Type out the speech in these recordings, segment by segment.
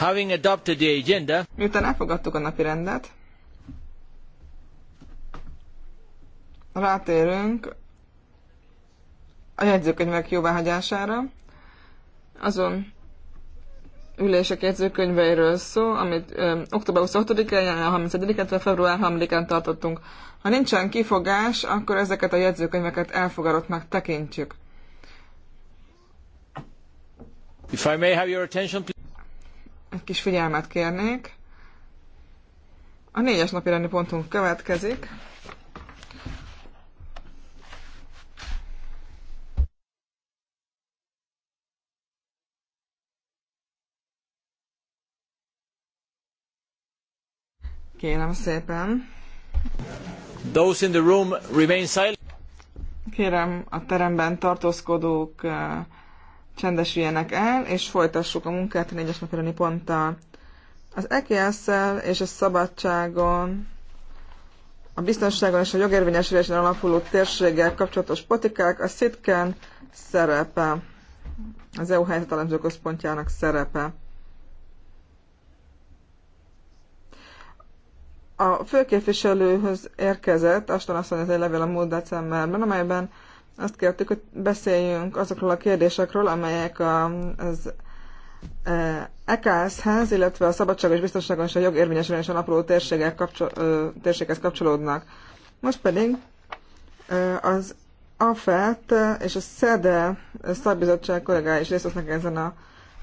Having adopted the agenda, Miután elfogadtuk a napi rendet, rátérünk a jegyzőkönyvek jóváhagyására. Azon ülések jegyzőkönyveiről szó, amit ö, október 26-án, a 31-én, február 3-án tartottunk. Ha nincsen kifogás, akkor ezeket a jegyzőkönyveket elfogadottnak tekintjük. If I may have your attention, please egy kis figyelmet kérnék. A négyes napi rendi pontunk következik. Kérem szépen. Those in the room remain silent. Kérem a teremben tartózkodók eh, csendesüljenek el, és folytassuk a munkát a négyes napirani ponttal. Az eks és a szabadságon, a biztonságon és a jogérvényesülésen alapuló térséggel kapcsolatos politikák, a szitken szerepe, az EU helyzetalemző központjának szerepe. A főképviselőhöz érkezett Aston asszony egy levél a múlt decemberben, amelyben azt kértük, hogy beszéljünk azokról a kérdésekről, amelyek a, az EKS-hez, illetve a szabadság és biztonságon és a jog érvényesülés alapuló kapcsol, térséghez kapcsolódnak. Most pedig e, az AFET és a SZEDE szabbizottság kollégái is részt vesznek ezen a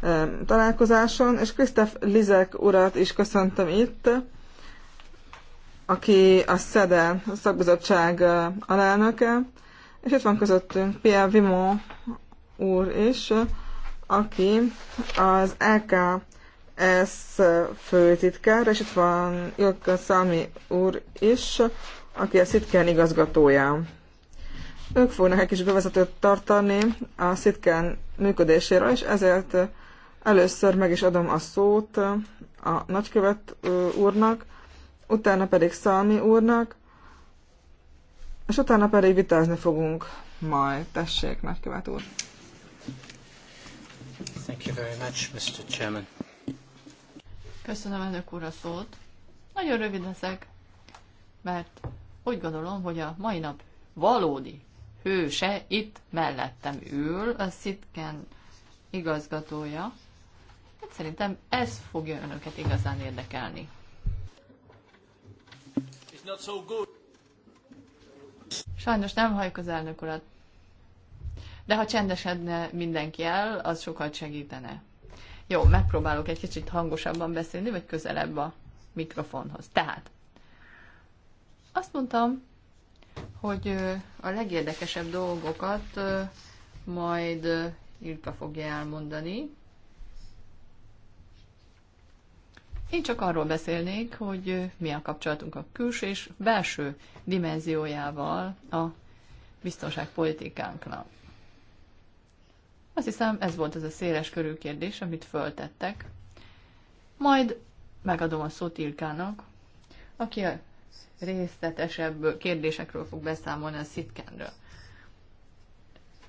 e, találkozáson, és Krisztef Lizek urat is köszöntöm itt, aki a SZEDE szakbizottság alelnöke, és itt van közöttünk Pierre Vimon úr is, aki az LKS főtitkár, és itt van Jokka Szalmi úr is, aki a Szitken igazgatója. Ők fognak egy kis bevezetőt tartani a Szitken működéséről, és ezért először meg is adom a szót a nagykövet úrnak, utána pedig Szalmi úrnak, és utána pedig vitázni fogunk majd. Tessék, nagykövet úr. Thank you very much, Mr. Chairman. Köszönöm elnök úr a szót. Nagyon rövid leszek, mert úgy gondolom, hogy a mai nap valódi hőse itt mellettem ül, a Szitken igazgatója. Hát szerintem ez fogja önöket igazán érdekelni. It's not so good. Sajnos nem halljuk az elnök urat. De ha csendesedne mindenki el, az sokat segítene. Jó, megpróbálok egy kicsit hangosabban beszélni, vagy közelebb a mikrofonhoz. Tehát, azt mondtam, hogy a legérdekesebb dolgokat majd Ilka fogja elmondani, Én csak arról beszélnék, hogy mi a kapcsolatunk a külső és belső dimenziójával a biztonságpolitikánknak. Azt hiszem, ez volt az a széles körű kérdés, amit föltettek. Majd megadom a szót Ilkának, aki a részletesebb kérdésekről fog beszámolni a szitkenről.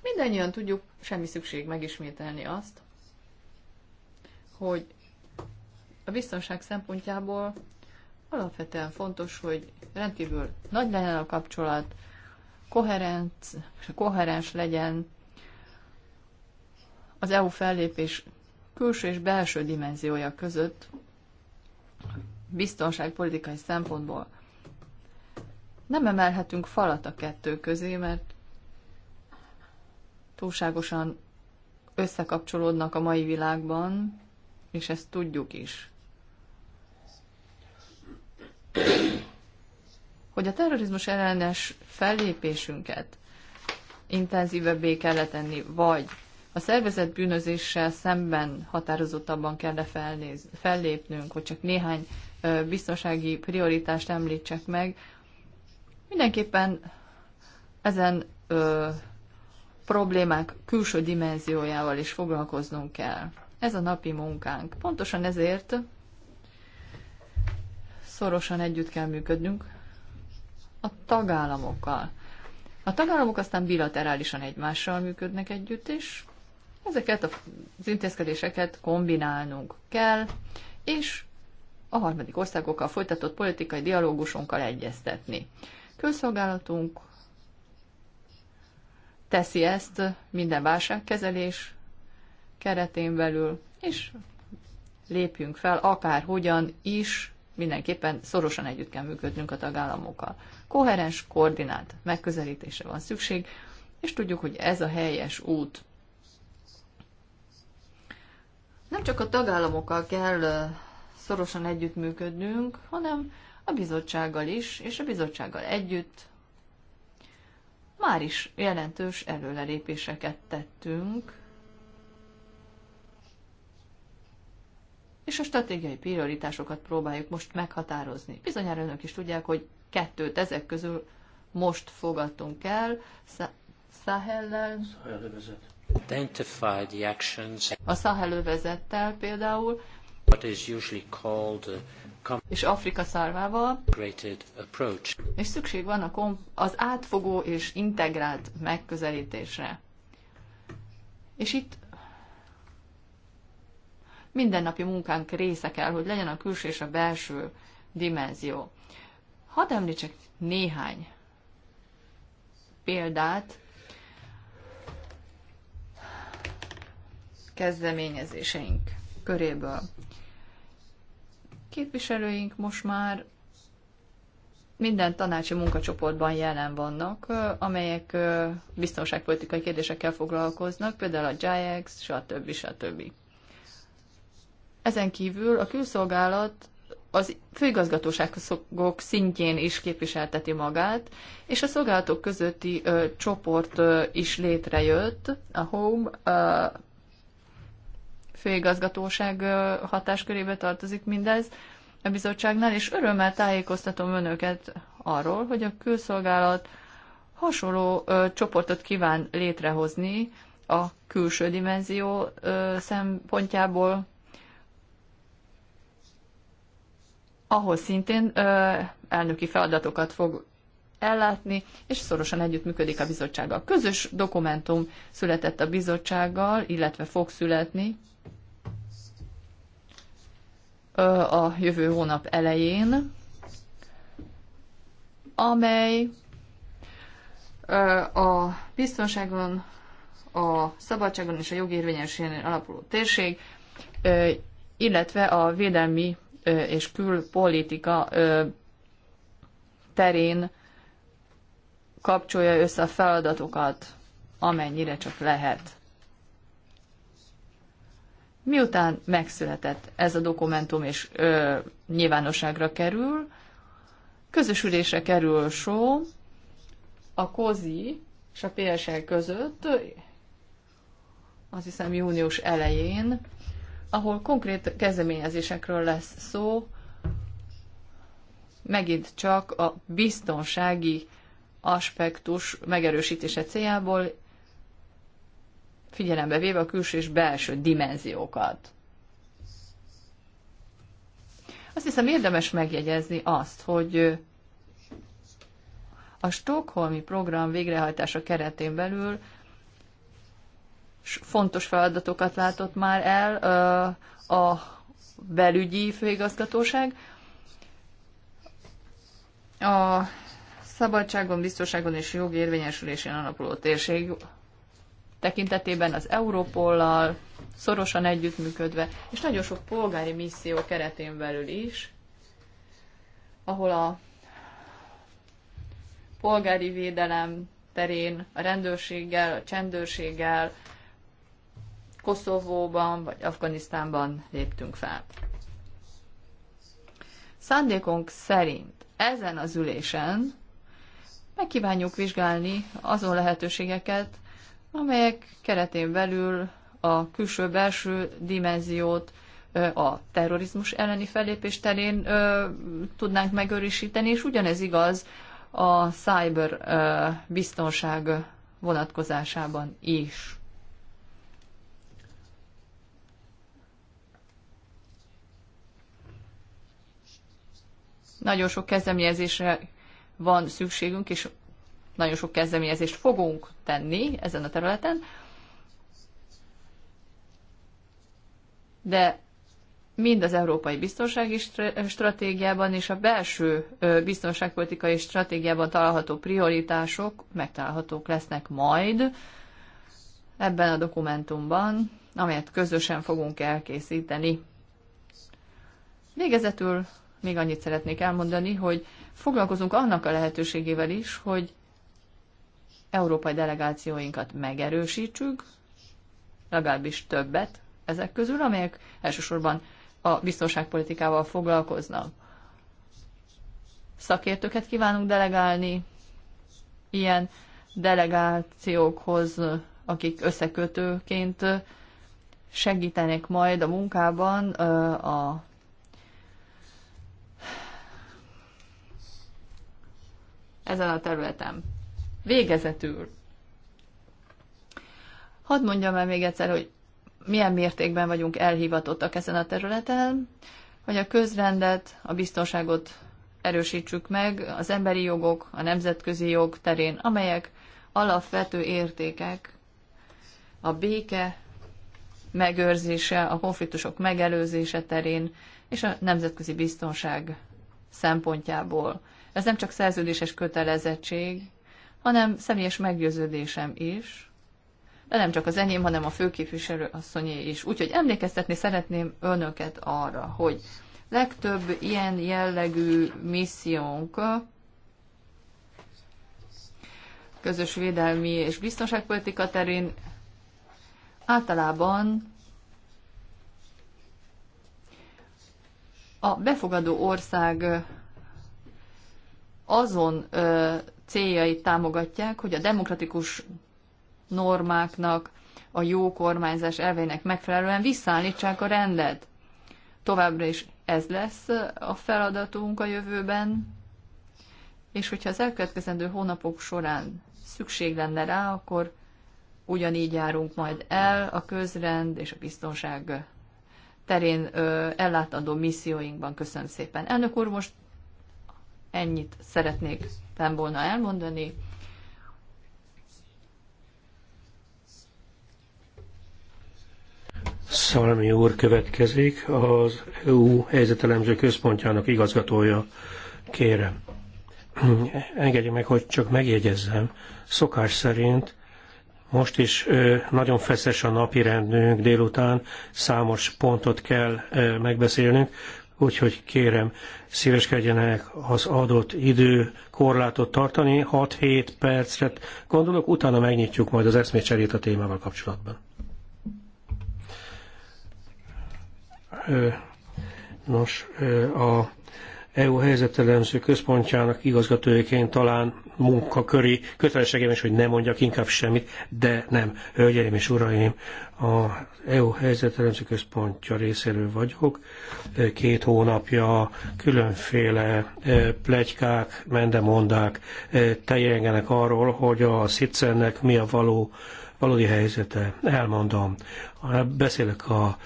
Mindennyian tudjuk, semmi szükség megismételni azt, hogy a biztonság szempontjából alapvetően fontos, hogy rendkívül nagy legyen a kapcsolat, koherens legyen az EU fellépés külső és belső dimenziója között biztonságpolitikai szempontból. Nem emelhetünk falat a kettő közé, mert túlságosan összekapcsolódnak a mai világban, és ezt tudjuk is hogy a terrorizmus ellenes fellépésünket intenzívebbé kell tenni, vagy a szervezet bűnözéssel szemben határozottabban kell felnéz, fellépnünk, hogy csak néhány biztonsági prioritást említsek meg. Mindenképpen ezen ö, problémák külső dimenziójával is foglalkoznunk kell. Ez a napi munkánk. Pontosan ezért szorosan együtt kell működnünk a tagállamokkal. A tagállamok aztán bilaterálisan egymással működnek együtt, és ezeket az intézkedéseket kombinálnunk kell, és a harmadik országokkal folytatott politikai dialógusunkkal egyeztetni. Közszolgálatunk teszi ezt minden válságkezelés keretén belül, és lépjünk fel akárhogyan is mindenképpen szorosan együtt kell működnünk a tagállamokkal. Koherens, koordinált megközelítése van szükség, és tudjuk, hogy ez a helyes út. Nem csak a tagállamokkal kell szorosan együttműködnünk, hanem a bizottsággal is, és a bizottsággal együtt már is jelentős előrelépéseket tettünk és a stratégiai prioritásokat próbáljuk most meghatározni. Bizonyára önök is tudják, hogy kettőt ezek közül most fogadtunk el, Szahellel, a övezettel például, what is usually called és Afrika szarvával, approach. és szükség van a az átfogó és integrált megközelítésre. És itt mindennapi munkánk része kell, hogy legyen a külső és a belső dimenzió. Hadd említsek néhány példát kezdeményezéseink köréből. Képviselőink most már minden tanácsi munkacsoportban jelen vannak, amelyek biztonságpolitikai kérdésekkel foglalkoznak, például a JAX, stb. stb. Ezen kívül a külszolgálat az főigazgatóságok szintjén is képviselteti magát, és a szolgálatok közötti ö, csoport ö, is létrejött, a Home ö, főigazgatóság ö, hatáskörébe tartozik mindez a bizottságnál, és örömmel tájékoztatom önöket arról, hogy a külszolgálat hasonló ö, csoportot kíván létrehozni a külső dimenzió ö, szempontjából, ahol szintén elnöki feladatokat fog ellátni, és szorosan együttműködik a bizottsággal. Közös dokumentum született a bizottsággal, illetve fog születni a jövő hónap elején, amely a biztonságon, a szabadságon és a jogérvényességen alapuló térség, illetve a védelmi és külpolitika terén kapcsolja össze a feladatokat, amennyire csak lehet. Miután megszületett ez a dokumentum és ö, nyilvánosságra kerül, közösülésre kerül só a COZI és a PSL között, azt hiszem június elején, ahol konkrét kezdeményezésekről lesz szó, megint csak a biztonsági aspektus megerősítése céljából, figyelembe véve a külső és belső dimenziókat. Azt hiszem érdemes megjegyezni azt, hogy a Stockholmi program végrehajtása keretén belül fontos feladatokat látott már el a belügyi főigazgatóság. A szabadságon, biztonságon és érvényesülésén alapuló térség tekintetében az Európollal szorosan együttműködve, és nagyon sok polgári misszió keretén belül is, ahol a polgári védelem terén a rendőrséggel, a csendőrséggel, Koszovóban vagy Afganisztánban léptünk fel. Szándékunk szerint ezen az ülésen megkívánjuk vizsgálni azon lehetőségeket, amelyek keretén belül a külső-belső dimenziót a terrorizmus elleni fellépés terén tudnánk megőrisíteni, és ugyanez igaz a cyber biztonság vonatkozásában is. Nagyon sok kezdeményezésre van szükségünk, és nagyon sok kezdeményezést fogunk tenni ezen a területen, de mind az európai biztonsági stratégiában és a belső biztonságpolitikai stratégiában található prioritások megtalálhatók lesznek majd ebben a dokumentumban, amelyet közösen fogunk elkészíteni. Végezetül még annyit szeretnék elmondani, hogy foglalkozunk annak a lehetőségével is, hogy európai delegációinkat megerősítsük, legalábbis többet ezek közül, amelyek elsősorban a biztonságpolitikával foglalkoznak. Szakértőket kívánunk delegálni ilyen delegációkhoz, akik összekötőként segítenek majd a munkában a ezen a területen. Végezetül. Hadd mondjam el még egyszer, hogy milyen mértékben vagyunk elhivatottak ezen a területen, hogy a közrendet, a biztonságot erősítsük meg az emberi jogok, a nemzetközi jog terén, amelyek alapvető értékek, a béke megőrzése, a konfliktusok megelőzése terén és a nemzetközi biztonság szempontjából. Ez nem csak szerződéses kötelezettség, hanem személyes meggyőződésem is, de nem csak az enyém, hanem a főképviselő asszonyé is. Úgyhogy emlékeztetni szeretném önöket arra, hogy legtöbb ilyen jellegű missziónk közös védelmi és biztonságpolitika terén általában a befogadó ország azon ö, céljait támogatják, hogy a demokratikus normáknak, a jó kormányzás elveinek megfelelően visszaállítsák a rendet. Továbbra is ez lesz a feladatunk a jövőben, és hogyha az elkövetkezendő hónapok során szükség lenne rá, akkor ugyanígy járunk majd el a közrend és a biztonság terén ö, ellátandó misszióinkban. Köszönöm szépen. Elnök úr, most Ennyit szeretnék fenn volna elmondani. Szalmi úr következik, az EU helyzetelemző központjának igazgatója. Kérem, engedje meg, hogy csak megjegyezzem. Szokás szerint most is nagyon feszes a napi rendünk, délután számos pontot kell megbeszélnünk úgyhogy kérem, szíveskedjenek az adott idő korlátot tartani, 6-7 percre gondolok, utána megnyitjuk majd az eszmécserét a témával kapcsolatban. Nos, a EU helyzetelemző központjának igazgatójaként talán munkaköri kötelességem is, hogy ne mondjak inkább semmit, de nem. Hölgyeim és uraim, a EU helyzetelemző központja részéről vagyok. E, két hónapja különféle e, plegykák, mendemondák e, teljengenek arról, hogy a SZICEN-nek mi a való valódi helyzete. Elmondom, beszélek a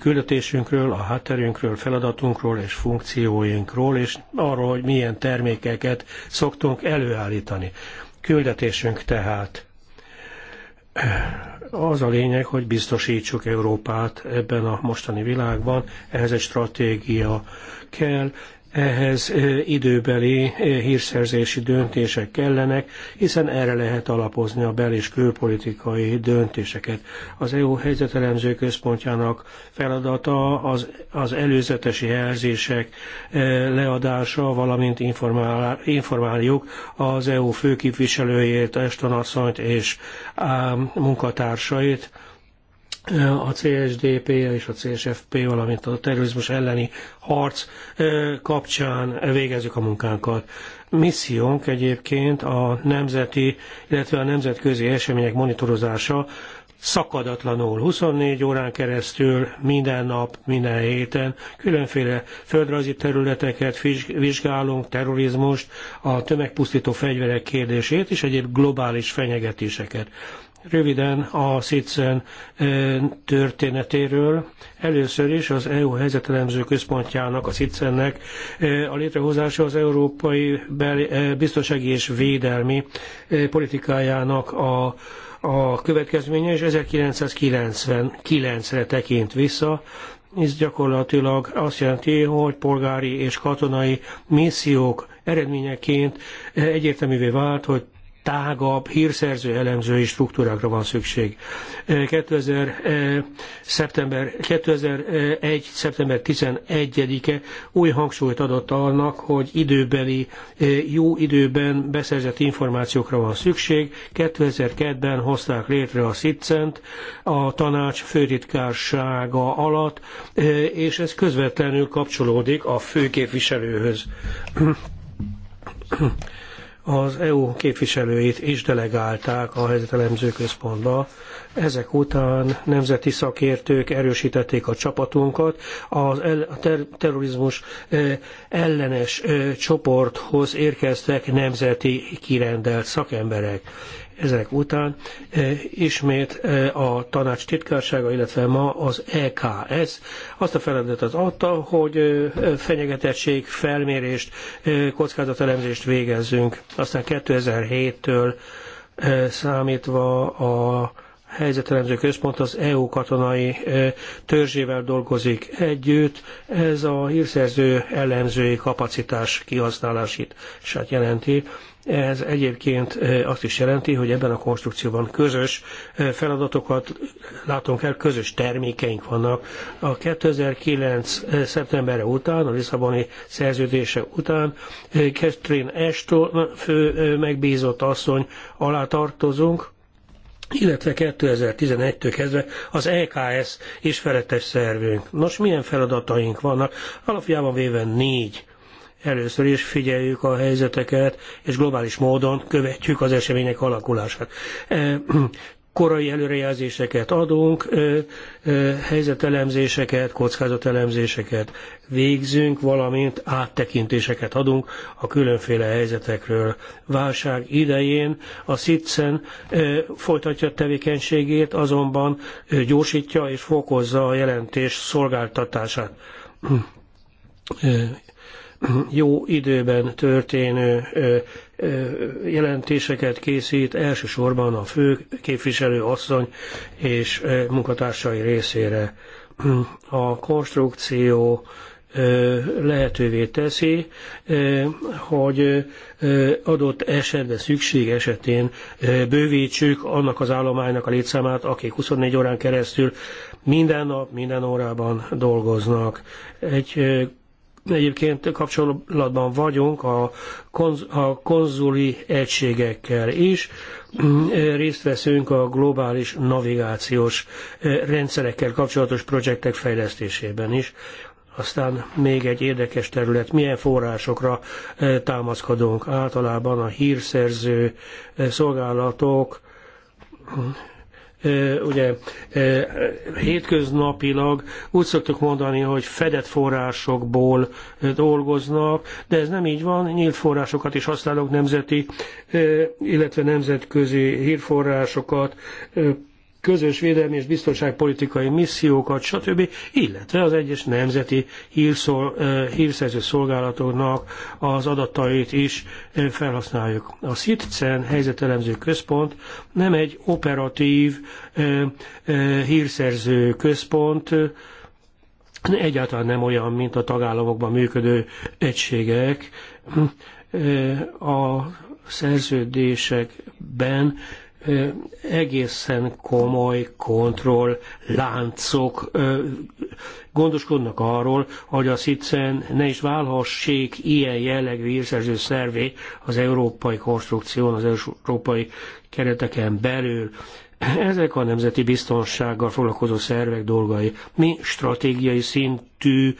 küldetésünkről, a hátterünkről, feladatunkról és funkcióinkról, és arról, hogy milyen termékeket szoktunk előállítani. Küldetésünk tehát az a lényeg, hogy biztosítsuk Európát ebben a mostani világban, ehhez egy stratégia kell, ehhez időbeli hírszerzési döntések kellenek, hiszen erre lehet alapozni a bel- és külpolitikai döntéseket. Az EU helyzetelemző központjának feladata az, az előzetes jelzések leadása, valamint informál, informáljuk az EU főképviselőjét, Eston asszonyt és munkatársait a CSDP és a CSFP, valamint a terrorizmus elleni harc kapcsán végezzük a munkánkat. Missziónk egyébként a nemzeti, illetve a nemzetközi események monitorozása szakadatlanul, 24 órán keresztül, minden nap, minden héten különféle földrajzi területeket vizsgálunk, terrorizmust, a tömegpusztító fegyverek kérdését és egyéb globális fenyegetéseket. Röviden a SZICEN történetéről. Először is az EU helyzetelemző központjának, a SZICENnek a létrehozása az európai biztonsági és védelmi politikájának a a következménye, és 1999-re tekint vissza, ez gyakorlatilag azt jelenti, hogy polgári és katonai missziók eredményeként egyértelművé vált, hogy tágabb hírszerző elemzői struktúrákra van szükség. 2000, szeptember, 2001. szeptember 11-e új hangsúlyt adott annak, hogy időbeli, jó időben beszerzett információkra van szükség. 2002-ben hozták létre a SITCENT a tanács főtitkársága alatt, és ez közvetlenül kapcsolódik a főképviselőhöz az EU képviselőit is delegálták a helyzetelemző központba. Ezek után nemzeti szakértők erősítették a csapatunkat, az el, a ter, terrorizmus e, ellenes e, csoporthoz érkeztek nemzeti kirendelt szakemberek ezek után e, ismét e, a tanács titkársága, illetve ma az EKS azt a feladatot adta, hogy e, fenyegetettség, felmérést, kockázatelemzést végezzünk. Aztán 2007-től számítva a helyzetelemző központ az EU katonai törzsével dolgozik együtt. Ez a hírszerző ellenzői kapacitás kihasználását jelenti. Ez egyébként azt is jelenti, hogy ebben a konstrukcióban közös feladatokat látunk el, közös termékeink vannak. A 2009. szeptemberre után, a Lisszaboni szerződése után Catherine Ashton fő megbízott asszony alá tartozunk, illetve 2011-től kezdve az EKS is felettes szervünk. Nos, milyen feladataink vannak? Alapjában véve négy Először is figyeljük a helyzeteket, és globális módon követjük az események alakulását. E, korai előrejelzéseket adunk, e, e, helyzetelemzéseket, kockázatelemzéseket végzünk, valamint áttekintéseket adunk a különféle helyzetekről. Válság idején a SZICEN folytatja tevékenységét, azonban gyorsítja és fokozza a jelentés szolgáltatását jó időben történő jelentéseket készít elsősorban a fő képviselő asszony és munkatársai részére. A konstrukció lehetővé teszi, hogy adott esetben szükség esetén bővítsük annak az állománynak a létszámát, akik 24 órán keresztül minden nap, minden órában dolgoznak. Egy Egyébként kapcsolatban vagyunk a, konz, a konzuli egységekkel is, részt veszünk a globális navigációs eh, rendszerekkel kapcsolatos projektek fejlesztésében is. Aztán még egy érdekes terület, milyen forrásokra eh, támaszkodunk. Általában a hírszerző eh, szolgálatok ugye hétköznapilag úgy szoktuk mondani, hogy fedett forrásokból dolgoznak, de ez nem így van, nyílt forrásokat is használok, nemzeti, illetve nemzetközi hírforrásokat, közös védelmi és biztonságpolitikai missziókat, stb., illetve az egyes nemzeti hírszol, hírszerző szolgálatoknak az adatait is felhasználjuk. A SITCEN helyzetelemző központ nem egy operatív hírszerző központ, egyáltalán nem olyan, mint a tagállamokban működő egységek. A szerződésekben egészen komoly kontroll láncok gondoskodnak arról, hogy a SZICEN ne is válhassék ilyen jellegű írszerző szervé az európai konstrukción, az európai kereteken belül. Ezek a nemzeti biztonsággal foglalkozó szervek dolgai. Mi stratégiai szintű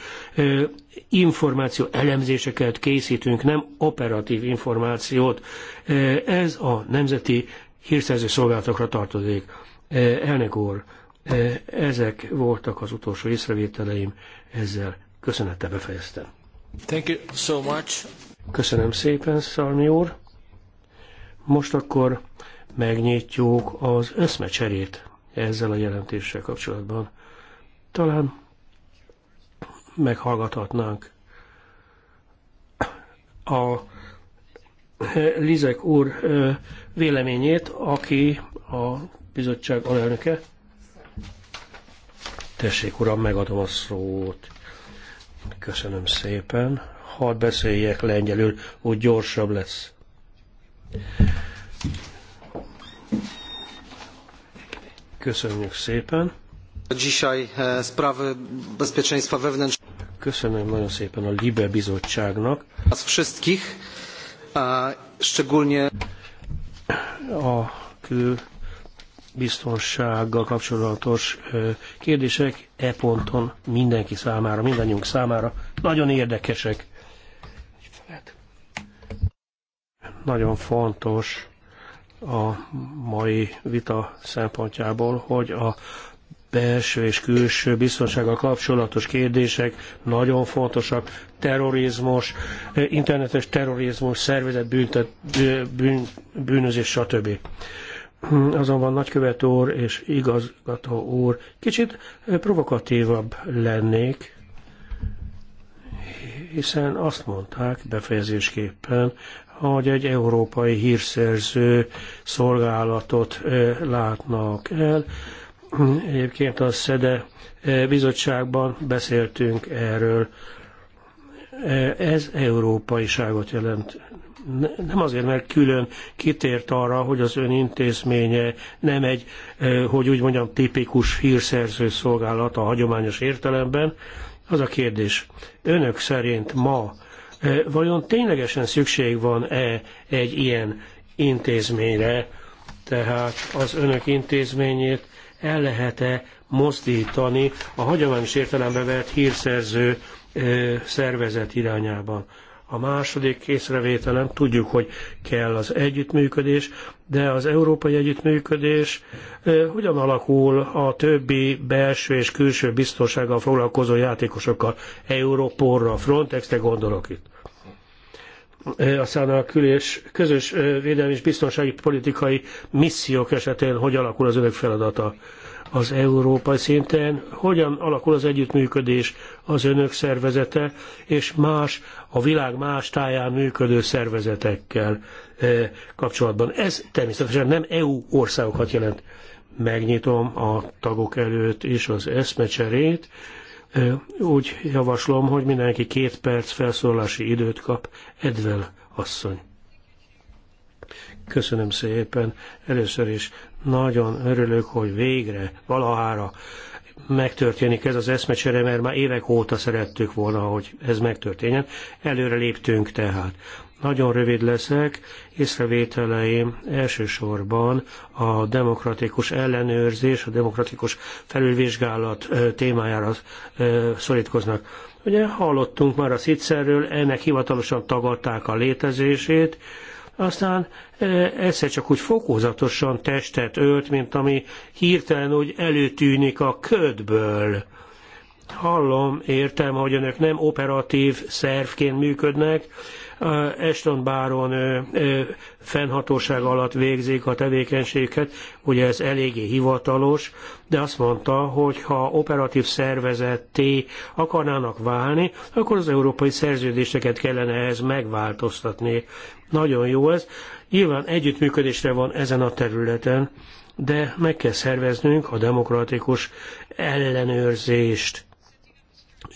információ elemzéseket készítünk, nem operatív információt. Ez a nemzeti hírszerző szolgálatokra tartozik. E, elnök úr, e, ezek voltak az utolsó észrevételeim, ezzel köszönettel befejeztem. Thank you so much. Köszönöm szépen, Szalmi úr. Most akkor megnyitjuk az eszmecserét ezzel a jelentéssel kapcsolatban. Talán meghallgathatnánk a Lizek úr e, véleményét, aki a bizottság alelnöke. Tessék, uram, megadom a szót. Köszönöm szépen. Hadd beszéljek lengyelül, úgy gyorsabb lesz. Köszönjük szépen. E, Köszönöm nagyon szépen a Libe bizottságnak. Az wszystkich, szczególnie a külbiztonsággal kapcsolatos kérdések e ponton mindenki számára, mindannyiunk számára nagyon érdekesek. Nagyon fontos a mai vita szempontjából, hogy a belső és külső biztonsággal kapcsolatos kérdések nagyon fontosak. Terrorizmus, internetes terrorizmus, szervezett bűntet, bűn, bűnözés, stb. Azonban nagykövet úr és igazgató úr kicsit provokatívabb lennék, hiszen azt mondták befejezésképpen, hogy egy európai hírszerző szolgálatot látnak el, Egyébként a SZEDE eh, bizottságban beszéltünk erről. Eh, ez európai ságot jelent. Nem azért, mert külön kitért arra, hogy az ön intézménye nem egy, eh, hogy úgy mondjam, tipikus hírszerző szolgálat a hagyományos értelemben. Az a kérdés, önök szerint ma vajon ténylegesen szükség van-e egy ilyen intézményre, tehát az önök intézményét el lehet-e mozdítani a hagyományos értelembe vett hírszerző szervezet irányában. A második észrevételem, tudjuk, hogy kell az együttműködés, de az európai együttműködés hogyan alakul a többi belső és külső biztonsággal foglalkozó játékosokkal? Europorra, Frontexre gondolok itt aztán a külés, közös védelmi és biztonsági politikai missziók esetén hogy alakul az önök feladata az európai szinten, hogyan alakul az együttműködés az önök szervezete és más, a világ más táján működő szervezetekkel kapcsolatban. Ez természetesen nem EU országokat jelent. Megnyitom a tagok előtt is az eszmecserét. Úgy javaslom, hogy mindenki két perc felszólási időt kap. Edvel asszony. Köszönöm szépen. Először is nagyon örülök, hogy végre, valahára megtörténik ez az eszmecsere, mert már évek óta szerettük volna, hogy ez megtörténjen. Előre léptünk tehát. Nagyon rövid leszek, észrevételeim elsősorban a demokratikus ellenőrzés, a demokratikus felülvizsgálat témájára szorítkoznak. Ugye hallottunk már a szitszerről, ennek hivatalosan tagadták a létezését, aztán egyszer csak úgy fokozatosan testet ölt, mint ami hirtelen úgy előtűnik a ködből. Hallom, értem, hogy önök nem operatív szervként működnek, Eston Báron fennhatóság alatt végzik a tevékenységet, ugye ez eléggé hivatalos, de azt mondta, hogy ha operatív szervezetté akarnának válni, akkor az európai szerződéseket kellene ehhez megváltoztatni. Nagyon jó ez. Nyilván együttműködésre van ezen a területen, de meg kell szerveznünk a demokratikus ellenőrzést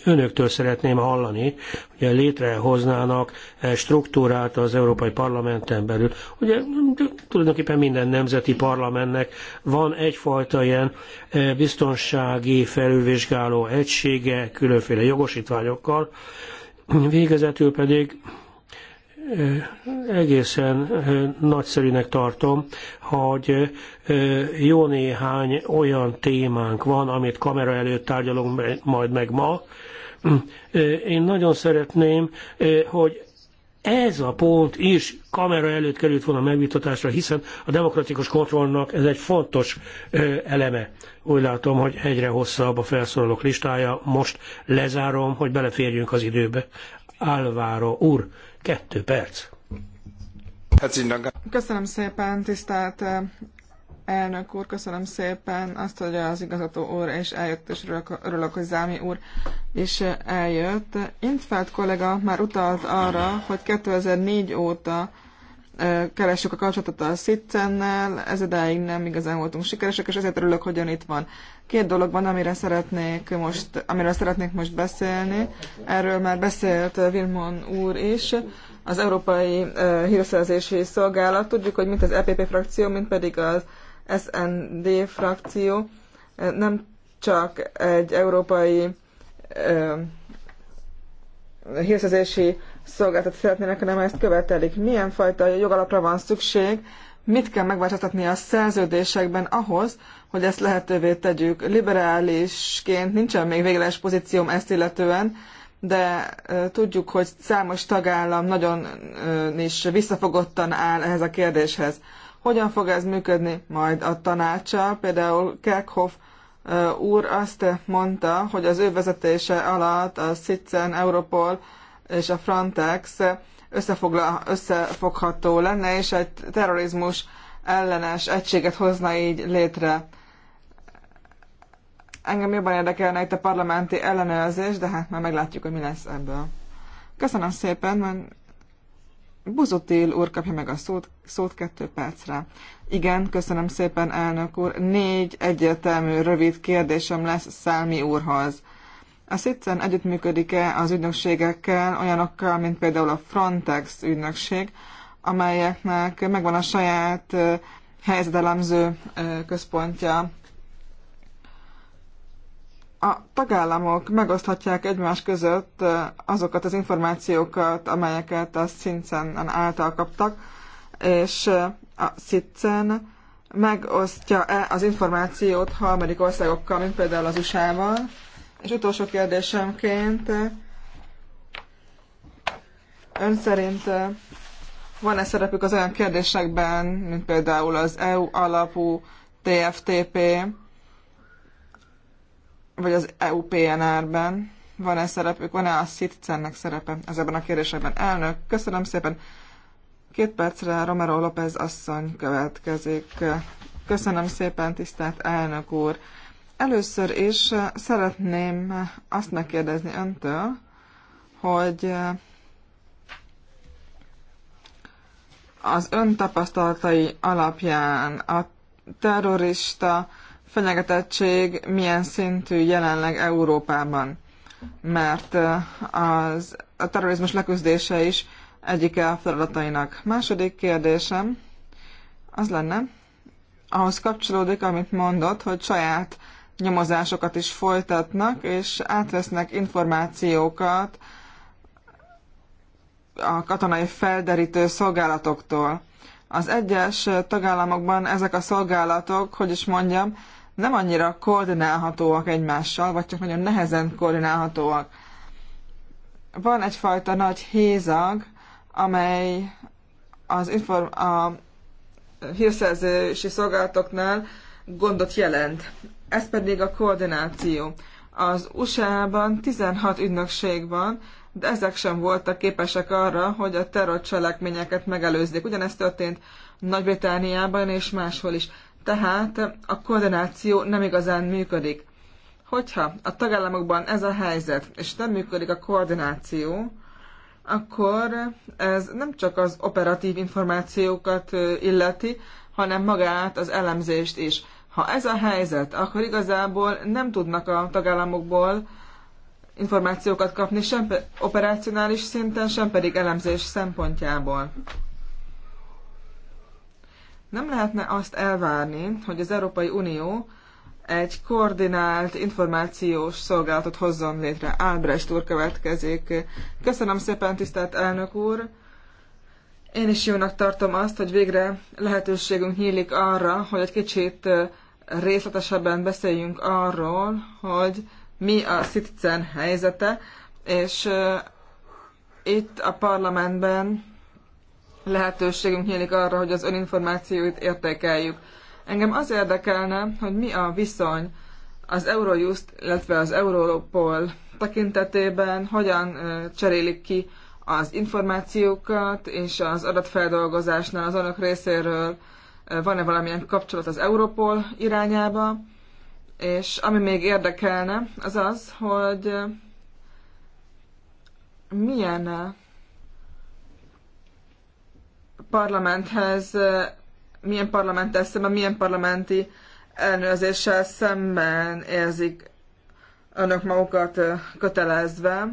önöktől szeretném hallani, hogy létrehoznának struktúrát az Európai Parlamenten belül. Ugye tulajdonképpen minden nemzeti parlamentnek van egyfajta ilyen e, biztonsági felülvizsgáló egysége különféle jogosítványokkal, végezetül pedig e, egészen e, nagyszerűnek tartom, hogy jó néhány olyan témánk van, amit kamera előtt tárgyalunk majd meg ma, én nagyon szeretném, hogy ez a pont is kamera előtt került volna megvitatásra, hiszen a demokratikus kontrollnak ez egy fontos eleme. Úgy látom, hogy egyre hosszabb a felszólalók listája. Most lezárom, hogy beleférjünk az időbe. Álvaro úr, kettő perc. Köszönöm szépen, tisztelt Elnök úr, köszönöm szépen azt, hogy az igazató úr és eljött, és örülök, hogy Zámi úr is eljött. Intfeld kollega már utalt arra, hogy 2004 óta keressük a kapcsolatot a Szicennel, ez idáig nem igazán voltunk sikeresek, és ezért örülök, hogy ön itt van. Két dolog van, amire szeretnék most, amiről szeretnék most beszélni. Erről már beszélt Vilmon úr is. Az Európai Hírszerzési Szolgálat. Tudjuk, hogy mint az EPP frakció, mint pedig az SND frakció nem csak egy európai hírszerzési szolgáltat szeretnének, hanem ezt követelik. Milyen fajta jogalapra van szükség, mit kell megváltoztatni a szerződésekben ahhoz, hogy ezt lehetővé tegyük. Liberálisként nincsen még végleges pozícióm ezt illetően, de tudjuk, hogy számos tagállam nagyon is visszafogottan áll ehhez a kérdéshez. Hogyan fog ez működni majd a tanácsa? Például Kekhoff úr azt mondta, hogy az ő vezetése alatt a SITCEN, Europol és a Frontex összefogla, összefogható lenne, és egy terrorizmus ellenes egységet hozna így létre. Engem jobban érdekelne itt a parlamenti ellenőrzés, de hát már meglátjuk, hogy mi lesz ebből. Köszönöm szépen, mert Buzotél úr kapja meg a szót, szót kettő percre. Igen, köszönöm szépen, elnök úr. Négy egyértelmű, rövid kérdésem lesz Szálmi úrhoz. A SZICEN együttműködik-e az ügynökségekkel, olyanokkal, mint például a Frontex ügynökség, amelyeknek megvan a saját helyzetelemző központja a tagállamok megoszthatják egymás között azokat az információkat, amelyeket a Szincen által kaptak, és a Szincen megosztja-e az információt harmadik országokkal, mint például az USA-val. És utolsó kérdésemként, ön szerint van-e szerepük az olyan kérdésekben, mint például az EU alapú TFTP, vagy az EUPNR-ben van-e szerepük, van-e a Citizennek szerepe ebben a kérdésekben? Elnök, köszönöm szépen. Két percre Romero López asszony következik. Köszönöm szépen, tisztelt elnök úr. Először is szeretném azt megkérdezni öntől, hogy az ön tapasztalatai alapján a terrorista fenyegetettség milyen szintű jelenleg Európában, mert az, a terrorizmus leküzdése is egyike a feladatainak. Második kérdésem az lenne, ahhoz kapcsolódik, amit mondott, hogy saját nyomozásokat is folytatnak, és átvesznek információkat a katonai felderítő szolgálatoktól. Az egyes tagállamokban ezek a szolgálatok, hogy is mondjam, nem annyira koordinálhatóak egymással, vagy csak nagyon nehezen koordinálhatóak. Van egyfajta nagy hézag, amely az inform- a hírszerzési szolgálatoknál gondot jelent. Ez pedig a koordináció. Az USA-ban 16 ügynökség van, de ezek sem voltak képesek arra, hogy a terrorcselekményeket megelőzzék. Ugyanezt történt Nagy-Britániában és máshol is. Tehát a koordináció nem igazán működik. Hogyha a tagállamokban ez a helyzet, és nem működik a koordináció, akkor ez nem csak az operatív információkat illeti, hanem magát, az elemzést is. Ha ez a helyzet, akkor igazából nem tudnak a tagállamokból információkat kapni, sem operacionális szinten, sem pedig elemzés szempontjából. Nem lehetne azt elvárni, hogy az Európai Unió egy koordinált információs szolgálatot hozzon létre. Albrecht úr következik. Köszönöm szépen, tisztelt elnök úr! Én is jónak tartom azt, hogy végre lehetőségünk nyílik arra, hogy egy kicsit részletesebben beszéljünk arról, hogy mi a Citizen helyzete, és itt a parlamentben lehetőségünk nyílik arra, hogy az öninformációit értékeljük. Engem az érdekelne, hogy mi a viszony az Eurojust, illetve az Europol tekintetében, hogyan cserélik ki az információkat és az adatfeldolgozásnál az önök részéről van-e valamilyen kapcsolat az Europol irányába, és ami még érdekelne, az az, hogy milyen parlamenthez, milyen parlamenttel szemben, milyen parlamenti ellenőrzéssel szemben érzik önök magukat kötelezve.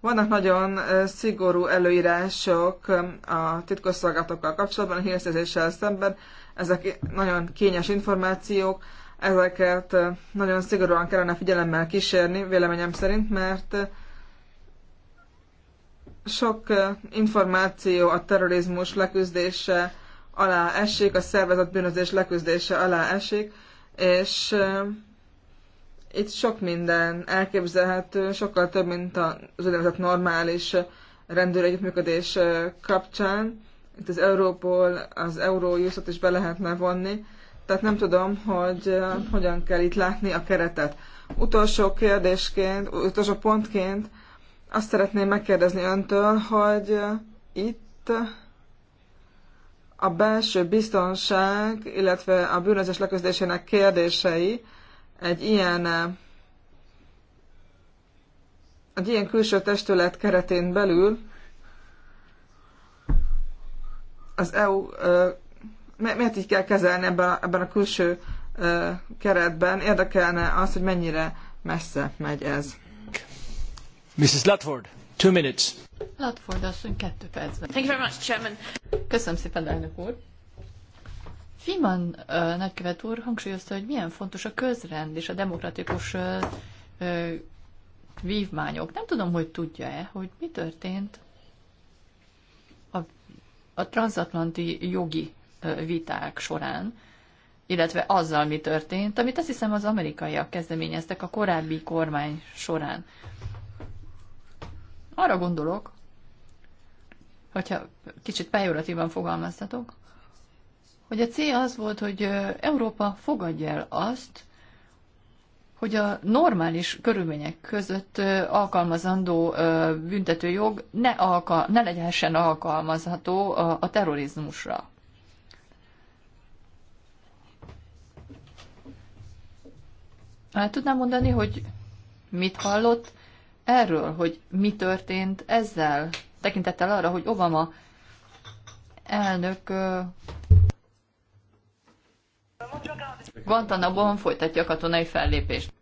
Vannak nagyon szigorú előírások a titkosszolgálatokkal kapcsolatban, a hírszerzéssel szemben. Ezek nagyon kényes információk, ezeket nagyon szigorúan kellene figyelemmel kísérni, véleményem szerint, mert sok információ a terrorizmus leküzdése alá esik, a szervezet bűnözés leküzdése alá esik, és itt sok minden elképzelhető, sokkal több, mint az úgynevezett normális rendőr együttműködés kapcsán. Itt az Európol, az Eurojustot is be lehetne vonni, tehát nem tudom, hogy hogyan kell itt látni a keretet. Utolsó kérdésként, utolsó pontként azt szeretném megkérdezni öntől, hogy itt a belső biztonság, illetve a bűnözés leküzdésének kérdései egy ilyen egy ilyen külső testület keretén belül az EU miért így kell kezelni ebben a, ebben a külső ö, keretben? Érdekelne az, hogy mennyire messze megy ez. Mrs. Latford, two minutes. Latford asszony, kettő percben. Thank you very much, Chairman. Köszönöm szépen, elnök úr. Fiman ö, nagykövet úr hangsúlyozta, hogy milyen fontos a közrend és a demokratikus ö, ö, vívmányok. Nem tudom, hogy tudja-e, hogy mi történt a, a transatlanti jogi viták során, illetve azzal, mi történt, amit azt hiszem az amerikaiak kezdeményeztek a korábbi kormány során. Arra gondolok, hogyha kicsit pejoratívan fogalmaztatok, hogy a cél az volt, hogy Európa fogadja el azt, hogy a normális körülmények között alkalmazandó büntetőjog ne, alka- ne legyen alkalmazható a, a terrorizmusra. El tudnám mondani, hogy mit hallott erről, hogy mi történt ezzel, tekintettel arra, hogy Obama elnök Guantanamo-ban folytatja a katonai fellépést.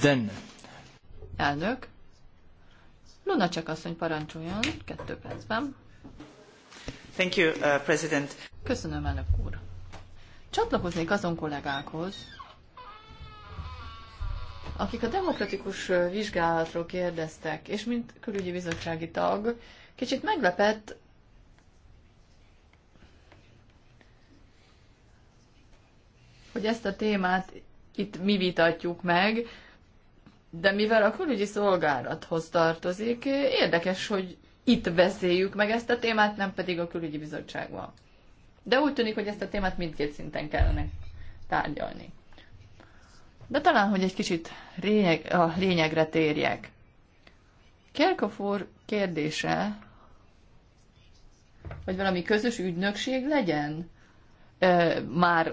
Then. Elnök. Luna csak asszony parancsoljon, kettő percben. Thank you, uh, President. Köszönöm, elnök úr. Csatlakoznék azon kollégákhoz, akik a demokratikus vizsgálatról kérdeztek, és mint külügyi bizottsági tag, kicsit meglepett, hogy ezt a témát itt mi vitatjuk meg, de mivel a külügyi szolgálathoz tartozik, érdekes, hogy itt beszéljük meg ezt a témát, nem pedig a külügyi bizottságban. De úgy tűnik, hogy ezt a témát mindkét szinten kellene tárgyalni. De talán, hogy egy kicsit lényeg, a lényegre térjek. Kerkhoff úr kérdése, hogy valami közös ügynökség legyen, e, már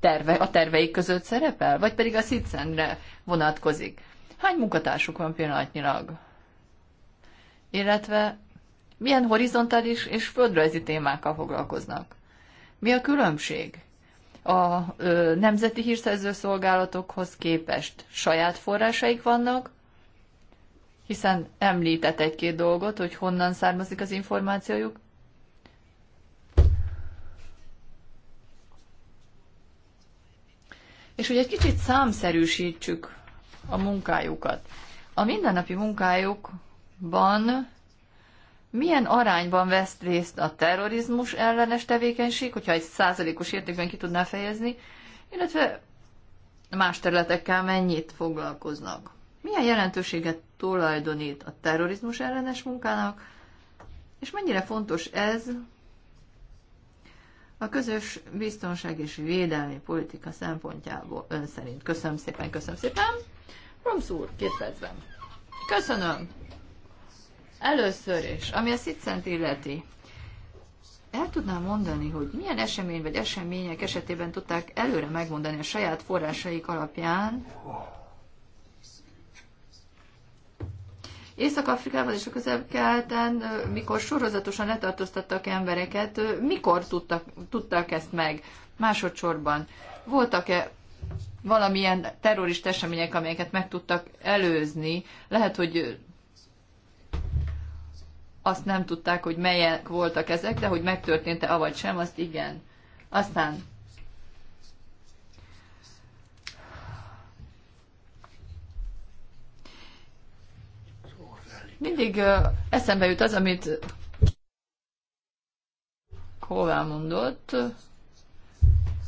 terve, a terveik között szerepel, vagy pedig a sziczenre vonatkozik. Hány munkatársuk van pillanatnyilag? illetve milyen horizontális és földrajzi témákkal foglalkoznak. Mi a különbség a ö, nemzeti hírszerző szolgálatokhoz képest? Saját forrásaik vannak, hiszen említett egy-két dolgot, hogy honnan származik az információjuk. És hogy egy kicsit számszerűsítsük a munkájukat. A mindennapi munkájuk ban milyen arányban vesz részt a terrorizmus ellenes tevékenység, hogyha egy százalékos értékben ki tudná fejezni, illetve más területekkel mennyit foglalkoznak. Milyen jelentőséget tulajdonít a terrorizmus ellenes munkának, és mennyire fontos ez a közös biztonság és védelmi politika szempontjából ön szerint. Köszönöm szépen, köszönöm szépen. Romsz úr, két percben. Köszönöm. Először is, ami a Szicent illeti, el tudnám mondani, hogy milyen esemény vagy események esetében tudták előre megmondani a saját forrásaik alapján, Észak-Afrikában és a közel mikor sorozatosan letartóztattak embereket, mikor tudtak, tudtak ezt meg? Másodszorban voltak-e valamilyen terrorist események, amelyeket meg tudtak előzni? Lehet, hogy azt nem tudták, hogy melyek voltak ezek, de hogy megtörtént-e avagy sem, azt igen. Aztán mindig eszembe jut az, amit hová mondott.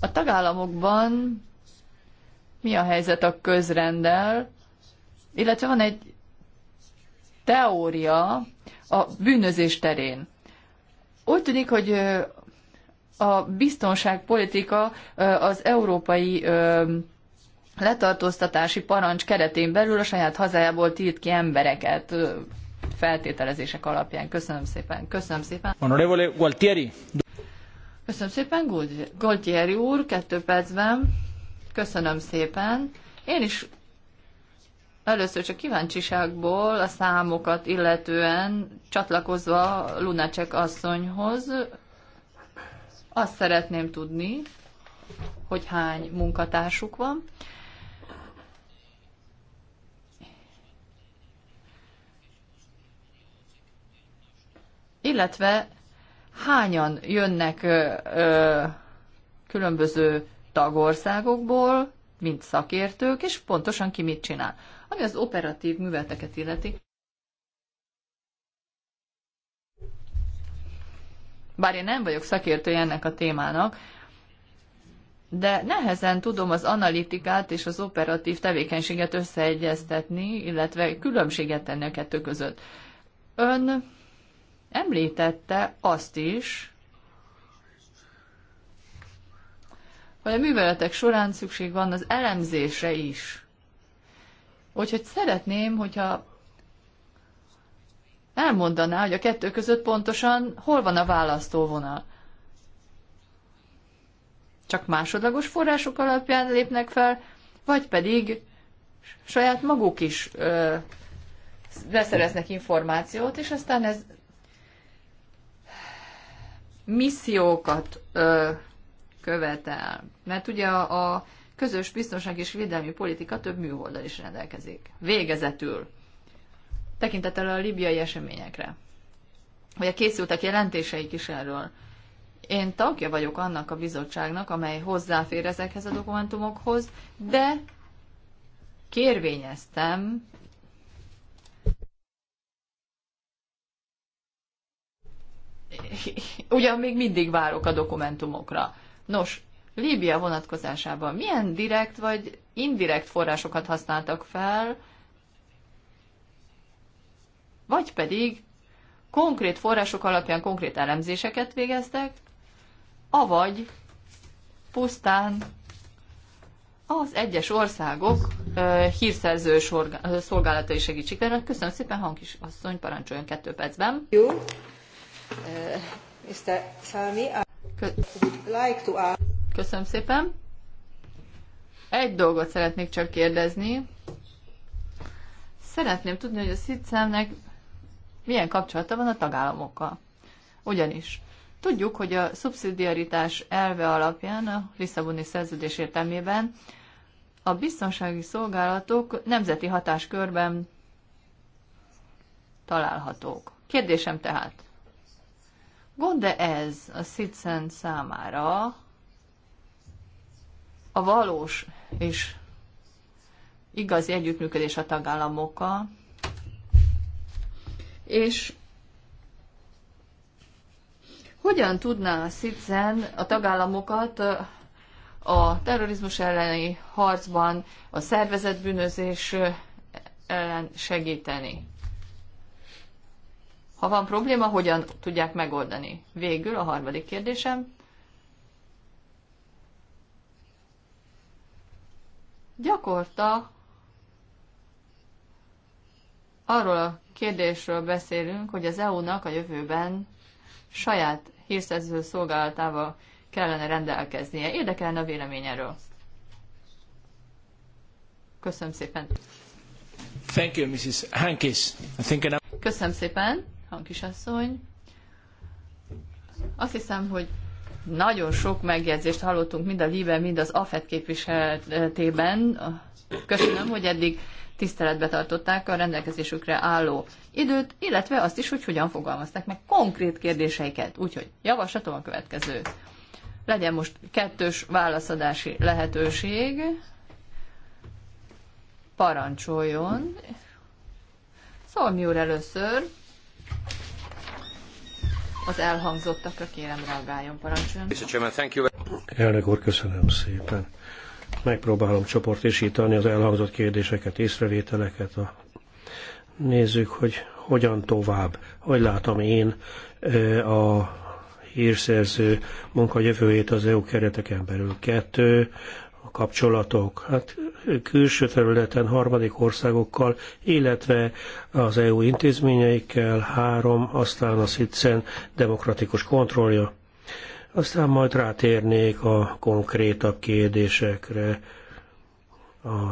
A tagállamokban mi a helyzet a közrendel, illetve van egy teória, a bűnözés terén. Úgy tűnik, hogy a biztonságpolitika az európai letartóztatási parancs keretén belül a saját hazájából tilt ki embereket feltételezések alapján. Köszönöm szépen. Köszönöm szépen. Honorevole Gualtieri. Köszönöm szépen, Gualtieri úr, kettő percben. Köszönöm szépen. Én is Először csak kíváncsiságból a számokat illetően csatlakozva Lunacek asszonyhoz, azt szeretném tudni, hogy hány munkatársuk van. Illetve hányan jönnek ö, ö, különböző tagországokból, mint szakértők, és pontosan ki mit csinál ami az operatív műveleteket illeti. Bár én nem vagyok szakértő ennek a témának, de nehezen tudom az analitikát és az operatív tevékenységet összeegyeztetni, illetve különbséget tenni a kettő között. Ön említette azt is, hogy a műveletek során szükség van az elemzésre is. Úgyhogy szeretném, hogyha elmondaná, hogy a kettő között pontosan hol van a választóvonal. Csak másodlagos források alapján lépnek fel, vagy pedig saját maguk is ö, beszereznek információt, és aztán ez missziókat ö, követel. Mert ugye a, a közös biztonság és védelmi politika több műholddal is rendelkezik. Végezetül, tekintettel a libiai eseményekre, vagy a készültek jelentéseik is erről. Én tagja vagyok annak a bizottságnak, amely hozzáfér ezekhez a dokumentumokhoz, de kérvényeztem ugyan még mindig várok a dokumentumokra. Nos, Líbia vonatkozásában milyen direkt vagy indirekt forrásokat használtak fel, vagy pedig konkrét források alapján konkrét elemzéseket végeztek, avagy pusztán az egyes országok uh, hírszerző sorga, szolgálatai segítségére. Köszönöm szépen, is asszony, parancsoljon kettő percben. Jó. Uh, Mr. Salmi, I would like to ask... Köszönöm szépen. Egy dolgot szeretnék csak kérdezni. Szeretném tudni, hogy a szitszemnek milyen kapcsolata van a tagállamokkal. Ugyanis tudjuk, hogy a szubszidiaritás elve alapján a Lisszaboni szerződés értelmében a biztonsági szolgálatok nemzeti hatáskörben találhatók. Kérdésem tehát, gond -e ez a Szicen számára, a valós és igazi együttműködés a tagállamokkal, és hogyan tudná Szitzen a tagállamokat a terrorizmus elleni harcban, a szervezetbűnözés ellen segíteni? Ha van probléma, hogyan tudják megoldani? Végül a harmadik kérdésem. gyakorta arról a kérdésről beszélünk, hogy az EU-nak a jövőben saját hírszerző szolgálatával kellene rendelkeznie. Érdekelne a vélemény erről. Köszönöm szépen. Thank you, Mrs. Hankis. I think Köszönöm szépen, Hankis asszony. Azt hiszem, hogy nagyon sok megjegyzést hallottunk mind a Liebe, mind az AFET képviseletében. Köszönöm, hogy eddig tiszteletbe tartották a rendelkezésükre álló időt, illetve azt is, hogy hogyan fogalmazták meg konkrét kérdéseiket. Úgyhogy javaslatom a következő. Legyen most kettős válaszadási lehetőség. Parancsoljon. Szolmi úr először az elhangzottakra kérem reagáljon, parancsoljon. Elnök úr, köszönöm szépen. Megpróbálom csoportosítani az elhangzott kérdéseket, észrevételeket. A... Nézzük, hogy hogyan tovább. Hogy látom én a hírszerző munkajövőjét az EU kereteken belül. Kettő, a kapcsolatok? Hát külső területen harmadik országokkal, illetve az EU intézményeikkel három, aztán a szitzen demokratikus kontrollja. Aztán majd rátérnék a konkrétabb kérdésekre,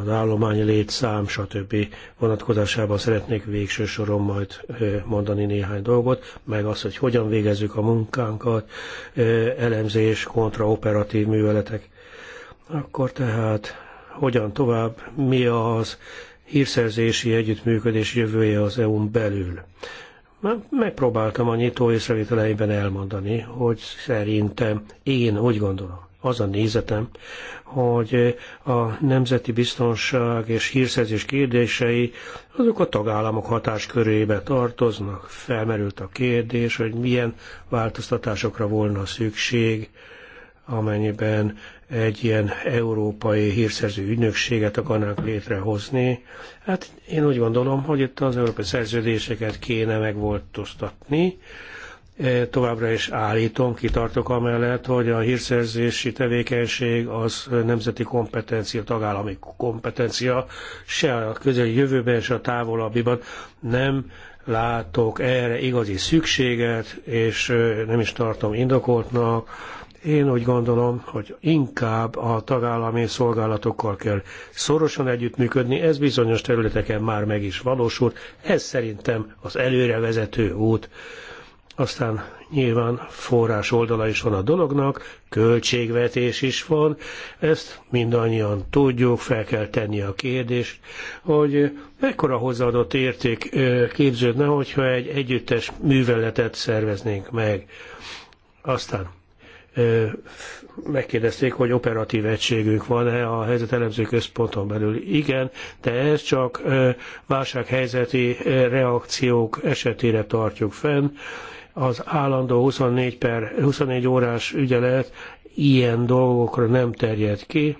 az állomány létszám, stb. vonatkozásában szeretnék végső soron majd mondani néhány dolgot, meg azt, hogy hogyan végezzük a munkánkat, elemzés, kontraoperatív műveletek. Akkor tehát hogyan tovább, mi az hírszerzési együttműködés jövője az EU-n belül? Megpróbáltam a nyitó észrevételeiben elmondani, hogy szerintem én úgy gondolom, az a nézetem, hogy a nemzeti biztonság és hírszerzés kérdései azok a tagállamok hatáskörébe tartoznak. Felmerült a kérdés, hogy milyen változtatásokra volna szükség amennyiben egy ilyen európai hírszerző ügynökséget akarnánk létrehozni. Hát én úgy gondolom, hogy itt az európai szerződéseket kéne megvoltoztatni. E, továbbra is állítom, kitartok amellett, hogy a hírszerzési tevékenység az nemzeti kompetencia, tagállami kompetencia, se a jövőben, se a távolabbiban nem látok erre igazi szükséget, és e, nem is tartom indokoltnak én úgy gondolom, hogy inkább a tagállami szolgálatokkal kell szorosan együttműködni, ez bizonyos területeken már meg is valósult, ez szerintem az előrevezető út. Aztán nyilván forrás oldala is van a dolognak, költségvetés is van, ezt mindannyian tudjuk, fel kell tenni a kérdést, hogy mekkora hozzáadott érték képződne, hogyha egy együttes műveletet szerveznénk meg. Aztán megkérdezték, hogy operatív egységünk van-e a helyzetelemző központon belül. Igen, de ez csak válsághelyzeti reakciók esetére tartjuk fenn. Az állandó 24, per, 24 órás ügyelet ilyen dolgokra nem terjed ki.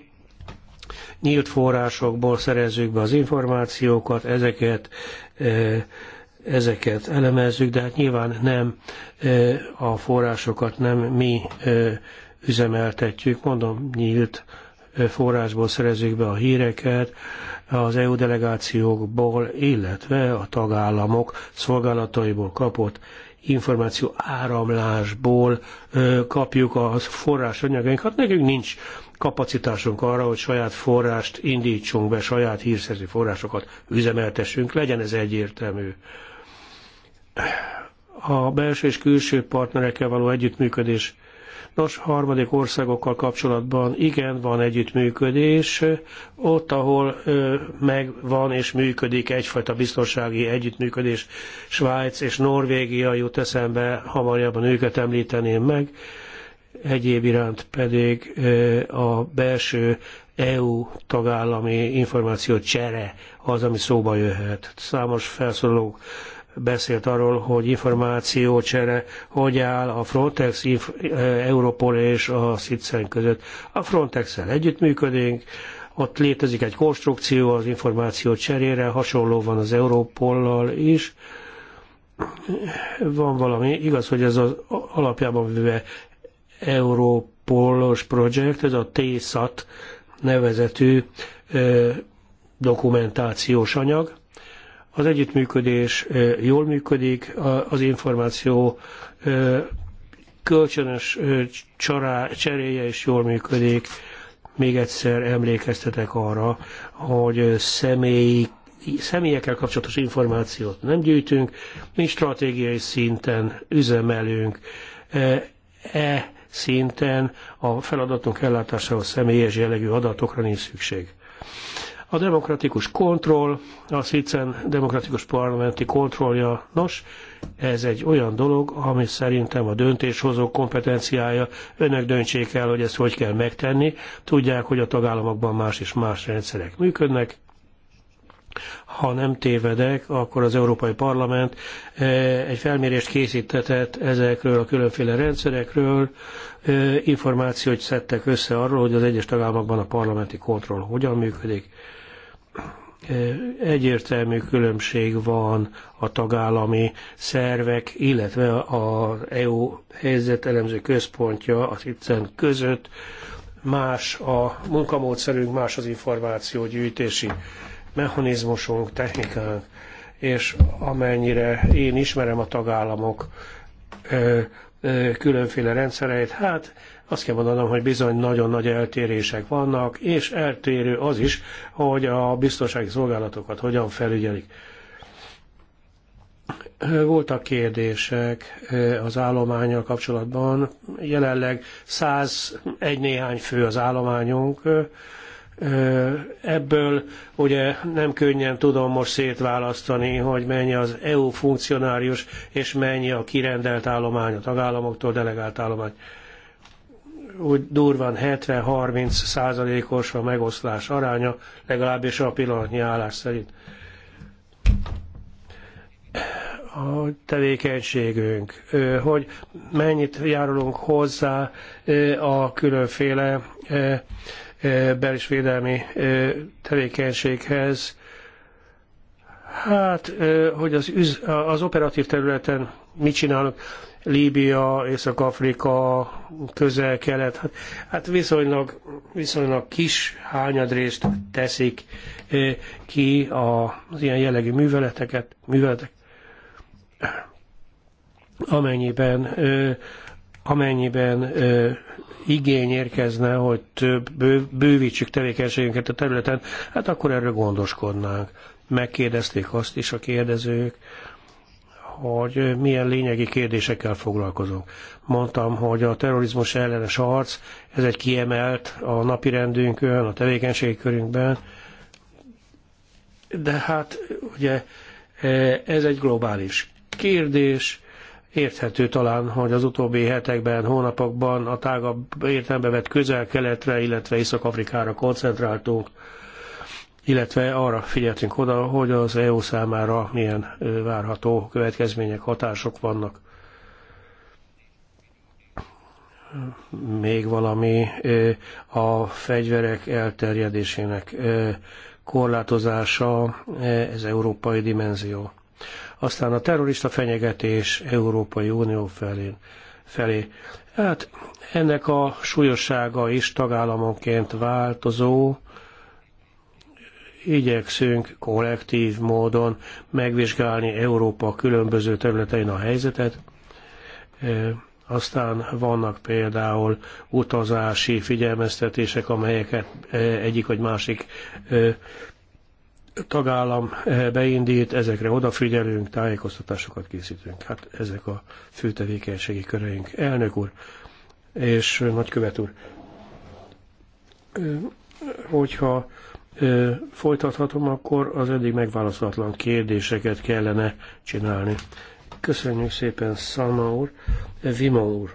Nyílt forrásokból szerezzük be az információkat, ezeket ezeket elemezzük, de hát nyilván nem e, a forrásokat nem mi e, üzemeltetjük, mondom nyílt e, forrásból szerezzük be a híreket, az EU delegációkból, illetve a tagállamok szolgálataiból kapott információ áramlásból kapjuk a forrásanyagainkat. Nekünk nincs kapacitásunk arra, hogy saját forrást indítsunk be, saját hírszerző forrásokat üzemeltessünk, legyen ez egyértelmű a belső és külső partnerekkel való együttműködés. Nos, harmadik országokkal kapcsolatban igen, van együttműködés, ott, ahol ö, megvan és működik egyfajta biztonsági együttműködés. Svájc és Norvégia jut eszembe, hamarjában őket említeném meg, egyéb iránt pedig ö, a belső EU tagállami információ csere az, ami szóba jöhet. Számos felszólók beszélt arról, hogy információcsere hogy áll a Frontex, eh, Europol és a SZICEN között. A Frontex-el együttműködünk, ott létezik egy konstrukció az információ cserére, hasonló van az Európollal is. Van valami, igaz, hogy ez az alapjában véve Európolos projekt, ez a TSAT nevezetű eh, dokumentációs anyag. Az együttműködés jól működik, az információ kölcsönös csará, cseréje is jól működik. Még egyszer emlékeztetek arra, hogy személyi személyekkel kapcsolatos információt nem gyűjtünk, mi stratégiai szinten üzemelünk. E szinten a feladatunk ellátásához személyes jellegű adatokra nincs szükség. A demokratikus kontroll, a SZICEN demokratikus parlamenti kontrollja, nos, ez egy olyan dolog, ami szerintem a döntéshozó kompetenciája. Önök döntsék el, hogy ezt hogy kell megtenni. Tudják, hogy a tagállamokban más és más rendszerek működnek, ha nem tévedek, akkor az Európai Parlament eh, egy felmérést készítetett ezekről a különféle rendszerekről, eh, információt szedtek össze arról, hogy az egyes tagállamokban a parlamenti kontroll hogyan működik egyértelmű különbség van a tagállami szervek, illetve az EU helyzetelemző központja az CICEN között. Más a munkamódszerünk, más az információgyűjtési mechanizmusunk, technikánk, és amennyire én ismerem a tagállamok különféle rendszereit, hát azt kell mondanom, hogy bizony nagyon nagy eltérések vannak, és eltérő az is, hogy a biztonsági szolgálatokat hogyan felügyelik. Voltak kérdések eh, az állományjal kapcsolatban. Jelenleg 101 néhány fő az állományunk. Eh, ebből ugye nem könnyen tudom most szétválasztani, hogy mennyi az EU funkcionárius, és mennyi a kirendelt állomány, a tagállamoktól delegált állomány úgy durván 70-30 százalékos a megoszlás aránya, legalábbis a pillanatnyi állás szerint. A tevékenységünk, hogy mennyit járulunk hozzá a különféle belisvédelmi tevékenységhez, Hát, hogy az, üz, az operatív területen mit csinálunk, Líbia, Észak-Afrika, közel-kelet, hát, hát viszonylag, viszonylag kis hányadrészt teszik eh, ki az ilyen jellegű műveleteket, műveletek, amennyiben, eh, amennyiben eh, igény érkezne, hogy több, bővítsük tevékenységünket a területen, hát akkor erről gondoskodnánk. Megkérdezték azt is a kérdezők, hogy milyen lényegi kérdésekkel foglalkozunk. Mondtam, hogy a terrorizmus ellenes harc, ez egy kiemelt a napi rendünkön, a tevékenységkörünkben, de hát ugye ez egy globális kérdés, érthető talán, hogy az utóbbi hetekben, hónapokban a tágabb értelembe vett közel-keletre, illetve Észak-Afrikára koncentráltunk, illetve arra figyeltünk oda, hogy az EU számára milyen várható következmények, hatások vannak. Még valami a fegyverek elterjedésének korlátozása, ez európai dimenzió. Aztán a terrorista fenyegetés Európai Unió felén, felé. Hát ennek a súlyossága is tagállamonként változó, igyekszünk kollektív módon megvizsgálni Európa különböző területein a helyzetet. Aztán vannak például utazási figyelmeztetések, amelyeket egyik vagy másik tagállam beindít, ezekre odafigyelünk, tájékoztatásokat készítünk. Hát ezek a fő tevékenységi köreink. Elnök úr és nagykövet úr, hogyha folytathatom, akkor az eddig megválaszolatlan kérdéseket kellene csinálni. Köszönjük szépen, Szalma úr, Vima úr.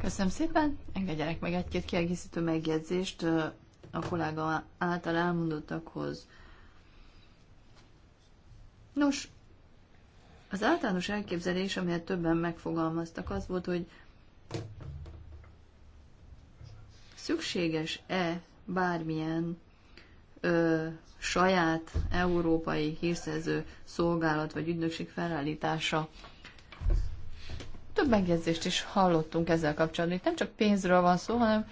Köszönöm szépen. Engedjenek meg egy-két kiegészítő megjegyzést a kollega által elmondottakhoz. Nos, az általános elképzelés, amelyet többen megfogalmaztak, az volt, hogy szükséges-e bármilyen ö, saját európai hírszerző szolgálat vagy ügynökség felállítása. Több megjegyzést is hallottunk ezzel kapcsolatban. Itt nem csak pénzről van szó, hanem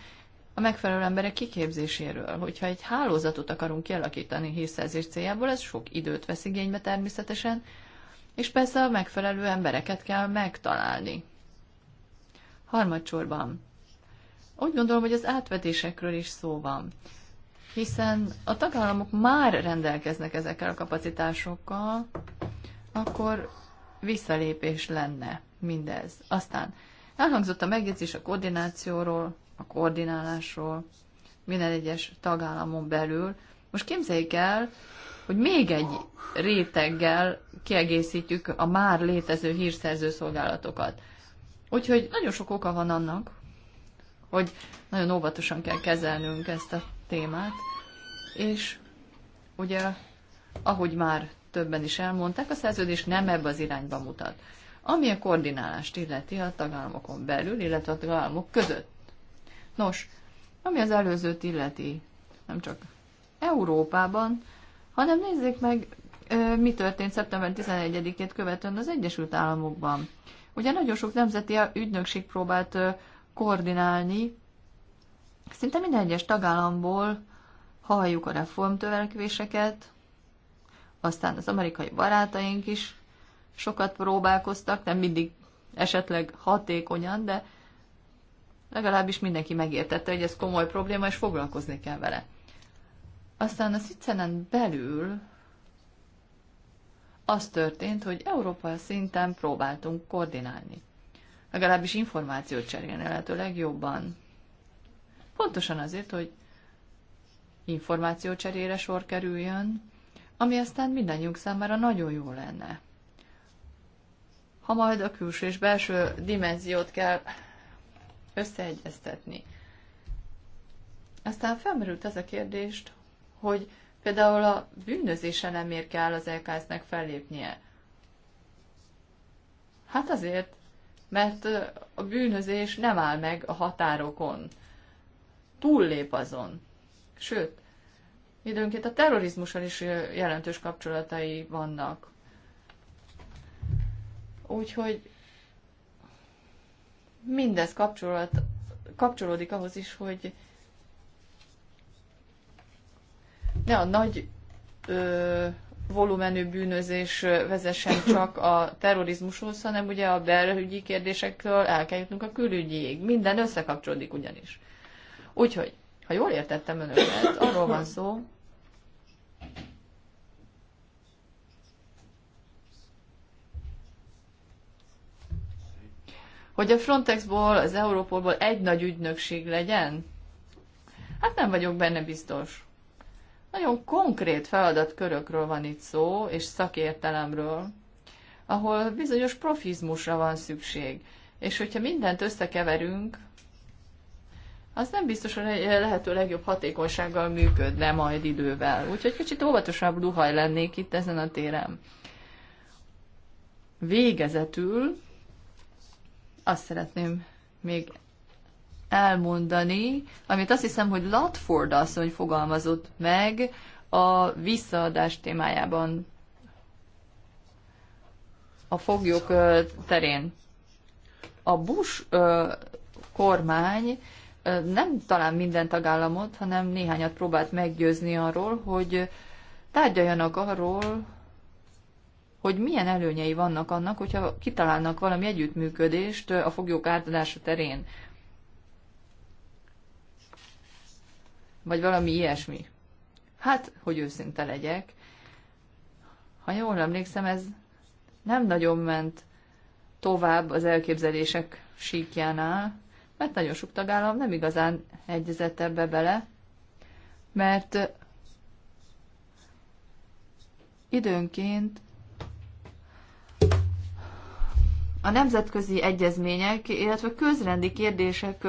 a megfelelő emberek kiképzéséről. Hogyha egy hálózatot akarunk kialakítani hírszerzés céljából, ez sok időt vesz igénybe természetesen, és persze a megfelelő embereket kell megtalálni. Harmadsorban úgy gondolom, hogy az átvetésekről is szó van, hiszen a tagállamok már rendelkeznek ezekkel a kapacitásokkal, akkor visszalépés lenne mindez. Aztán elhangzott a megjegyzés a koordinációról, a koordinálásról, minden egyes tagállamon belül. Most képzeljük el, hogy még egy réteggel kiegészítjük a már létező hírszerző szolgálatokat. Úgyhogy nagyon sok oka van annak, hogy nagyon óvatosan kell kezelnünk ezt a témát, és ugye, ahogy már többen is elmondták, a szerződés nem ebbe az irányba mutat, ami a koordinálást illeti a tagállamokon belül, illetve a tagállamok között. Nos, ami az előzőt illeti, nem csak Európában, hanem nézzék meg, mi történt szeptember 11-ét követően az Egyesült Államokban. Ugye nagyon sok nemzeti ügynökség próbált koordinálni. Szinte minden egyes tagállamból halljuk a reformtörekvéseket, aztán az amerikai barátaink is sokat próbálkoztak, nem mindig esetleg hatékonyan, de legalábbis mindenki megértette, hogy ez komoly probléma, és foglalkozni kell vele. Aztán a Szicenen belül az történt, hogy Európa szinten próbáltunk koordinálni legalábbis információt cserélni lehetőleg legjobban. Pontosan azért, hogy információcserére sor kerüljön, ami aztán mindannyiunk számára nagyon jó lenne. Ha majd a külső és belső dimenziót kell összeegyeztetni. Aztán felmerült ez a kérdést, hogy például a bűnözése nem ér kell az LKS-nek fellépnie. Hát azért, mert a bűnözés nem áll meg a határokon. Túllép azon. Sőt, időnként a terrorizmussal is jelentős kapcsolatai vannak. Úgyhogy mindez kapcsolat, kapcsolódik ahhoz is, hogy ne a nagy ö, volumenű bűnözés vezessen csak a terrorizmushoz, hanem ugye a belügyi kérdésektől el kell jutnunk a külügyiig. Minden összekapcsolódik ugyanis. Úgyhogy, ha jól értettem önöket, arról van szó, hogy a Frontexból, az Európolból egy nagy ügynökség legyen? Hát nem vagyok benne biztos. Nagyon konkrét feladatkörökről van itt szó, és szakértelemről, ahol bizonyos profizmusra van szükség. És hogyha mindent összekeverünk, az nem biztos, hogy lehető legjobb hatékonysággal működne majd idővel. Úgyhogy kicsit óvatosabb duhaj lennék itt ezen a téren. Végezetül azt szeretném még elmondani, amit azt hiszem, hogy Latford asszony fogalmazott meg a visszaadás témájában a foglyok terén. A Bush kormány nem talán minden tagállamot, hanem néhányat próbált meggyőzni arról, hogy tárgyaljanak arról, hogy milyen előnyei vannak annak, hogyha kitalálnak valami együttműködést a foglyok átadása terén. vagy valami ilyesmi. Hát, hogy őszinte legyek, ha jól emlékszem, ez nem nagyon ment tovább az elképzelések síkjánál, mert nagyon sok tagállam nem igazán egyezett ebbe bele, mert időnként a nemzetközi egyezmények, illetve közrendi kérdések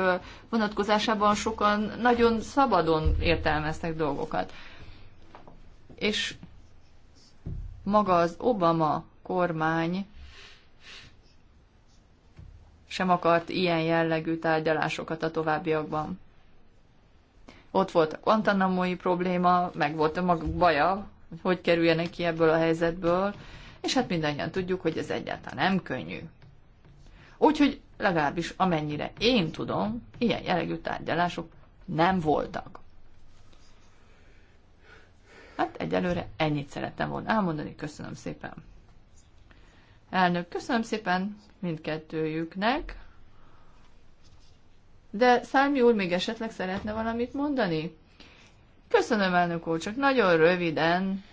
vonatkozásában sokan nagyon szabadon értelmeztek dolgokat. És maga az Obama kormány sem akart ilyen jellegű tárgyalásokat a továbbiakban. Ott volt a Guantanamo-i probléma, meg volt a maguk baja, hogy kerüljenek ki ebből a helyzetből, és hát mindannyian tudjuk, hogy ez egyáltalán nem könnyű. Úgyhogy legalábbis amennyire én tudom, ilyen jellegű tárgyalások nem voltak. Hát egyelőre ennyit szerettem volna elmondani. Köszönöm szépen. Elnök, köszönöm szépen mindkettőjüknek. De Szálmi úr még esetleg szeretne valamit mondani? Köszönöm, elnök úr, csak nagyon röviden,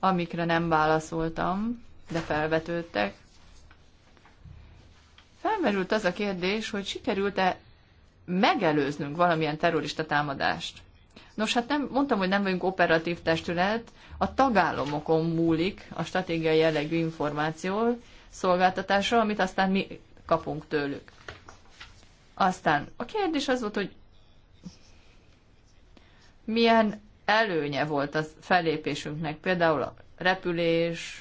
amikre nem válaszoltam, de felvetődtek. Felmerült az a kérdés, hogy sikerült-e megelőznünk valamilyen terrorista támadást. Nos, hát nem, mondtam, hogy nem vagyunk operatív testület, a tagállamokon múlik a stratégiai jellegű információ szolgáltatásra, amit aztán mi kapunk tőlük. Aztán a kérdés az volt, hogy milyen előnye volt a fellépésünknek, például a repülés,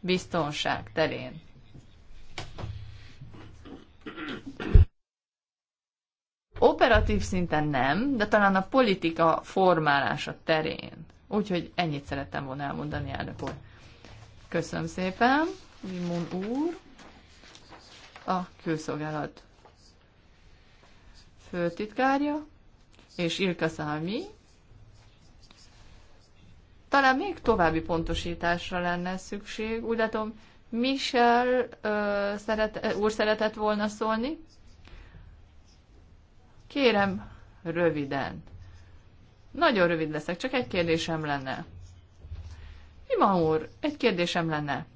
biztonság terén. Operatív szinten nem, de talán a politika formálása terén. Úgyhogy ennyit szerettem volna elmondani, elnök úr. Köszönöm szépen, Limon úr. A külszolgálat főtitkárja, és Ilka Szalmi. Talán még további pontosításra lenne szükség. Úgy látom, Michel uh, szeret, úr szeretett volna szólni. Kérem, röviden. Nagyon rövid leszek, csak egy kérdésem lenne. Ima úr, egy kérdésem lenne.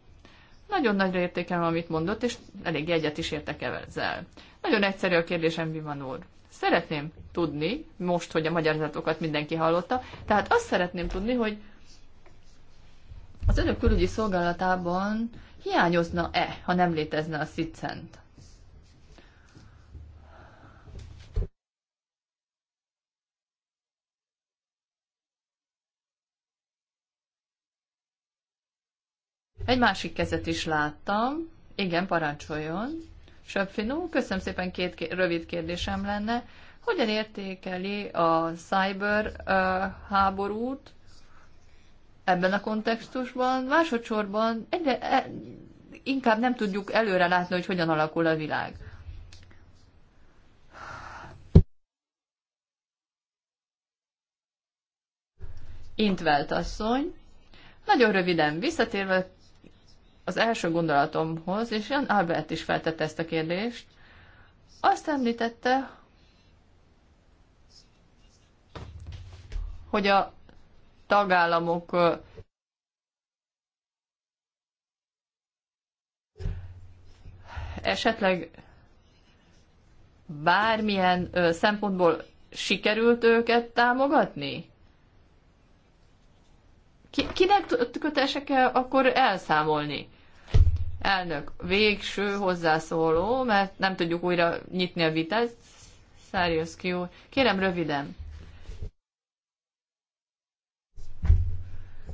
Nagyon nagyra értékelem, amit mondott, és elég egyet is értek ezzel. Nagyon egyszerű a kérdésem, Biman úr. Szeretném tudni, most, hogy a magyarázatokat mindenki hallotta, tehát azt szeretném tudni, hogy az önök külügyi szolgálatában hiányozna-e, ha nem létezne a Szicent? Egy másik kezet is láttam. Igen, parancsoljon. Söpfinó, köszönöm szépen, két rövid kérdésem lenne. Hogyan értékeli a cyber uh, háborút, ebben a kontextusban. Másodszorban egyre e, inkább nem tudjuk előre látni, hogy hogyan alakul a világ. Intvelt asszony, nagyon röviden visszatérve az első gondolatomhoz, és Jan Albert is feltette ezt a kérdést, azt említette, hogy a tagállamok esetleg bármilyen szempontból sikerült őket támogatni? Ki, kinek kötesek akkor elszámolni? Elnök, végső hozzászóló, mert nem tudjuk újra nyitni a vitát. Száriusz Kérem röviden.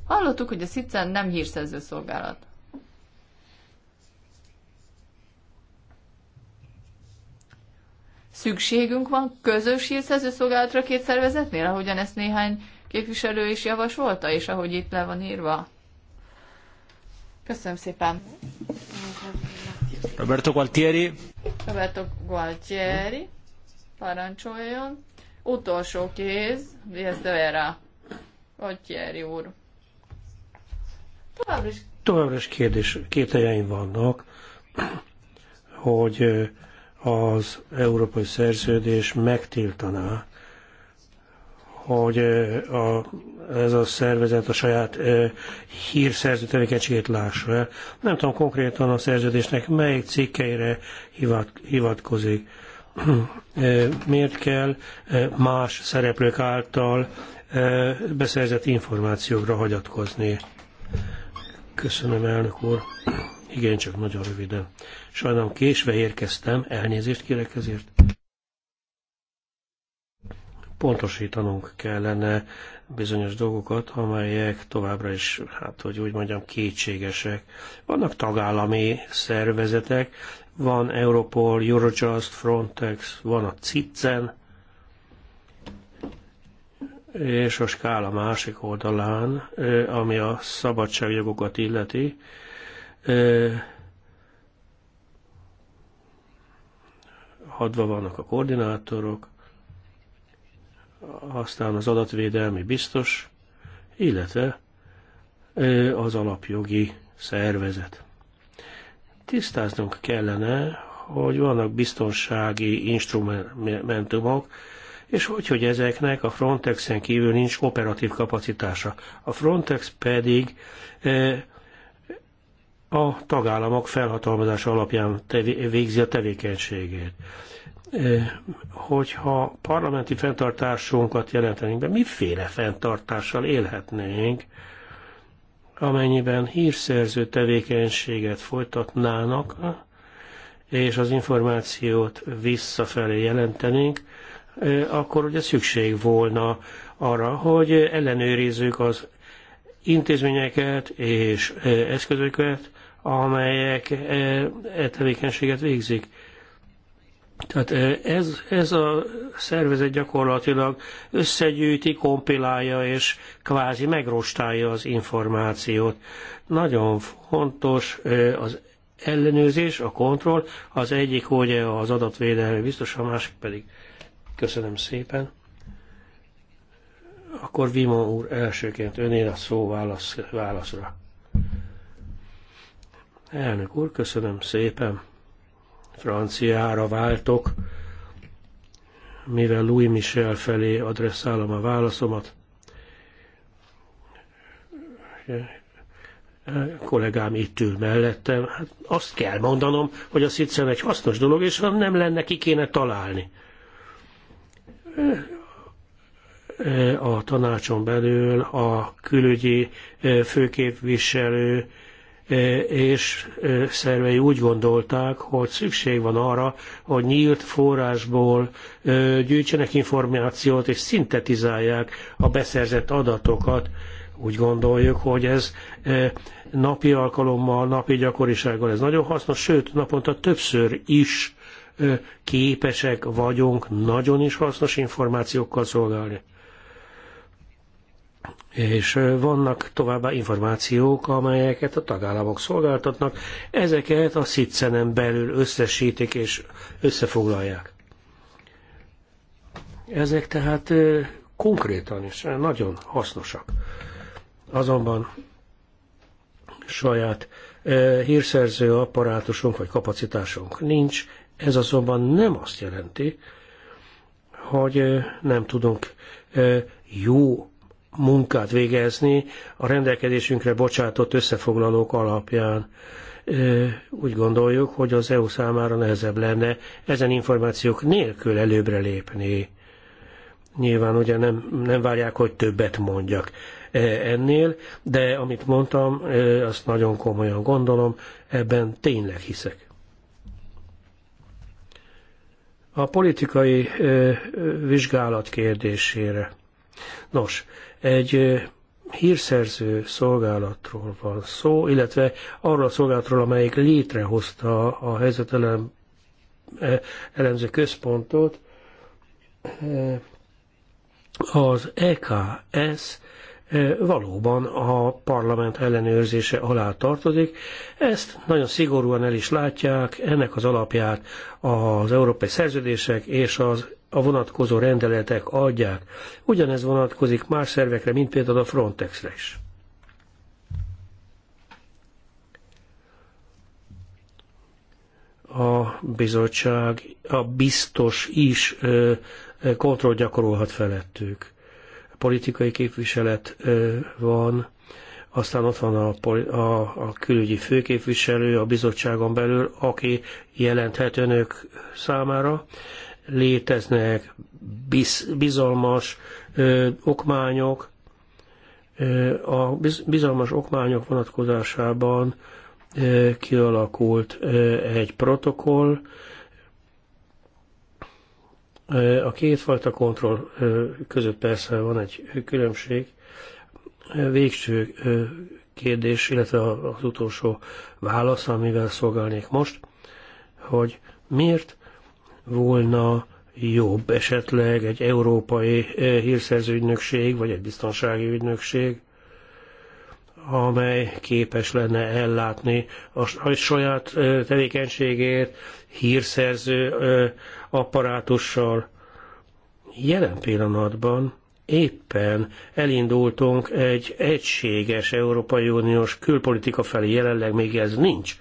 Hallottuk, hogy a SZICEN nem hírszerző szolgálat. Szükségünk van közös hírszerző szolgálatra két szervezetnél, ahogyan ezt néhány képviselő is javasolta, és ahogy itt le van írva. Köszönöm szépen. Roberto Gualtieri. Roberto Gualtieri. Parancsoljon. Utolsó kéz. Vies vera. Gualtieri úr. Továbbra is, Továbbra is kérdés, kételjeim vannak, hogy az európai szerződés megtiltaná, hogy a, ez a szervezet a saját e, hírszerző tevékenységét lássa el. Nem tudom konkrétan a szerződésnek melyik cikkeire hivat, hivatkozik. E, miért kell e, más szereplők által e, beszerzett információkra hagyatkozni? Köszönöm, elnök úr. Igen, csak nagyon röviden. Sajnálom késve érkeztem, elnézést kérek ezért. Pontosítanunk kellene bizonyos dolgokat, amelyek továbbra is, hát hogy úgy mondjam, kétségesek. Vannak tagállami szervezetek, van Europol, Eurojust, Frontex, van a CICEN, és a skála másik oldalán, ami a szabadságjogokat illeti, hadva vannak a koordinátorok, aztán az adatvédelmi biztos, illetve az alapjogi szervezet. Tisztáznunk kellene, hogy vannak biztonsági instrumentumok, és hogy, hogy ezeknek a Frontexen kívül nincs operatív kapacitása. A Frontex pedig e, a tagállamok felhatalmazása alapján végzi a tevékenységét. E, hogyha parlamenti fenntartásunkat jelentenénk be, miféle fenntartással élhetnénk, amennyiben hírszerző tevékenységet folytatnának, és az információt visszafelé jelentenénk, E, akkor ugye szükség volna arra, hogy ellenőrizzük az intézményeket és e, eszközöket, amelyek e, e tevékenységet végzik. Tehát ez, ez a szervezet gyakorlatilag összegyűjti, kompilálja és kvázi megrostálja az információt. Nagyon fontos az ellenőrzés, a kontroll, az egyik ugye az adatvédelmi biztos, a másik pedig Köszönöm szépen. Akkor Vima úr elsőként önél a szó válasz, válaszra. Elnök úr, köszönöm szépen. Franciára váltok, mivel Louis Michel felé adresszálom a válaszomat. kollégám itt ül mellettem, hát azt kell mondanom, hogy a szicem egy hasznos dolog, és ha nem lenne, ki kéne találni a tanácson belül a külügyi e, főképviselő e, és e, szervei úgy gondolták, hogy szükség van arra, hogy nyílt forrásból gyűjtsenek információt és szintetizálják a beszerzett adatokat. Úgy gondoljuk, hogy ez napi alkalommal, napi gyakorisággal ez nagyon hasznos, sőt naponta többször is képesek vagyunk nagyon is hasznos információkkal szolgálni. És vannak továbbá információk, amelyeket a tagállamok szolgáltatnak, ezeket a szicenen belül összesítik és összefoglalják. Ezek tehát konkrétan is nagyon hasznosak. Azonban saját hírszerző apparátusunk vagy kapacitásunk nincs, ez azonban nem azt jelenti, hogy nem tudunk jó munkát végezni a rendelkezésünkre bocsátott összefoglalók alapján. Úgy gondoljuk, hogy az EU számára nehezebb lenne ezen információk nélkül előbbre lépni. Nyilván ugye nem, nem várják, hogy többet mondjak ennél, de amit mondtam, azt nagyon komolyan gondolom, ebben tényleg hiszek. A politikai vizsgálat kérdésére. Nos, egy hírszerző szolgálatról van szó, illetve arról a szolgálatról, amelyik létrehozta a helyzetelem elemző központot. Az EKS valóban a parlament ellenőrzése alá tartozik. Ezt nagyon szigorúan el is látják, ennek az alapját az európai szerződések és az a vonatkozó rendeletek adják. Ugyanez vonatkozik más szervekre, mint például a Frontexre is. A bizottság, a biztos is kontroll gyakorolhat felettük politikai képviselet van, aztán ott van a, a, a külügyi főképviselő a bizottságon belül, aki jelenthet önök számára. Léteznek biz, bizalmas ö, okmányok. Ö, a biz, bizalmas okmányok vonatkozásában ö, kialakult ö, egy protokoll, a kétfajta kontroll között persze van egy különbség. Végső kérdés, illetve az utolsó válasz, amivel szolgálnék most, hogy miért volna jobb esetleg egy európai hírszerzőügynökség, vagy egy biztonsági ügynökség, amely képes lenne ellátni a saját tevékenységét hírszerző apparátussal. Jelen pillanatban éppen elindultunk egy egységes Európai Uniós külpolitika felé, jelenleg még ez nincs.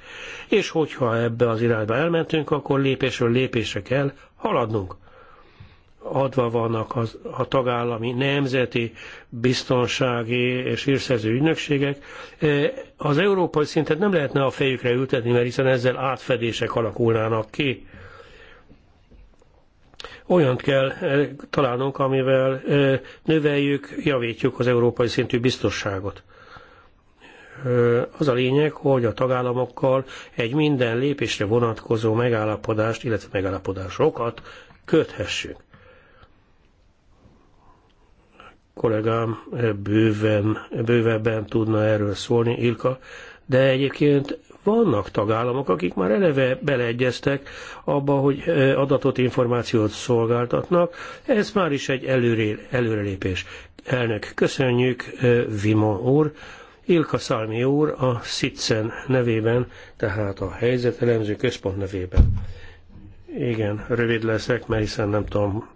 És hogyha ebbe az irányba elmentünk, akkor lépésről lépésre kell haladnunk. Adva vannak az, a tagállami nemzeti biztonsági és írszerző ügynökségek. E, az európai szintet nem lehetne a fejükre ültetni, mert hiszen ezzel átfedések alakulnának ki olyant kell eh, találnunk, amivel eh, növeljük, javítjuk az európai szintű biztosságot. Eh, az a lényeg, hogy a tagállamokkal egy minden lépésre vonatkozó megállapodást, illetve megállapodásokat köthessünk. A kollégám bőven, bővebben tudna erről szólni, Ilka, de egyébként vannak tagállamok, akik már eleve beleegyeztek abba, hogy e, adatot, információt szolgáltatnak. Ez már is egy előré, előrelépés. Elnök, köszönjük, e, Vimo úr. Ilka Szalmi úr a SZICEN nevében, tehát a helyzetelemző központ nevében. Igen, rövid leszek, mert hiszen nem tudom,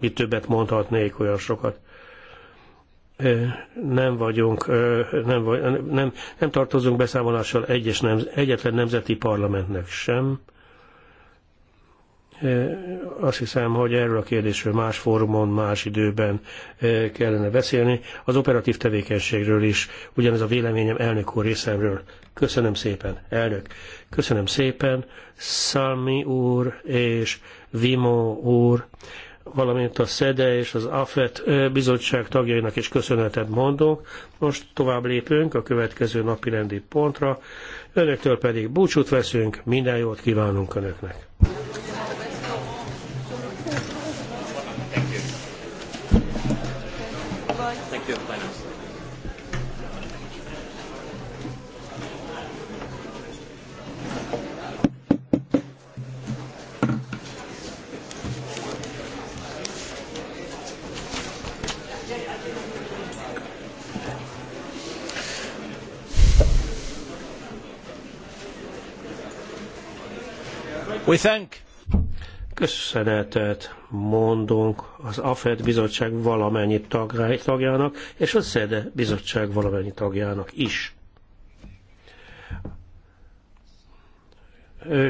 mit többet mondhatnék olyan sokat nem vagyunk, nem, nem, nem tartozunk beszámolással egyes nem, egyetlen nemzeti parlamentnek sem. Azt hiszem, hogy erről a kérdésről más fórumon, más időben kellene beszélni. Az operatív tevékenységről is ugyanez a véleményem elnök úr részemről. Köszönöm szépen, elnök. Köszönöm szépen, Szalmi úr és Vimo úr valamint a SZEDE és az AFET bizottság tagjainak is köszönetet mondunk. Most tovább lépünk a következő napi rendi pontra, önöktől pedig búcsút veszünk, minden jót kívánunk önöknek! We thank. Köszönetet mondunk az AFED bizottság valamennyi tagjának, és a SZEDE bizottság valamennyi tagjának is.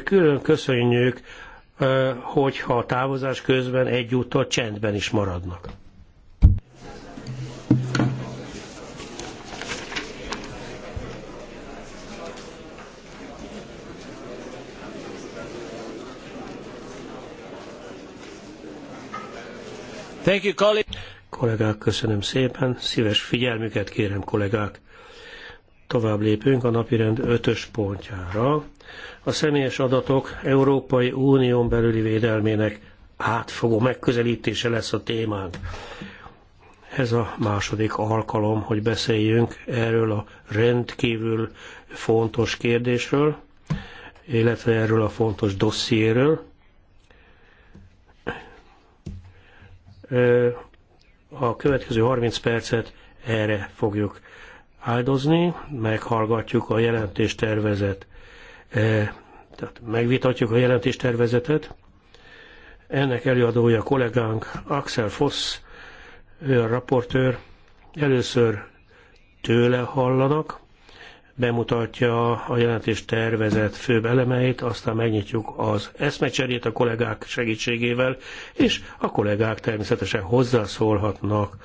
Külön köszönjük, hogyha a távozás közben egyúttal csendben is maradnak. Thank you, colleague. Kollégák, köszönöm szépen. Szíves figyelmüket kérem, kollégák. Tovább lépünk a napirend ötös pontjára. A személyes adatok Európai Unión belüli védelmének átfogó megközelítése lesz a témánk. Ez a második alkalom, hogy beszéljünk erről a rendkívül fontos kérdésről, illetve erről a fontos dossziéről. A következő 30 percet erre fogjuk áldozni, meghallgatjuk a jelentéstervezet, tehát megvitatjuk a jelentéstervezetet. Ennek előadója kollégánk Axel Foss, ő a raportőr. Először tőle hallanak, bemutatja a jelentés tervezett főbb elemeit, aztán megnyitjuk az eszmecserét a kollégák segítségével, és a kollégák természetesen hozzászólhatnak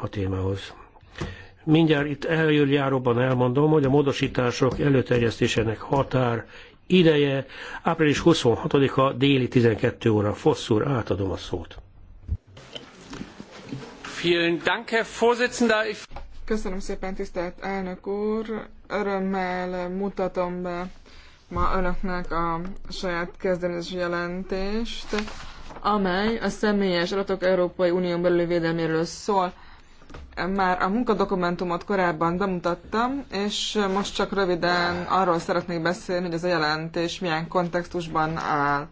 a témához. Mindjárt itt eljáróban elmondom, hogy a módosítások előterjesztésének határ ideje április 26-a déli 12 óra. Fosszúr, átadom a szót. Köszönöm szépen, tisztelt elnök úr! Örömmel mutatom be ma önöknek a saját kezdeményezési jelentést, amely a személyes adatok Európai Unión belüli védelméről szól. Már a munkadokumentumot korábban bemutattam, és most csak röviden arról szeretnék beszélni, hogy ez a jelentés milyen kontextusban áll.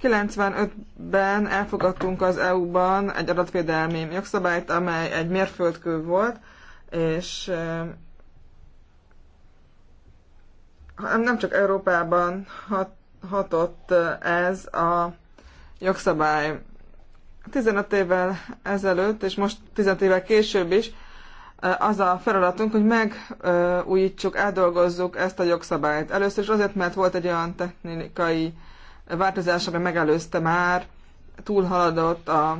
95-ben elfogadtunk az EU-ban egy adatvédelmi jogszabályt, amely egy mérföldkő volt, és Hát nem csak Európában hat, hatott ez a jogszabály. 15 évvel ezelőtt, és most 15 évvel később is, az a feladatunk, hogy megújítsuk, átdolgozzuk ezt a jogszabályt. Először is azért, mert volt egy olyan technikai változás, ami megelőzte már, túlhaladott a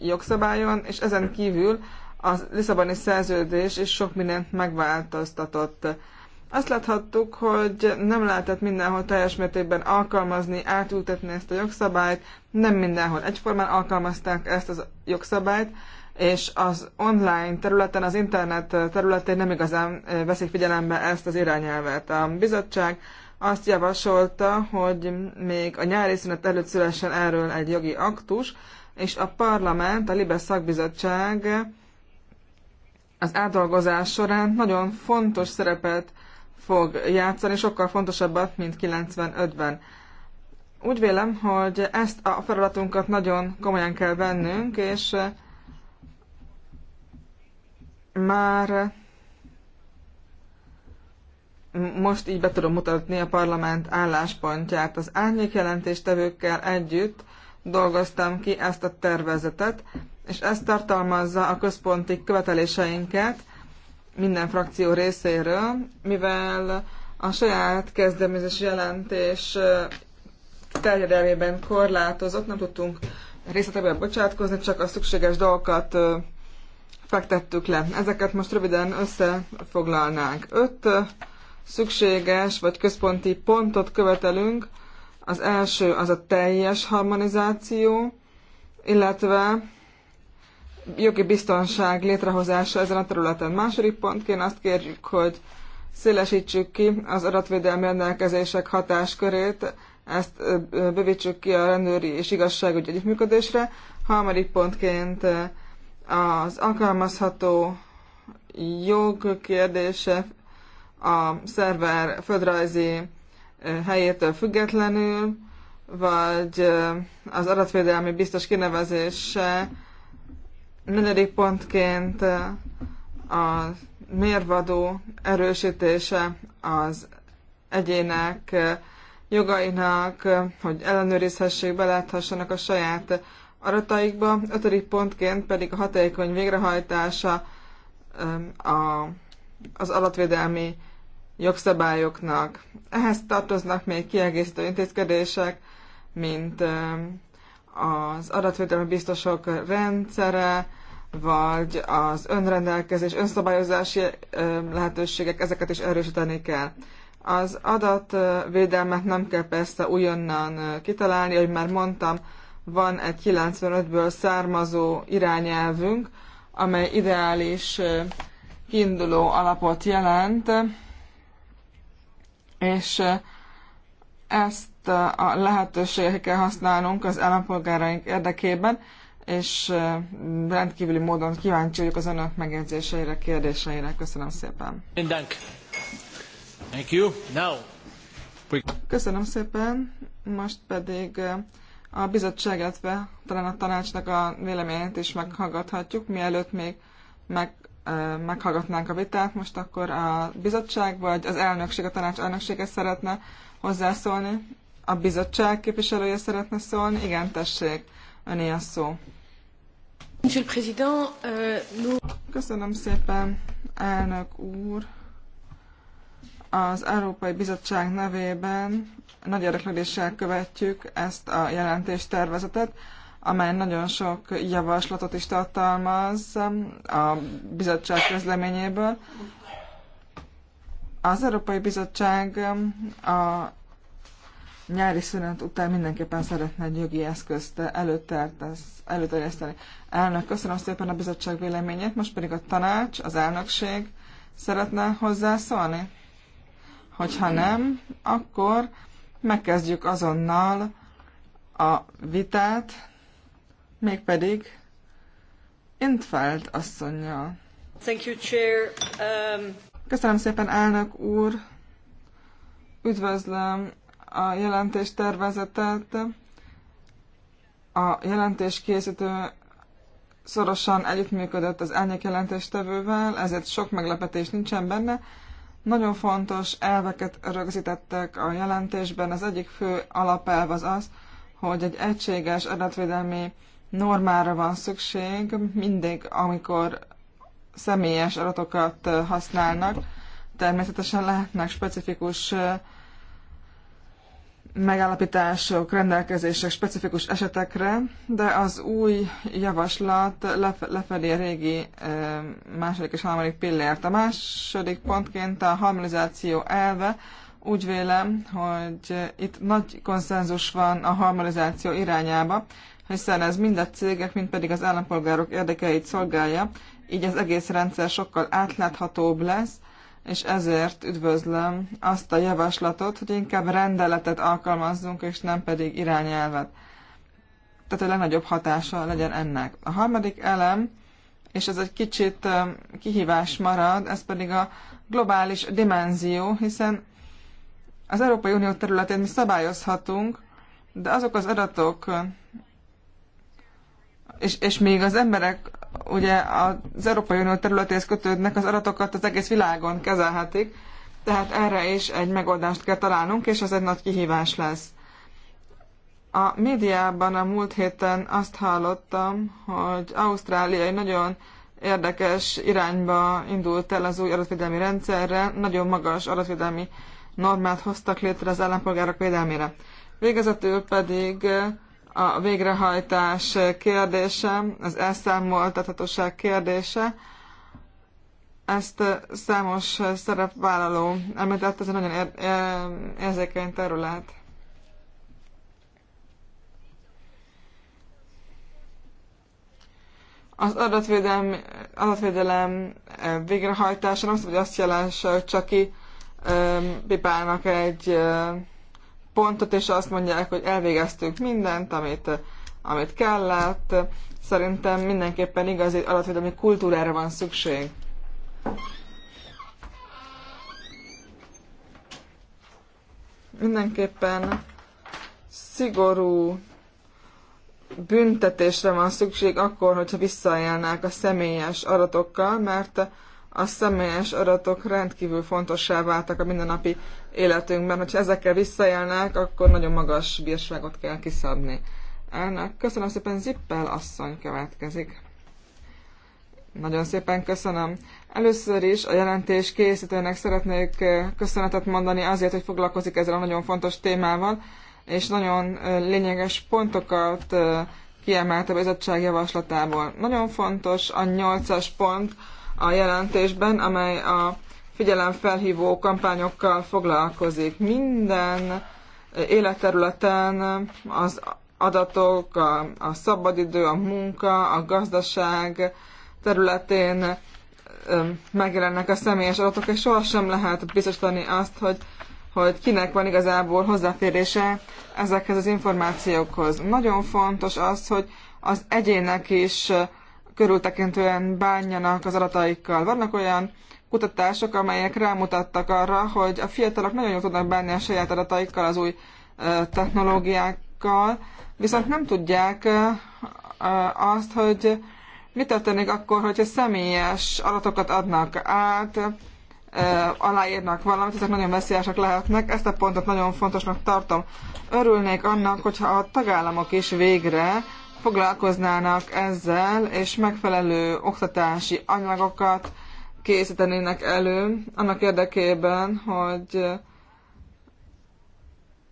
jogszabályon, és ezen kívül a Lisszaboni szerződés is sok mindent megváltoztatott. Azt láthattuk, hogy nem lehetett mindenhol teljes mértékben alkalmazni, átültetni ezt a jogszabályt, nem mindenhol egyformán alkalmazták ezt a jogszabályt, és az online területen, az internet területén nem igazán eh, veszik figyelembe ezt az irányelvet. A bizottság azt javasolta, hogy még a nyári szünet előtt szülessen erről egy jogi aktus, és a parlament, a Libes szakbizottság az átdolgozás során nagyon fontos szerepet fog játszani, sokkal fontosabbat, mint 95-ben. Úgy vélem, hogy ezt a feladatunkat nagyon komolyan kell vennünk, és eh, már most így be tudom mutatni a parlament álláspontját. Az árnyék jelentéstevőkkel együtt dolgoztam ki ezt a tervezetet, és ez tartalmazza a központi követeléseinket, minden frakció részéről, mivel a saját kezdeményezés jelentés terjedelmében korlátozott, nem tudtunk részletekben bocsátkozni, csak a szükséges dolgokat fektettük le. Ezeket most röviden összefoglalnánk. Öt szükséges vagy központi pontot követelünk. Az első az a teljes harmonizáció, illetve jogi biztonság létrehozása ezen a területen. Második pontként azt kérjük, hogy szélesítsük ki az adatvédelmi rendelkezések hatáskörét, ezt bővítsük ki a rendőri és igazságügyi együttműködésre. Harmadik pontként az alkalmazható jog kérdése a szerver földrajzi helyétől függetlenül, vagy az adatvédelmi biztos kinevezése negyedik pontként a mérvadó erősítése az egyének jogainak, hogy ellenőrizhessék, beláthassanak a saját arataikba. Ötödik pontként pedig a hatékony végrehajtása a, az alatvédelmi jogszabályoknak. Ehhez tartoznak még kiegészítő intézkedések, mint az adatvédelmi biztosok rendszere, vagy az önrendelkezés, önszabályozási lehetőségek, ezeket is erősíteni kell. Az adatvédelmet nem kell persze újonnan kitalálni, hogy már mondtam, van egy 95-ből származó irányelvünk, amely ideális kiinduló alapot jelent, és ezt ezeket a lehetőségeket kell használnunk az állampolgáraink érdekében, és rendkívüli módon kíváncsi vagyok az önök megjegyzéseire, kérdéseire. Köszönöm szépen. Thank you. Now. Köszönöm szépen. Most pedig a bizottság, illetve talán a tanácsnak a véleményét is meghallgathatjuk, mielőtt még meg, meghallgatnánk a vitát. Most akkor a bizottság vagy az elnökség, a tanács elnöksége szeretne hozzászólni. A bizottság képviselője szeretne szólni? Igen, tessék, öné a szó. Euh, Köszönöm szépen, elnök úr. Az Európai Bizottság nevében nagy érdeklődéssel követjük ezt a jelentéstervezetet, amely nagyon sok javaslatot is tartalmaz a bizottság közleményéből. Az Európai Bizottság a nyári szünet után mindenképpen szeretne egy jogi eszközt előterjeszteni. Elnök, köszönöm szépen a bizottság véleményét, most pedig a tanács, az elnökség szeretne hozzászólni? Hogyha nem, akkor megkezdjük azonnal a vitát, mégpedig Intfeld asszonynal. Thank you, Chair. Um... Köszönöm szépen, elnök úr! Üdvözlöm a jelentés tervezetet. A jelentés készítő szorosan együttműködött az elnyek jelentéstevővel, ezért sok meglepetés nincsen benne. Nagyon fontos elveket rögzítettek a jelentésben. Az egyik fő alapelv az az, hogy egy egységes adatvédelmi normára van szükség, mindig, amikor személyes adatokat használnak. Természetesen lehetnek specifikus megállapítások, rendelkezések specifikus esetekre, de az új javaslat lefelé a régi második és harmadik pillért. A második pontként a harmonizáció elve. Úgy vélem, hogy itt nagy konszenzus van a harmonizáció irányába, hiszen ez mind a cégek, mind pedig az állampolgárok érdekeit szolgálja, így az egész rendszer sokkal átláthatóbb lesz, és ezért üdvözlöm azt a javaslatot, hogy inkább rendeletet alkalmazzunk, és nem pedig irányelvet. Tehát, hogy legnagyobb hatása legyen ennek. A harmadik elem, és ez egy kicsit kihívás marad, ez pedig a globális dimenzió, hiszen az Európai Unió területén mi szabályozhatunk, de azok az adatok, és, és még az emberek ugye az Európai Unió területéhez kötődnek, az adatokat az egész világon kezelhetik, tehát erre is egy megoldást kell találnunk, és ez egy nagy kihívás lesz. A médiában a múlt héten azt hallottam, hogy Ausztrália egy nagyon érdekes irányba indult el az új adatvédelmi rendszerre, nagyon magas adatvédelmi normát hoztak létre az állampolgárok védelmére. Végezetül pedig a végrehajtás kérdése, az elszámoltathatóság kérdése. Ezt számos szerepvállaló említett, ez egy nagyon érzékeny terület. Az adatvédelem, adatvédelem eh, végrehajtása nem szabad, hogy azt jelens, hogy csak ki eh, pipálnak egy eh, pontot, és azt mondják, hogy elvégeztünk mindent, amit, amit kellett. Szerintem mindenképpen igazi alapvédelmi kultúrára van szükség. Mindenképpen szigorú büntetésre van szükség akkor, hogyha visszaélnek a személyes adatokkal, mert a személyes adatok rendkívül fontossá váltak a mindennapi életünkben. Hogyha ezekkel visszaélnek, akkor nagyon magas bírságot kell kiszabni. ennek. köszönöm szépen, Zippel asszony következik. Nagyon szépen köszönöm. Először is a jelentés készítőnek szeretnék eh, köszönetet mondani azért, hogy foglalkozik ezzel a nagyon fontos témával, és nagyon eh, lényeges pontokat eh, kiemelt a bizottság javaslatából. Nagyon fontos a nyolcas pont a jelentésben, amely a figyelemfelhívó kampányokkal foglalkozik. Minden életterületen az adatok, a, a szabadidő, a munka, a gazdaság területén megjelennek a személyes adatok, és sohasem lehet biztosítani azt, hogy, hogy kinek van igazából hozzáférése ezekhez az információkhoz. Nagyon fontos az, hogy az egyének is körültekintően bánjanak az adataikkal. Vannak olyan kutatások, amelyek rámutattak arra, hogy a fiatalok nagyon jól tudnak bánni a saját adataikkal, az új technológiákkal, viszont nem tudják azt, hogy mi történik akkor, hogyha személyes adatokat adnak át, aláírnak valamit, ezek nagyon veszélyesek lehetnek. Ezt a pontot nagyon fontosnak tartom. Örülnék annak, hogyha a tagállamok is végre foglalkoznának ezzel, és megfelelő oktatási anyagokat, készítenének elő annak érdekében, hogy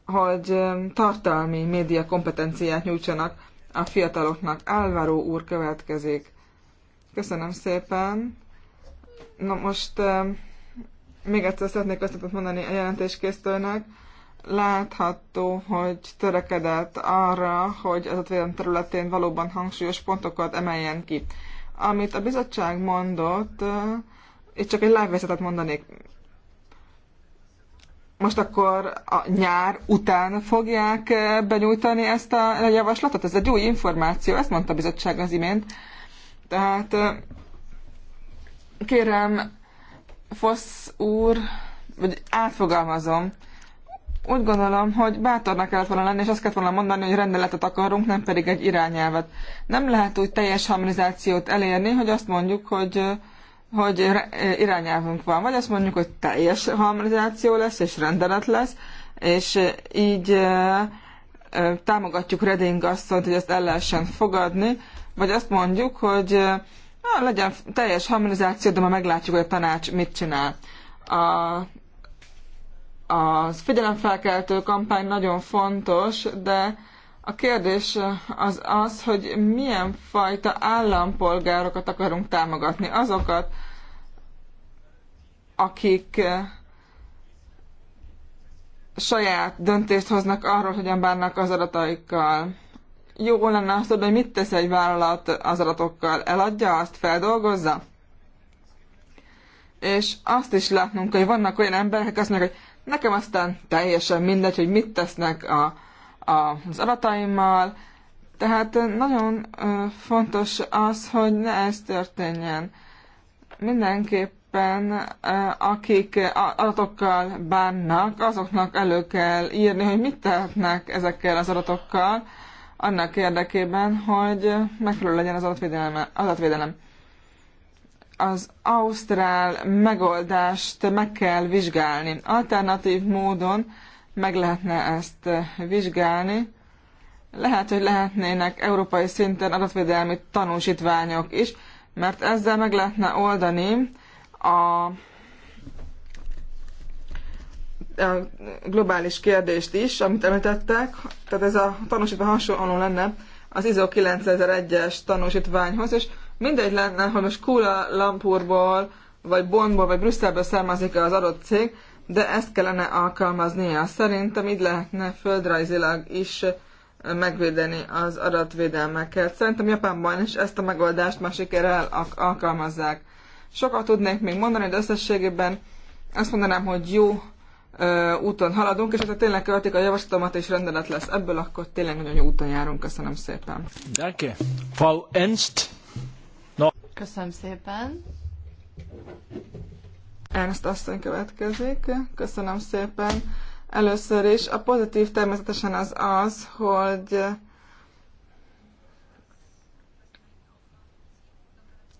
hogy um, tartalmi média kompetenciát nyújtsanak a fiataloknak. Álvaro úr következik. Köszönöm szépen. Na most um, még egyszer szeretnék köszönetet mondani a jelentéskészítőnek. Látható, hogy törekedett arra, hogy az adatvédelem területén valóban hangsúlyos pontokat emeljen ki. Amit a bizottság mondott, itt csak egy lábvészetet mondanék. Most akkor a nyár után fogják eh, benyújtani ezt a javaslatot? Ez egy új információ, ezt mondta a bizottság az imént. Tehát eh, kérem, Fosz úr, vagy átfogalmazom, úgy gondolom, hogy bátornak kellett volna lenni, és azt kellett volna mondani, hogy rendeletet akarunk, nem pedig egy irányelvet. Nem lehet úgy teljes harmonizációt elérni, hogy azt mondjuk, hogy eh, hogy irányelvünk van, vagy azt mondjuk, hogy teljes harmonizáció lesz, és rendelet lesz, és így támogatjuk Reding asszonyt, hogy ezt el lehessen fogadni, vagy azt mondjuk, hogy na, legyen teljes harmonizáció, de ma meglátjuk, hogy a tanács mit csinál. A, a figyelemfelkeltő kampány nagyon fontos, de a kérdés az az, hogy milyen fajta állampolgárokat akarunk támogatni. Azokat, akik saját döntést hoznak arról, hogyan bánnak az adataikkal. Jó lenne azt tudni, hogy mit tesz egy vállalat az adatokkal. Eladja azt, feldolgozza? És azt is látnunk, hogy vannak olyan emberek, azt mondják, hogy nekem aztán teljesen mindegy, hogy mit tesznek a az adataimmal, tehát nagyon fontos az, hogy ne ez történjen. Mindenképpen, akik adatokkal bánnak, azoknak elő kell írni, hogy mit tehetnek ezekkel az adatokkal, annak érdekében, hogy megfelelő legyen az adatvédelem. Az ausztrál megoldást meg kell vizsgálni. Alternatív módon meg lehetne ezt eh, vizsgálni. Lehet, hogy lehetnének európai szinten adatvédelmi tanúsítványok is, mert ezzel meg lehetne oldani a, a globális kérdést is, amit említettek. Tehát ez a tanúsítvány hasonló lenne az ISO 9001-es tanúsítványhoz, és mindegy lenne, hogy most Kuala Lampurból, vagy Bonnból, vagy Brüsszelből származik az adott cég, de ezt kellene alkalmaznia. Szerintem így lehetne földrajzilag is megvédeni az adatvédelmeket. Szerintem Japánban is ezt a megoldást már sikerrel alkalmazzák. Sokat tudnék még mondani, de összességében azt mondanám, hogy jó ö, úton haladunk, és ha tényleg követik a javaslatomat, és rendelet lesz ebből, akkor tényleg nagyon jó úton járunk. Köszönöm szépen. Danke. Frau Ernst. No. Köszönöm szépen. Ernst asszony következik. Köszönöm szépen. Először is a pozitív természetesen az az, hogy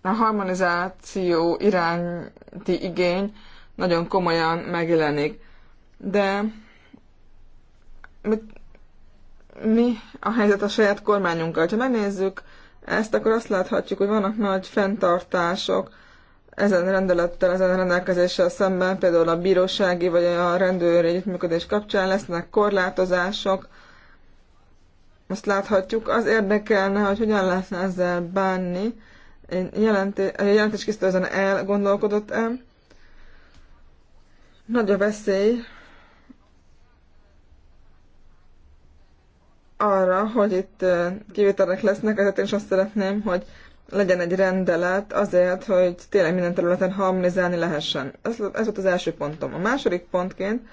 a harmonizáció iránti igény nagyon komolyan megjelenik. De mit, mi a helyzet a saját kormányunkkal? Ha megnézzük ezt, akkor azt láthatjuk, hogy vannak nagy fenntartások ezen rendelettel, ezen rendelkezéssel szemben például a bírósági vagy a rendőri együttműködés kapcsán lesznek korlátozások. Azt láthatjuk. Az érdekelne, hogy hogyan lehetne ezzel bánni. Egy a jelentés készítő ezen elgondolkodott el. Nagy a veszély arra, hogy itt eh, kivételek lesznek, ezért én is azt szeretném, hogy legyen egy rendelet azért, hogy tényleg minden területen harmonizálni lehessen. Ez, ez volt az első pontom. A második pontként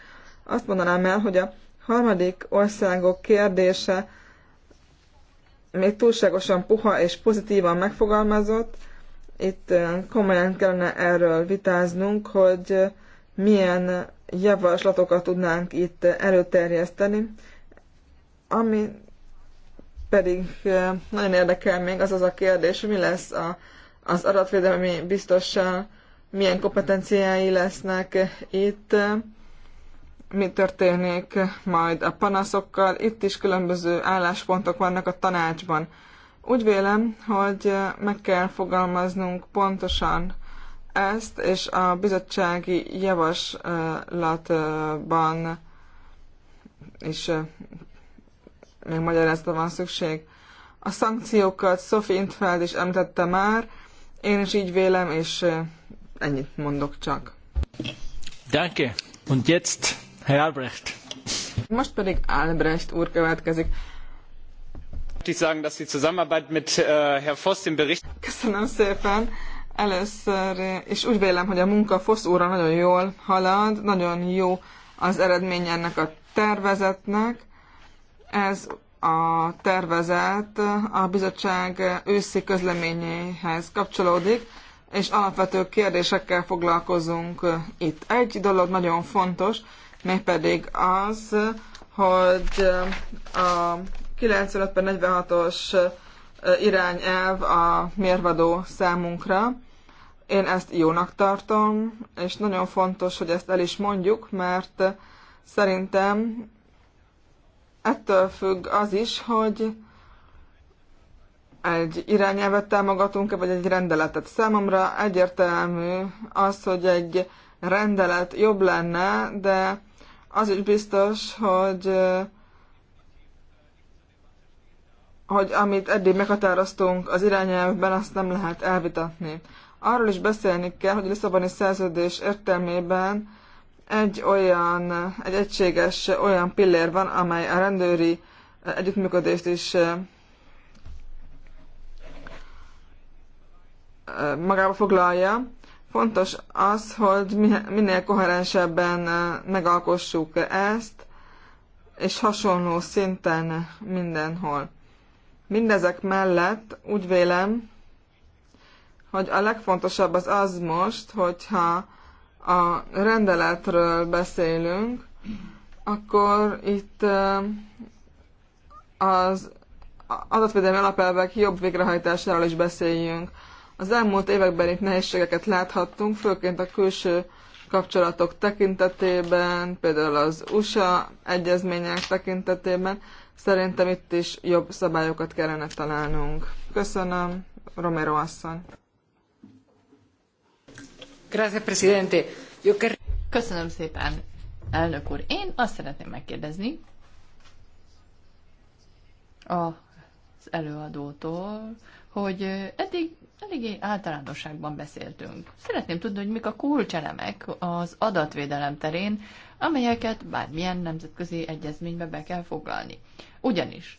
azt mondanám el, hogy a harmadik országok kérdése még túlságosan puha és pozitívan megfogalmazott. Itt komolyan kellene erről vitáznunk, hogy milyen javaslatokat tudnánk itt előterjeszteni, ami pedig nagyon érdekel még az az a kérdés, mi lesz a, az adatvédelmi biztossal, milyen kompetenciái lesznek itt, mi történik majd a panaszokkal. Itt is különböző álláspontok vannak a tanácsban. Úgy vélem, hogy meg kell fogalmaznunk pontosan ezt, és a bizottsági javaslatban is magyarázatra van szükség. A szankciókat Sophie Intfeld is említette már, én is így vélem, és ennyit mondok csak. Danke. Und jetzt Herr Albrecht. Most pedig Albrecht úr következik. Ich sagen, dass die Zusammenarbeit mit äh, Herr Bericht. Köszönöm szépen. Először, és úgy vélem, hogy a munka Fosz úrra nagyon jól halad, nagyon jó az eredmény ennek a tervezetnek. Ez a tervezet a bizottság őszi közleményéhez kapcsolódik, és alapvető kérdésekkel foglalkozunk itt. Egy dolog nagyon fontos, mégpedig az, hogy a 95-46-os irányelv a mérvadó számunkra. Én ezt jónak tartom, és nagyon fontos, hogy ezt el is mondjuk, mert szerintem ettől függ az is, hogy egy irányelvet támogatunk-e, vagy egy rendeletet. Számomra egyértelmű az, hogy egy rendelet jobb lenne, de az is biztos, hogy hogy amit eddig meghatároztunk az irányelvben, azt nem lehet elvitatni. Arról is beszélni kell, hogy a Lisszaboni szerződés értelmében egy olyan, egy egységes olyan pillér van, amely a rendőri eh, együttműködést is eh, eh, magába foglalja. Fontos az, hogy minél koherensebben megalkossuk ezt, és hasonló szinten mindenhol. Mindezek mellett úgy vélem, hogy a legfontosabb az az most, hogyha a rendeletről beszélünk, akkor itt az adatvédelmi alapelvek jobb végrehajtásáról is beszéljünk. Az elmúlt években itt nehézségeket láthattunk, főként a külső kapcsolatok tekintetében, például az USA egyezmények tekintetében. Szerintem itt is jobb szabályokat kellene találnunk. Köszönöm, Romero asszony. Köszönöm szépen, elnök úr. Én azt szeretném megkérdezni az előadótól, hogy eddig eléggé általánosságban beszéltünk. Szeretném tudni, hogy mik a kulcselemek az adatvédelem terén, amelyeket bármilyen nemzetközi egyezménybe be kell foglalni. Ugyanis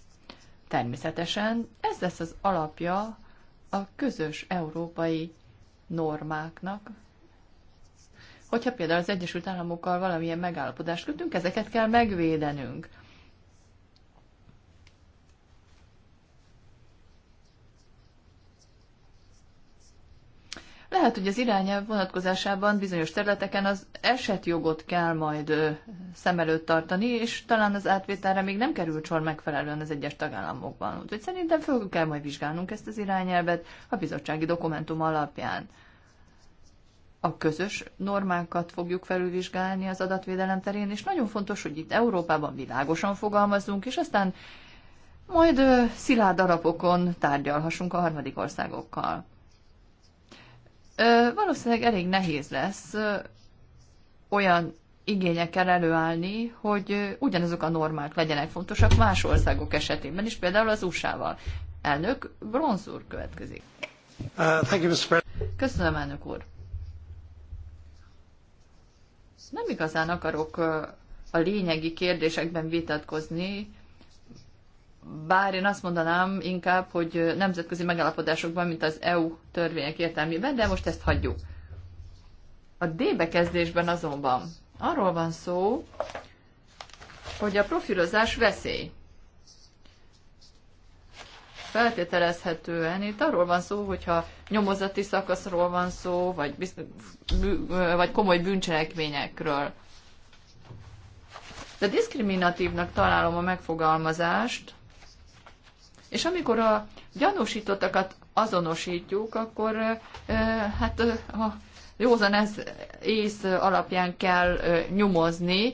természetesen ez lesz az alapja a közös európai normáknak, hogyha például az Egyesült Államokkal valamilyen megállapodást kötünk, ezeket kell megvédenünk. Lehet, hogy az irányelv vonatkozásában bizonyos területeken az esetjogot kell majd szem előtt tartani, és talán az átvételre még nem került sor megfelelően az egyes tagállamokban. Úgyhogy szerintem föl kell majd vizsgálnunk ezt az irányelvet a bizottsági dokumentum alapján a közös normákat fogjuk felülvizsgálni az adatvédelem terén, és nagyon fontos, hogy itt Európában világosan fogalmazzunk, és aztán majd szilárd alapokon tárgyalhassunk a harmadik országokkal. Valószínűleg elég nehéz lesz olyan igényekkel előállni, hogy ugyanazok a normák legyenek fontosak más országok esetében is, például az USA-val. Elnök bronzúr következik. Uh, you, Mr. Köszönöm, elnök úr. Nem igazán akarok a lényegi kérdésekben vitatkozni, bár én azt mondanám inkább, hogy nemzetközi megállapodásokban, mint az EU törvények értelmében, de most ezt hagyjuk. A D bekezdésben azonban arról van szó, hogy a profilozás veszély feltételezhetően itt arról van szó, hogyha nyomozati szakaszról van szó, vagy, bűn, vagy komoly bűncselekményekről. De diszkriminatívnak találom a megfogalmazást, és amikor a gyanúsítottakat azonosítjuk, akkor hát a józan ez ész alapján kell nyomozni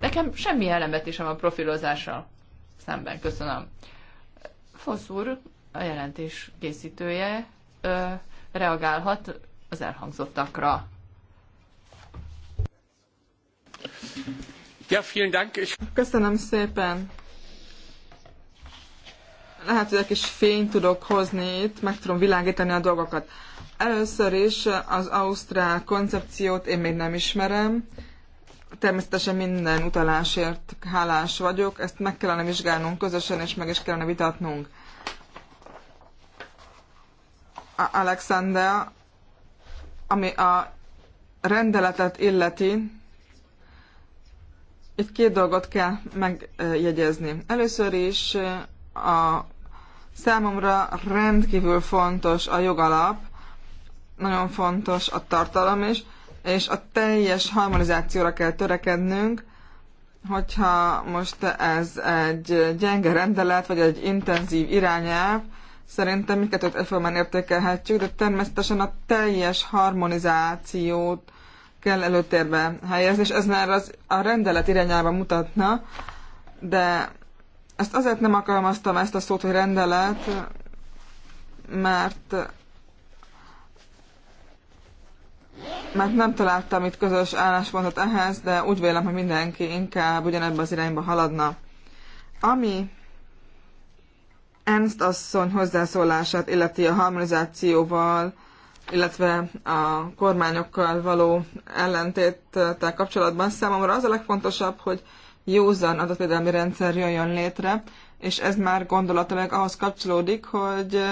Nekem semmi is a profilozással szemben. Köszönöm. Fosz úr, a jelentés készítője ö, reagálhat az elhangzottakra. Ja, vielen Dank. Köszönöm szépen. Lehet, hogy egy kis fényt tudok hozni itt, meg tudom világítani a dolgokat. Először is az ausztrál koncepciót én még nem ismerem. Természetesen minden utalásért hálás vagyok, ezt meg kellene vizsgálnunk közösen, és meg is kellene vitatnunk. Alexander, ami a rendeletet illeti, itt két dolgot kell megjegyezni. Először is eh, a számomra rendkívül fontos a jogalap, nagyon fontos a tartalom is, és a teljes harmonizációra kell törekednünk, hogyha most ez egy gyenge rendelet, vagy egy intenzív irányelv, szerintem mindkettőt egyformán értékelhetjük, de természetesen a teljes harmonizációt kell előtérbe helyezni, és ez már az, a rendelet irányába mutatna, de ezt azért nem alkalmaztam ezt a szót, hogy rendelet, mert mert nem találtam itt közös álláspontot ehhez, de úgy vélem, hogy mindenki inkább ugyanebbe az irányba haladna. Ami Ernst asszony hozzászólását illeti a harmonizációval, illetve a kormányokkal való ellentéttel kapcsolatban számomra az a legfontosabb, hogy józan adatvédelmi rendszer jöjjön létre, és ez már gondolatilag ahhoz kapcsolódik, hogy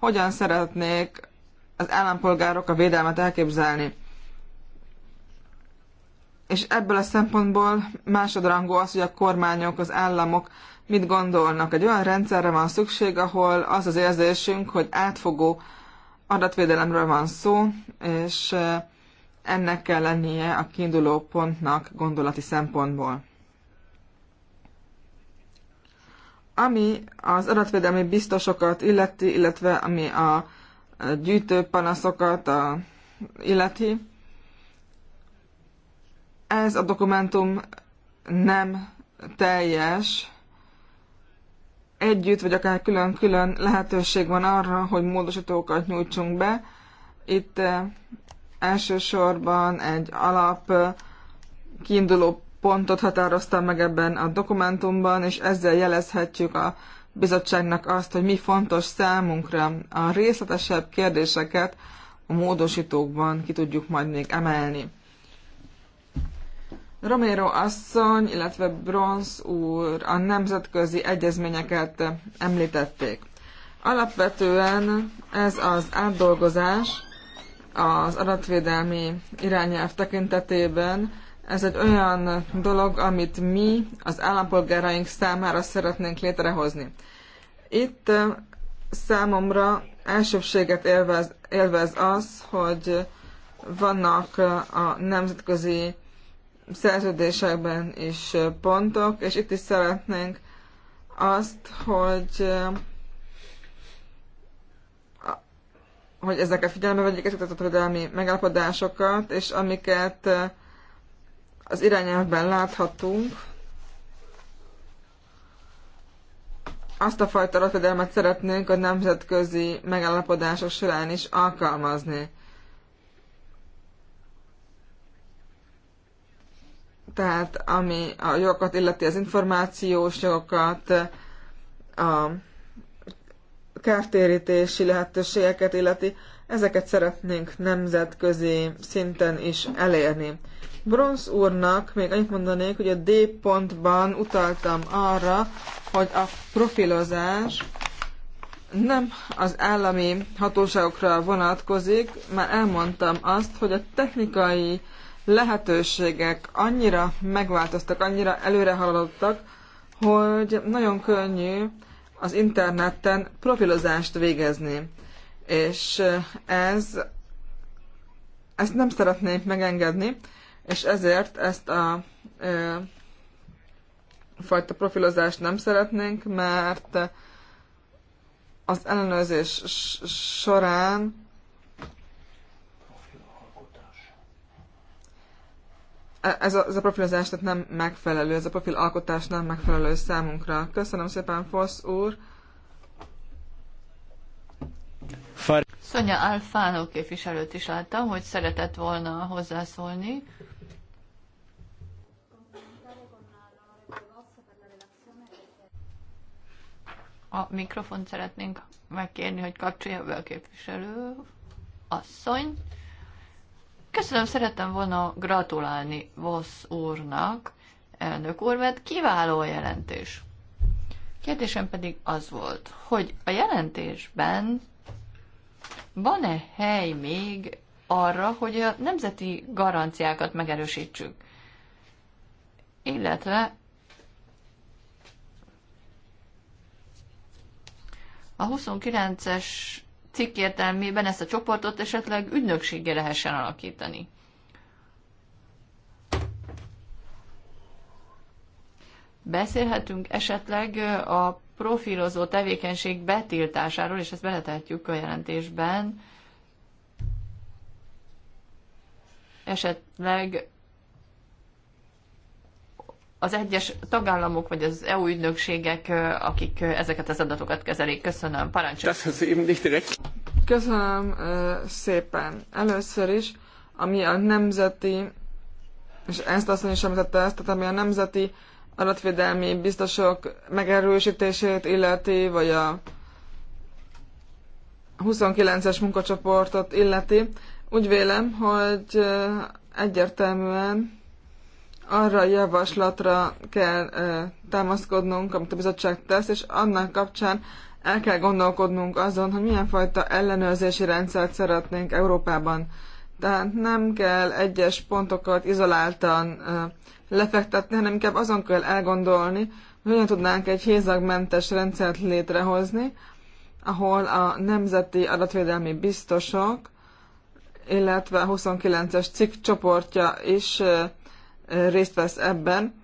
hogyan szeretnék az állampolgárok a védelmet elképzelni. És ebből a szempontból másodrangú az, hogy a kormányok, az államok mit gondolnak. Egy olyan rendszerre van szükség, ahol az az érzésünk, hogy átfogó adatvédelemről van szó, és eh, ennek kell lennie a kiinduló pontnak gondolati szempontból. Ami az adatvédelmi biztosokat illeti, illetve ami a gyűjtőpanaszokat a, illeti. Ez a dokumentum nem teljes. Együtt, vagy akár külön-külön lehetőség van arra, hogy módosítókat nyújtsunk be. Itt eh, elsősorban egy alap eh, kiinduló pontot határoztam meg ebben a dokumentumban, és ezzel jelezhetjük a bizottságnak azt, hogy mi fontos számunkra. A részletesebb kérdéseket a módosítókban ki tudjuk majd még emelni. Romero asszony, illetve Bronz úr a nemzetközi egyezményeket említették. Alapvetően ez az átdolgozás az adatvédelmi irányelv tekintetében ez egy olyan dolog, amit mi az állampolgáraink számára szeretnénk létrehozni. Itt számomra elsőbséget élvez, élvez az, hogy vannak a nemzetközi szerződésekben is pontok, és itt is szeretnénk azt, hogy hogy ezeket figyelme vegyék, ezeket a tudatodalmi megállapodásokat, és amiket az irányelvben láthatunk, azt a fajta rakodelmet szeretnénk a nemzetközi megállapodások során is alkalmazni. Tehát ami a jogokat illeti az információs jogokat, a kártérítési lehetőségeket illeti, ezeket szeretnénk nemzetközi szinten is elérni. Bronz úrnak még annyit mondanék, hogy a D pontban utaltam arra, hogy a profilozás nem az állami hatóságokra vonatkozik, már elmondtam azt, hogy a technikai lehetőségek annyira megváltoztak, annyira előrehaladottak, hogy nagyon könnyű az interneten profilozást végezni. És ez, ezt nem szeretnék megengedni, és ezért ezt a e, fajta profilozást nem szeretnénk, mert az ellenőrzés során ez a, ez a profilozás tehát nem megfelelő, ez a profilalkotás nem megfelelő számunkra. Köszönöm szépen, Fosz úr! Szonya Alfánó képviselőt is láttam, hogy szeretett volna hozzászólni. A mikrofont szeretnénk megkérni, hogy kapcsolja be a képviselő asszony. Köszönöm, szerettem volna gratulálni Vossz úrnak, elnök úr, mert kiváló a jelentés. Kérdésem pedig az volt, hogy a jelentésben van-e hely még arra, hogy a nemzeti garanciákat megerősítsük, illetve a 29-es cikk értelmében ezt a csoportot esetleg ügynökségé lehessen alakítani. Beszélhetünk esetleg a profilozó tevékenység betiltásáról, és ezt beletehetjük a jelentésben, esetleg az egyes tagállamok vagy az EU ügynökségek, akik ezeket az adatokat kezelik. Köszönöm, parancsolj! Köszönöm szépen. Először is, ami a nemzeti, és ezt azt is említette ezt, tehát ami a nemzeti adatvédelmi biztosok megerősítését illeti, vagy a 29-es munkacsoportot illeti, úgy vélem, hogy egyértelműen arra a javaslatra kell ö, támaszkodnunk, amit a bizottság tesz, és annak kapcsán el kell gondolkodnunk azon, hogy milyen fajta ellenőrzési rendszert szeretnénk Európában. Tehát nem kell egyes pontokat izoláltan ö, lefektetni, hanem inkább azon kell elgondolni, hogy hogyan tudnánk egy hézagmentes rendszert létrehozni, ahol a nemzeti adatvédelmi biztosok, illetve a 29-es cikk csoportja is részt vesz ebben.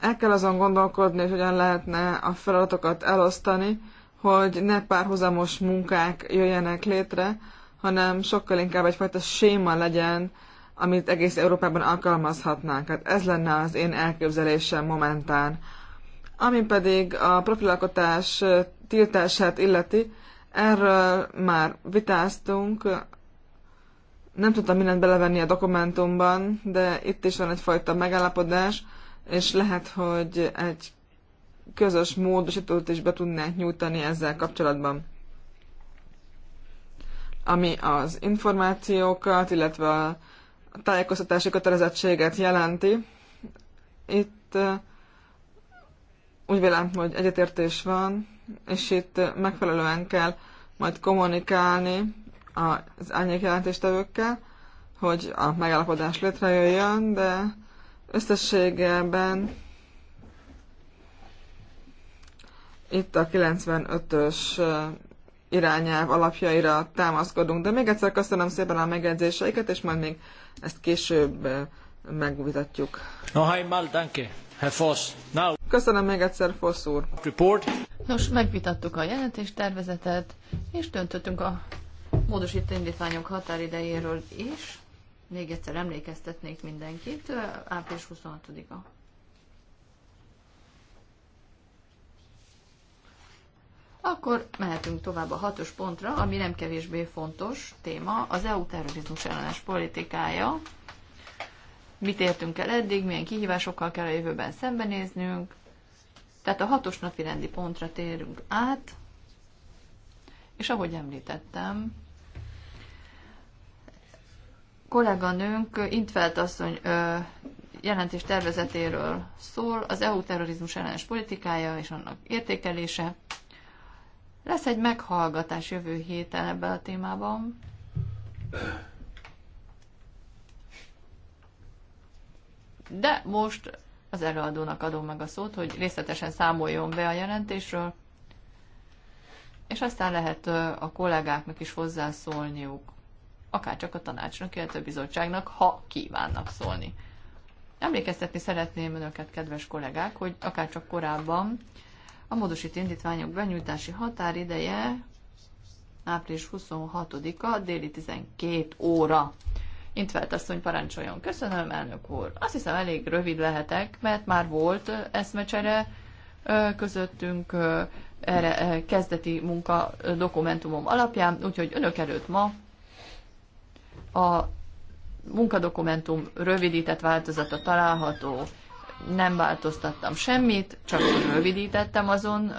El kell azon gondolkodni, hogy hogyan lehetne a feladatokat elosztani, hogy ne párhuzamos munkák jöjjenek létre, hanem sokkal inkább egyfajta séma legyen, amit egész Európában alkalmazhatnánk. Hát ez lenne az én elképzelésem momentán. Ami pedig a profilalkotás tiltását illeti, erről már vitáztunk nem tudtam mindent belevenni a dokumentumban, de itt is van egyfajta megállapodás, és lehet, hogy egy közös módosítót is be tudnánk nyújtani ezzel kapcsolatban. Ami az információkat, illetve a tájékoztatási kötelezettséget jelenti. Itt úgy vélem, hogy egyetértés van, és itt megfelelően kell majd kommunikálni az árnyékjelentéstevőkkel, hogy a megállapodás létrejöjjön, de összességében itt a 95-ös irányelv alapjaira támaszkodunk. De még egyszer köszönöm szépen a megjegyzéseiket, és majd még ezt később megvitatjuk. No, hi, mal, danke. Now. Köszönöm még egyszer, Fosz úr. Report. Nos, megvitattuk a jelentéstervezetet, és döntöttünk a módosít indítványok határidejéről is. Még egyszer emlékeztetnék mindenkit, április 26-a. Akkor mehetünk tovább a hatos pontra, ami nem kevésbé fontos téma, az EU terrorizmus ellenes politikája. Mit értünk el eddig, milyen kihívásokkal kell a jövőben szembenéznünk. Tehát a hatos napi rendi pontra térünk át, és ahogy említettem, kolléganőnk Intvelt asszony jelentés tervezetéről szól, az EU terrorizmus ellenes politikája és annak értékelése. Lesz egy meghallgatás jövő héten ebben a témában. De most az előadónak adom meg a szót, hogy részletesen számoljon be a jelentésről, és aztán lehet a kollégáknak is hozzászólniuk. Akár csak a tanácsnak, illetve a bizottságnak, ha kívánnak szólni. Emlékeztetni szeretném önöket, kedves kollégák, hogy akár csak korábban a módosít indítványok benyújtási határideje április 26-a déli 12 óra. Intvelt asszony parancsoljon. Köszönöm, elnök úr. Azt hiszem elég rövid lehetek, mert már volt eszmecsere közöttünk erre kezdeti munka dokumentumom alapján, úgyhogy önök előtt ma a munkadokumentum rövidített változata található, nem változtattam semmit, csak rövidítettem azon,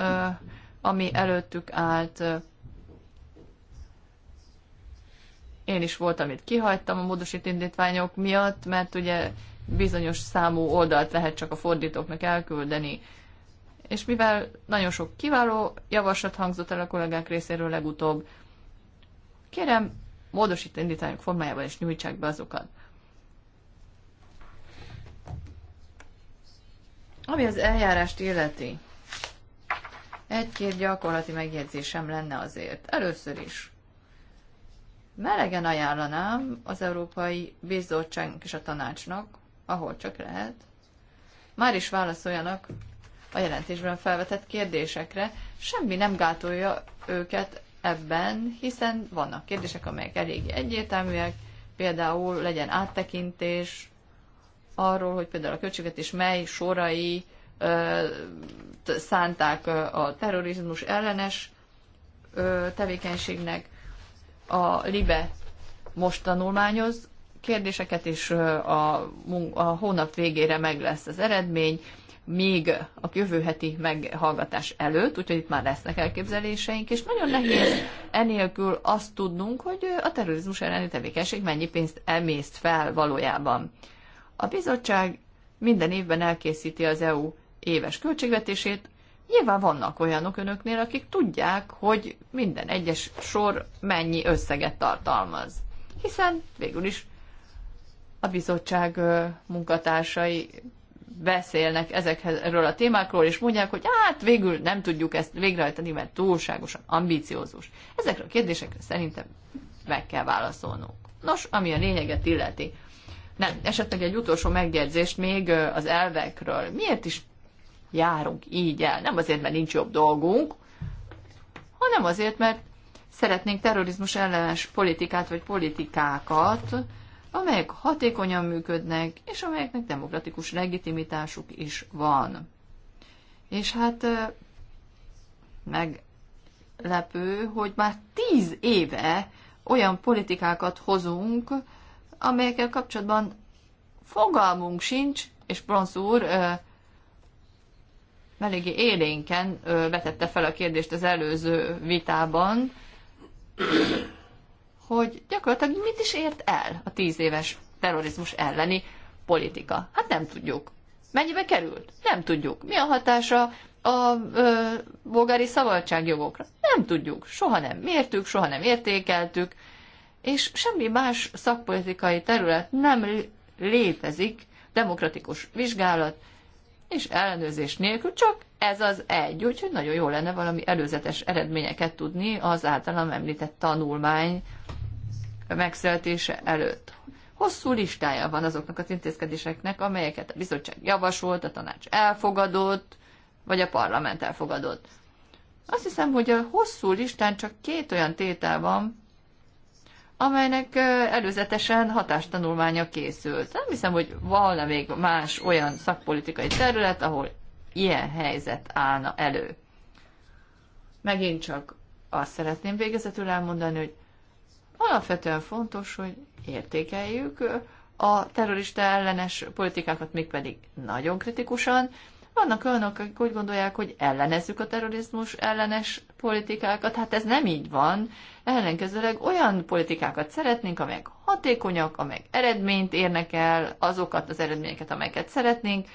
ami előttük állt. Én is voltam, amit kihagytam a módosít indítványok miatt, mert ugye bizonyos számú oldalt lehet csak a fordítóknak elküldeni. És mivel nagyon sok kiváló javaslat hangzott el a kollégák részéről legutóbb, kérem, módosító indítványok formájában is nyújtsák be azokat. Ami az eljárást illeti, egy-két gyakorlati megjegyzésem lenne azért. Először is melegen ajánlanám az Európai Bizottságnak és a tanácsnak, ahol csak lehet, már is válaszoljanak a jelentésben felvetett kérdésekre, semmi nem gátolja őket ebben, hiszen vannak kérdések, amelyek eléggé egyértelműek, például legyen áttekintés arról, hogy például a is mely sorai ö, szánták a terrorizmus ellenes ö, tevékenységnek. A LIBE most tanulmányoz kérdéseket, és a, a hónap végére meg lesz az eredmény még a jövő heti meghallgatás előtt, úgyhogy itt már lesznek elképzeléseink, és nagyon nehéz enélkül azt tudnunk, hogy a terrorizmus elleni tevékenység mennyi pénzt emészt fel valójában. A bizottság minden évben elkészíti az EU éves költségvetését, Nyilván vannak olyanok önöknél, akik tudják, hogy minden egyes sor mennyi összeget tartalmaz. Hiszen végül is a bizottság munkatársai beszélnek ezekről a témákról, és mondják, hogy hát végül nem tudjuk ezt végrehajtani, mert túlságosan ambiciózus. Ezekre a kérdésekre szerintem meg kell válaszolnunk. Nos, ami a lényeget illeti. Nem, esetleg egy utolsó megjegyzést még az elvekről. Miért is járunk így el? Nem azért, mert nincs jobb dolgunk, hanem azért, mert szeretnénk terrorizmus ellenes politikát vagy politikákat, amelyek hatékonyan működnek, és amelyeknek demokratikus legitimitásuk is van. És hát meglepő, hogy már tíz éve olyan politikákat hozunk, amelyekkel kapcsolatban fogalmunk sincs, és Bronsz úr eléggé élénken vetette fel a kérdést az előző vitában, hogy gyakorlatilag mit is ért el a tíz éves terrorizmus elleni politika? Hát nem tudjuk. Mennyibe került? Nem tudjuk. Mi a hatása a bolgári szabadságjogokra? Nem tudjuk. Soha nem mértük, soha nem értékeltük, és semmi más szakpolitikai terület nem létezik, demokratikus vizsgálat és ellenőrzés nélkül, csak ez az egy. Úgyhogy nagyon jó lenne valami előzetes eredményeket tudni az általam említett tanulmány megszületése előtt. Hosszú listája van azoknak az intézkedéseknek, amelyeket a bizottság javasolt, a tanács elfogadott, vagy a parlament elfogadott. Azt hiszem, hogy a hosszú listán csak két olyan tétel van, amelynek előzetesen hatástanulmánya készült. Nem hiszem, hogy volna még más olyan szakpolitikai terület, ahol ilyen helyzet állna elő. Megint csak azt szeretném végezetül elmondani, hogy Alapvetően fontos, hogy értékeljük a terrorista ellenes politikákat, mégpedig nagyon kritikusan. Vannak olyanok, akik úgy gondolják, hogy ellenezzük a terrorizmus ellenes politikákat. Hát ez nem így van. Ellenkezőleg olyan politikákat szeretnénk, amelyek hatékonyak, amelyek eredményt érnek el, azokat az eredményeket, amelyeket szeretnénk,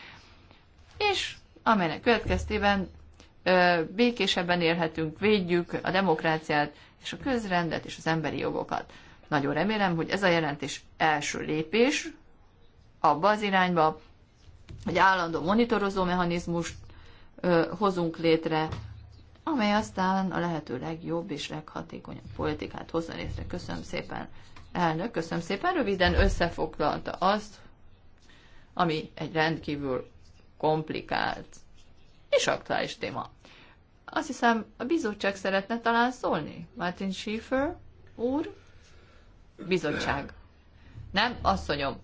és amelynek következtében békésebben élhetünk, védjük a demokráciát és a közrendet és az emberi jogokat. Nagyon remélem, hogy ez a jelentés első lépés abba az irányba, hogy állandó monitorozó mechanizmust hozunk létre, amely aztán a lehető legjobb és leghatékonyabb politikát hozza létre. Köszönöm szépen, elnök, köszönöm szépen. Röviden összefoglalta azt, ami egy rendkívül komplikált és aktuális téma. Azt hiszem, a bizottság szeretne talán szólni. Martin Schiefer úr, bizottság. Nem, asszonyom.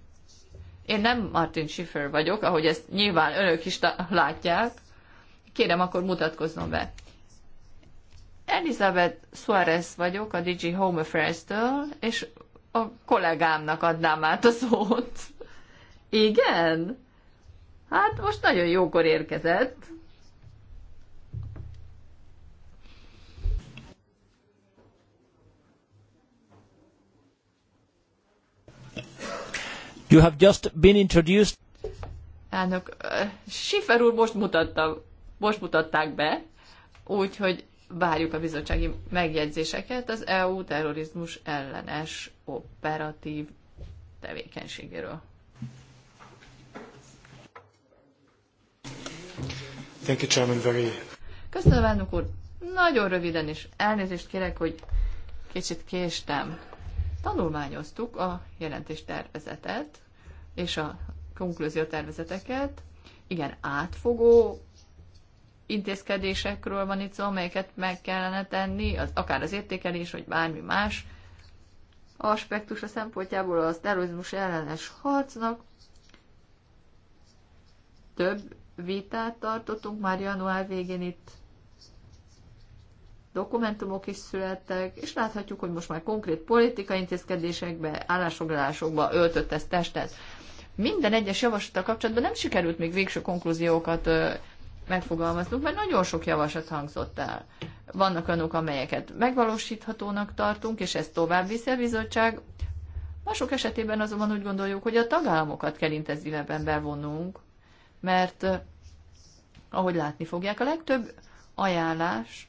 Én nem Martin Schiffer vagyok, ahogy ezt nyilván önök is látják. Kérem, akkor mutatkoznom be. Elizabeth Suarez vagyok a Digi Home Affairs-től, és a kollégámnak adnám át a szót. Igen? Hát most nagyon jókor érkezett. You have just been introduced. Elnök, uh, Schiffer úr most mutatta, most mutatták be, úgyhogy várjuk a bizottsági megjegyzéseket az EU terrorizmus ellenes operatív tevékenységéről. Thank you, Chairman, very... Köszönöm, elnök úr. Nagyon röviden is. Elnézést kérek, hogy kicsit késtem. Tanulmányoztuk a jelentés tervezetet és a tervezeteket. Igen, átfogó intézkedésekről van itt szó, amelyeket meg kellene tenni, az, akár az értékelés, vagy bármi más aspektus a szempontjából az terrorizmus ellenes harcnak. Több vitát tartottunk már január végén itt dokumentumok is születtek, és láthatjuk, hogy most már konkrét politikai intézkedésekbe, állásfoglalásokba öltött ez testet. Minden egyes javaslattal kapcsolatban nem sikerült még végső konklúziókat megfogalmaznunk, mert nagyon sok javaslat hangzott el. Vannak önök, amelyeket megvalósíthatónak tartunk, és ezt tovább viszi a bizottság. Mások esetében azonban úgy gondoljuk, hogy a tagállamokat kell intenzívebben bevonnunk, mert ahogy látni fogják, a legtöbb ajánlás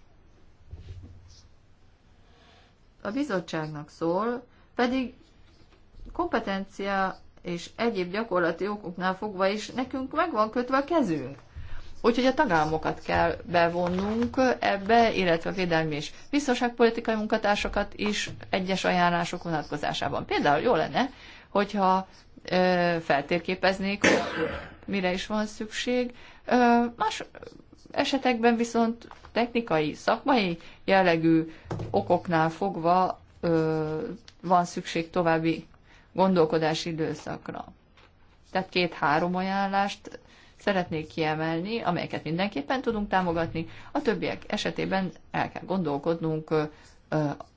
a bizottságnak szól, pedig kompetencia és egyéb gyakorlati okoknál fogva is nekünk meg van kötve a kezünk. Úgyhogy a tagállamokat kell bevonnunk ebbe, illetve a védelmi és biztonságpolitikai munkatársakat is egyes ajánlások vonatkozásában. Például jó lenne, hogyha ö, feltérképeznék, mire is van szükség. Ö, más esetekben viszont technikai, szakmai jellegű okoknál fogva ö, van szükség további gondolkodási időszakra. Tehát két-három ajánlást szeretnék kiemelni, amelyeket mindenképpen tudunk támogatni. A többiek esetében el kell gondolkodnunk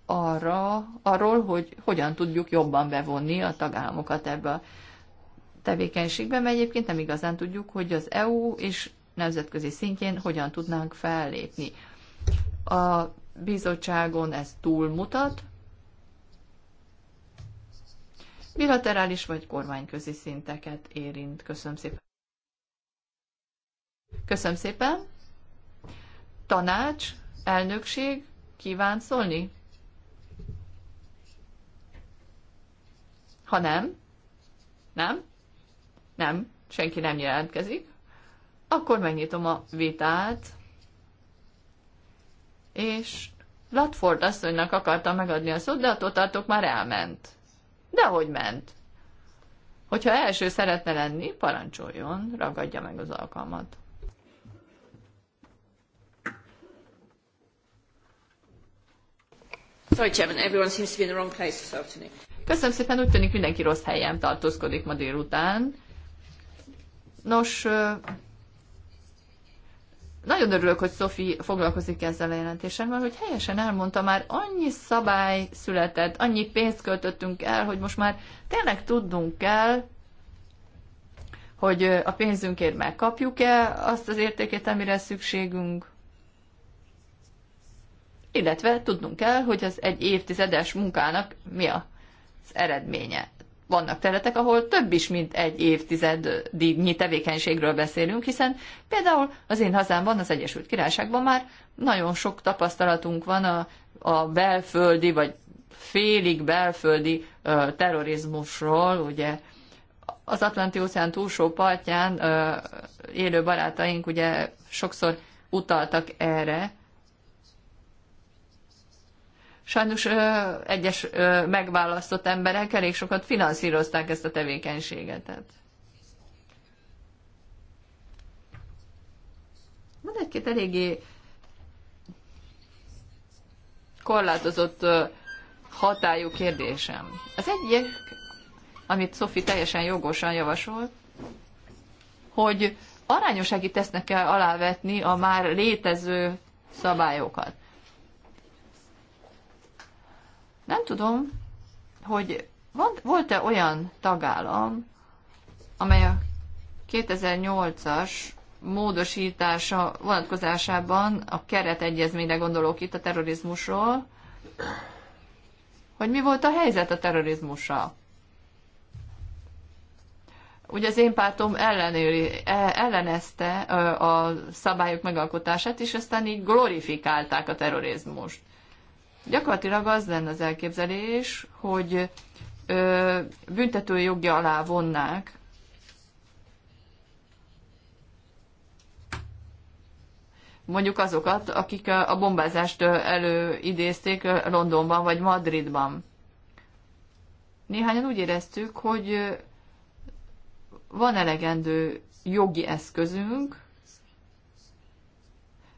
arra, arról, hogy hogyan tudjuk jobban bevonni a tagállamokat ebbe a tevékenységbe, mert egyébként nem igazán tudjuk, hogy az EU és nemzetközi szintjén hogyan tudnánk fellépni. A bizottságon ez túlmutat, bilaterális vagy kormányközi szinteket érint. Köszönöm szépen. Köszönöm szépen. Tanács, elnökség, kíván szólni? Ha nem, nem, nem, senki nem jelentkezik. Akkor megnyitom a vitát, és Latford asszonynak akartam megadni a szót, de a tartok már elment. De hogy ment? Hogyha első szeretne lenni, parancsoljon, ragadja meg az alkalmat. Sorry, Chairman, everyone seems to be in the wrong place this afternoon. Köszönöm szépen, úgy tűnik mindenki rossz helyen tartózkodik ma délután. Nos, nagyon örülök, hogy Szofi foglalkozik ezzel a jelentéssel, mert hogy helyesen elmondta már, annyi szabály született, annyi pénzt költöttünk el, hogy most már tényleg tudnunk kell, hogy a pénzünkért megkapjuk-e azt az értékét, amire szükségünk. Illetve tudnunk kell, hogy az egy évtizedes munkának mi az eredménye vannak területek, ahol több is, mint egy évtizednyi tevékenységről beszélünk, hiszen például az én hazámban, az Egyesült Királyságban már nagyon sok tapasztalatunk van a, a belföldi, vagy félig belföldi uh, terrorizmusról, ugye az Atlanti-óceán túlsó partján uh, élő barátaink ugye sokszor utaltak erre, Sajnos egyes megválasztott emberek elég sokat finanszírozták ezt a tevékenységet. Van egy-két eléggé korlátozott hatályú kérdésem. Az egyik, amit Szofi teljesen jogosan javasolt, hogy arányosági tesznek kell alávetni a már létező szabályokat. Nem tudom, hogy volt-e olyan tagállam, amely a 2008-as módosítása vonatkozásában a keretegyezményre gondolok itt a terrorizmusról, hogy mi volt a helyzet a terrorizmussal. Ugye az én pártom ellenőri, e- ellenezte a szabályok megalkotását, és aztán így glorifikálták a terrorizmust. Gyakorlatilag az lenne az elképzelés, hogy ö, büntetői jogja alá vonnák mondjuk azokat, akik a bombázást előidézték Londonban vagy Madridban. Néhányan úgy éreztük, hogy van elegendő jogi eszközünk,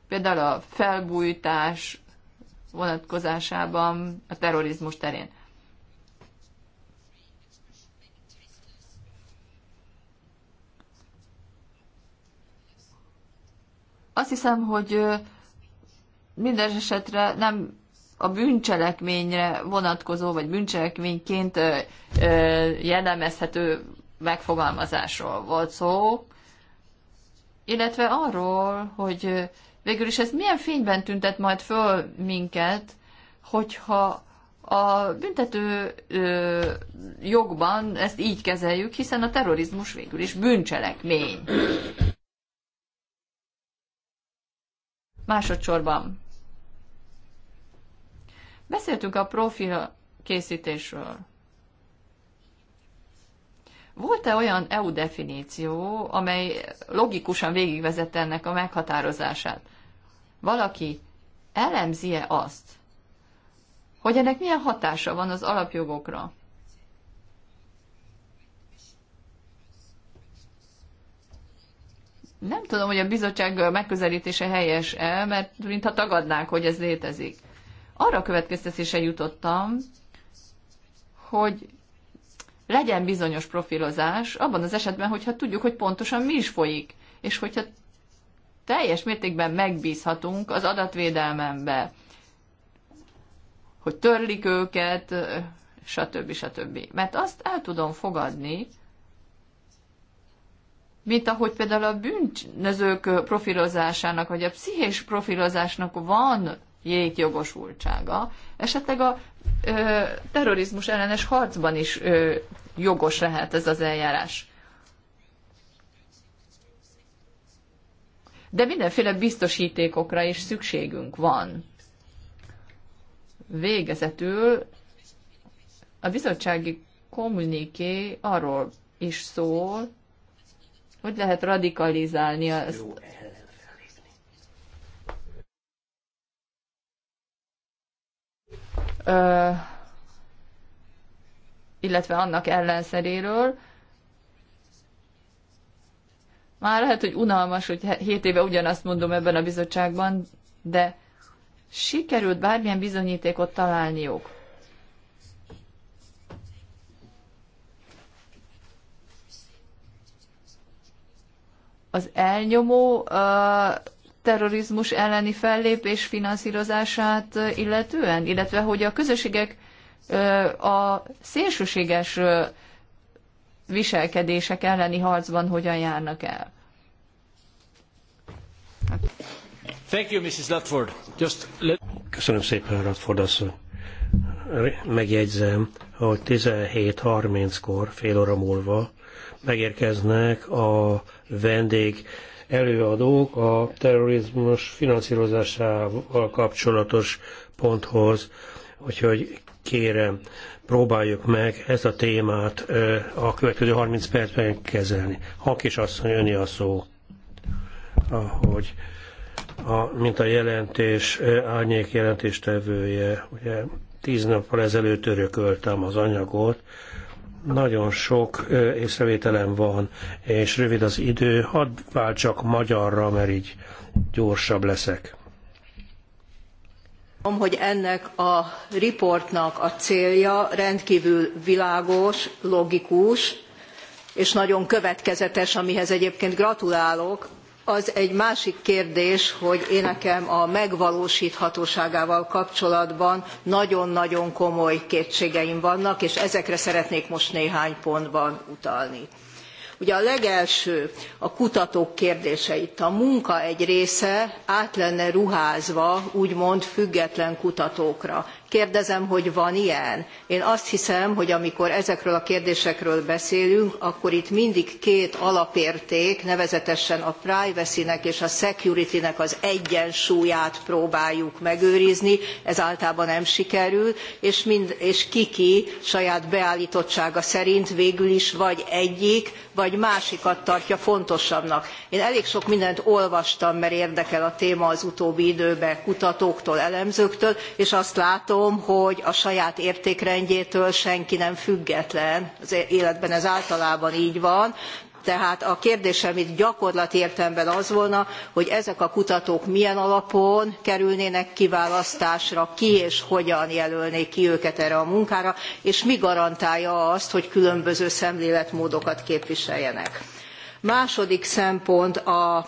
például a felbújtás, vonatkozásában a terrorizmus terén. Azt hiszem, hogy minden esetre nem a bűncselekményre vonatkozó, vagy bűncselekményként jellemezhető megfogalmazásról volt szó, illetve arról, hogy Végül is ez milyen fényben tüntet majd föl minket, hogyha a büntető ö, jogban ezt így kezeljük, hiszen a terrorizmus végül is bűncselekmény. Másodszorban. Beszéltünk a profil készítésről. Volt-e olyan EU definíció, amely logikusan végigvezette ennek a meghatározását? Valaki elemzie azt, hogy ennek milyen hatása van az alapjogokra? Nem tudom, hogy a bizottság megközelítése helyes-e, mert mintha tagadnák, hogy ez létezik. Arra a következtetése jutottam, hogy legyen bizonyos profilozás, abban az esetben, hogyha tudjuk, hogy pontosan mi is folyik, és hogyha teljes mértékben megbízhatunk az adatvédelmembe, hogy törlik őket, stb. stb. Mert azt el tudom fogadni, mint ahogy például a bűnözők profilozásának, vagy a pszichés profilozásnak van jogosultsága esetleg a ö, terrorizmus ellenes harcban is ö, jogos lehet ez az eljárás. De mindenféle biztosítékokra is szükségünk van. Végezetül a bizottsági kommuniké arról is szól, hogy lehet radikalizálni ezt illetve annak ellenszeréről. Már lehet, hogy unalmas, hogy hét éve ugyanazt mondom ebben a bizottságban, de sikerült bármilyen bizonyítékot találniuk. Az elnyomó terrorizmus elleni fellépés finanszírozását illetően, illetve hogy a közösségek a szélsőséges viselkedések elleni harcban hogyan járnak el. Thank you, Mrs. Ludford. Just let... Köszönöm szépen, Radford asszony. Megjegyzem, hogy 17.30-kor, fél óra múlva megérkeznek a vendég előadók a terrorizmus finanszírozásával kapcsolatos ponthoz, úgyhogy kérem, próbáljuk meg ezt a témát a következő 30 percben kezelni. Hakis asszony, öni a szó, ahogy a, mint a jelentés, árnyék jelentéstevője, ugye tíz nappal ezelőtt örököltem az anyagot, nagyon sok észrevételem van, és rövid az idő, hadd váltsak magyarra, mert így gyorsabb leszek. Hogy ennek a riportnak a célja rendkívül világos, logikus, és nagyon következetes, amihez egyébként gratulálok, az egy másik kérdés, hogy én nekem a megvalósíthatóságával kapcsolatban nagyon-nagyon komoly kétségeim vannak, és ezekre szeretnék most néhány pontban utalni. Ugye a legelső a kutatók kérdése itt. A munka egy része át lenne ruházva, úgymond független kutatókra. Kérdezem, hogy van ilyen? Én azt hiszem, hogy amikor ezekről a kérdésekről beszélünk, akkor itt mindig két alapérték, nevezetesen a privacy-nek és a security-nek az egyensúlyát próbáljuk megőrizni, ez általában nem sikerül, és, mind, és kiki saját beállítottsága szerint végül is vagy egyik, vagy másikat tartja fontosabbnak. Én elég sok mindent olvastam, mert érdekel a téma az utóbbi időben kutatóktól, elemzőktől, és azt látom, hogy a saját értékrendjétől senki nem független. Az életben ez általában így van tehát a kérdésem itt gyakorlati értelemben az volna, hogy ezek a kutatók milyen alapon kerülnének kiválasztásra, ki és hogyan jelölnék ki őket erre a munkára, és mi garantálja azt, hogy különböző szemléletmódokat képviseljenek. Második szempont a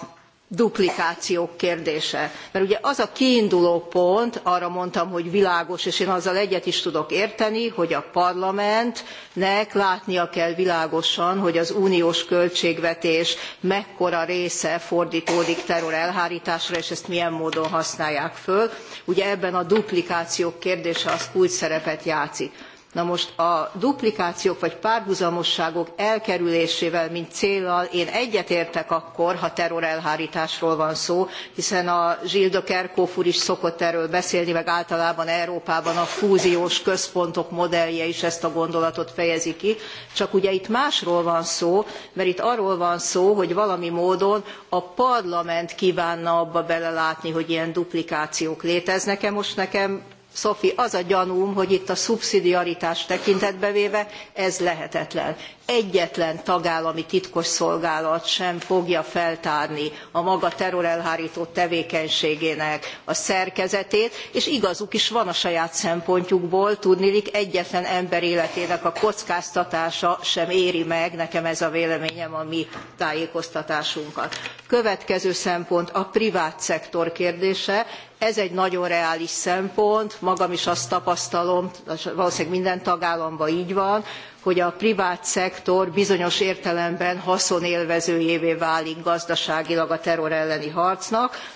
duplikációk kérdése. Mert ugye az a kiinduló pont, arra mondtam, hogy világos, és én azzal egyet is tudok érteni, hogy a parlamentnek látnia kell világosan, hogy az uniós költségvetés mekkora része fordítódik terror elhárításra, és ezt milyen módon használják föl. Ugye ebben a duplikációk kérdése az kulcs szerepet játszik Na most a duplikációk vagy párhuzamosságok elkerülésével, mint céllal én egyetértek akkor, ha terrorelhárításról van szó, hiszen a Gilles de Kerkhoff úr is szokott erről beszélni, meg általában Európában a fúziós központok modellje is ezt a gondolatot fejezi ki. Csak ugye itt másról van szó, mert itt arról van szó, hogy valami módon a parlament kívánna abba belelátni, hogy ilyen duplikációk léteznek-e. Most nekem Szofi, az a gyanúm, hogy itt a szubszidiaritás tekintetbe véve ez lehetetlen. Egyetlen tagállami titkosszolgálat sem fogja feltárni a maga terrorelhárító tevékenységének a szerkezetét, és igazuk is van a saját szempontjukból, tudnilik egyetlen ember életének a kockáztatása sem éri meg, nekem ez a véleményem a mi tájékoztatásunkat. Következő szempont a privát szektor kérdése ez egy nagyon reális szempont magam is azt tapasztalom valósznűleg minden tagállamban gy van hogy a privát szektor bizonyos értelemben haszonélvezőjévé válik gazdaságilag a terror elleni harcnak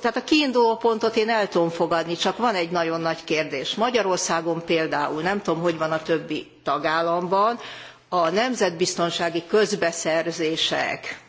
tehát a kiindulópontot én el tudom fogadni csak van egy nagyon nagy kérdés magyarországon például nem tudom hogy van a többi tagállamban a nemzetbiztonsági közbeszerzések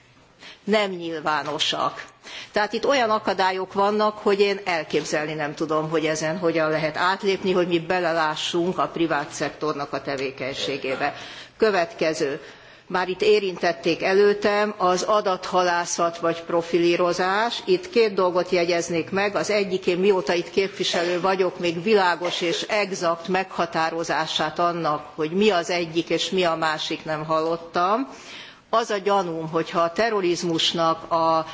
nem nyilvánosak tehát itt olyan akadályok vannak, hogy én elképzelni nem tudom, hogy ezen hogyan lehet átlépni, hogy mi belelássunk a privát szektornak a tevékenységébe. Következő már itt érintették előttem, az adathalászat vagy profilírozás. Itt két dolgot jegyeznék meg. Az egyik, én mióta itt képviselő vagyok, még világos és exakt meghatározását annak, hogy mi az egyik és mi a másik nem hallottam. Az a gyanúm, hogyha a terrorizmusnak a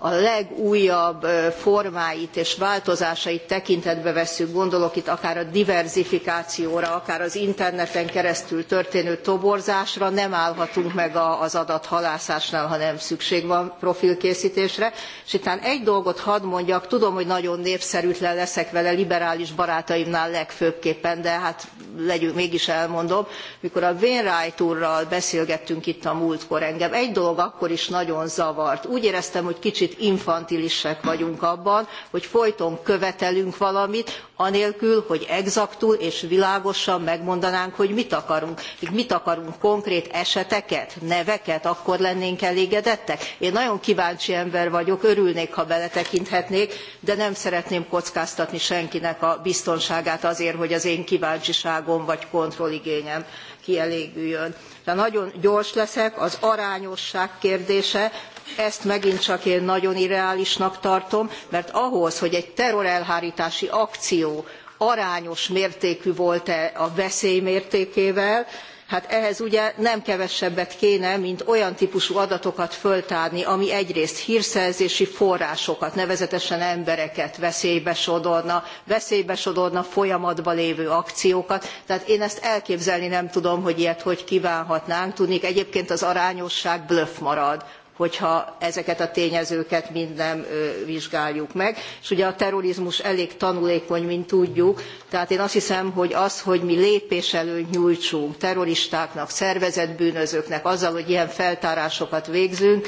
a legújabb formáit és változásait tekintetbe vesszük, gondolok itt akár a diverzifikációra, akár az interneten keresztül történő toborzásra, nem állhatunk meg az adathalászásnál, hanem szükség van profilkészítésre. És ittán egy dolgot hadd mondjak, tudom, hogy nagyon népszerűtlen leszek vele liberális barátaimnál legfőbbképpen, de hát legyünk, mégis elmondom, mikor a Wainwright úrral beszélgettünk itt a múltkor engem, egy dolog akkor is nagyon zavart. Úgy éreztem, hogy kicsit kicsit infantilisek vagyunk abban, hogy folyton követelünk valamit, anélkül, hogy exaktul és világosan megmondanánk, hogy mit akarunk. Mit akarunk konkrét eseteket, neveket, akkor lennénk elégedettek? Én nagyon kíváncsi ember vagyok, örülnék, ha beletekinthetnék, de nem szeretném kockáztatni senkinek a biztonságát azért, hogy az én kíváncsiságom vagy kontrolligényem kielégüljön. De nagyon gyors leszek, az arányosság kérdése, ezt megint csak én nagyon irreálisnak tartom, mert ahhoz, hogy egy terrorelhárítási akció arányos mértékű volt-e a veszély mértékével, hát ehhez ugye nem kevesebbet kéne, mint olyan típusú adatokat föltárni, ami egyrészt hírszerzési forrásokat, nevezetesen embereket veszélybe sodorna, veszélybe sodorna folyamatban lévő akciókat. Tehát én ezt elképzelni nem tudom, hogy ilyet hogy kívánhatnánk. Tudnék egyébként az arányosság blöff marad hogyha ezeket a tényezőket mind nem vizsgáljuk meg. És ugye a terrorizmus elég tanulékony, mint tudjuk, tehát én azt hiszem, hogy az, hogy mi lépéselőnyt nyújtsunk terroristáknak, szervezetbűnözőknek, azzal, hogy ilyen feltárásokat végzünk,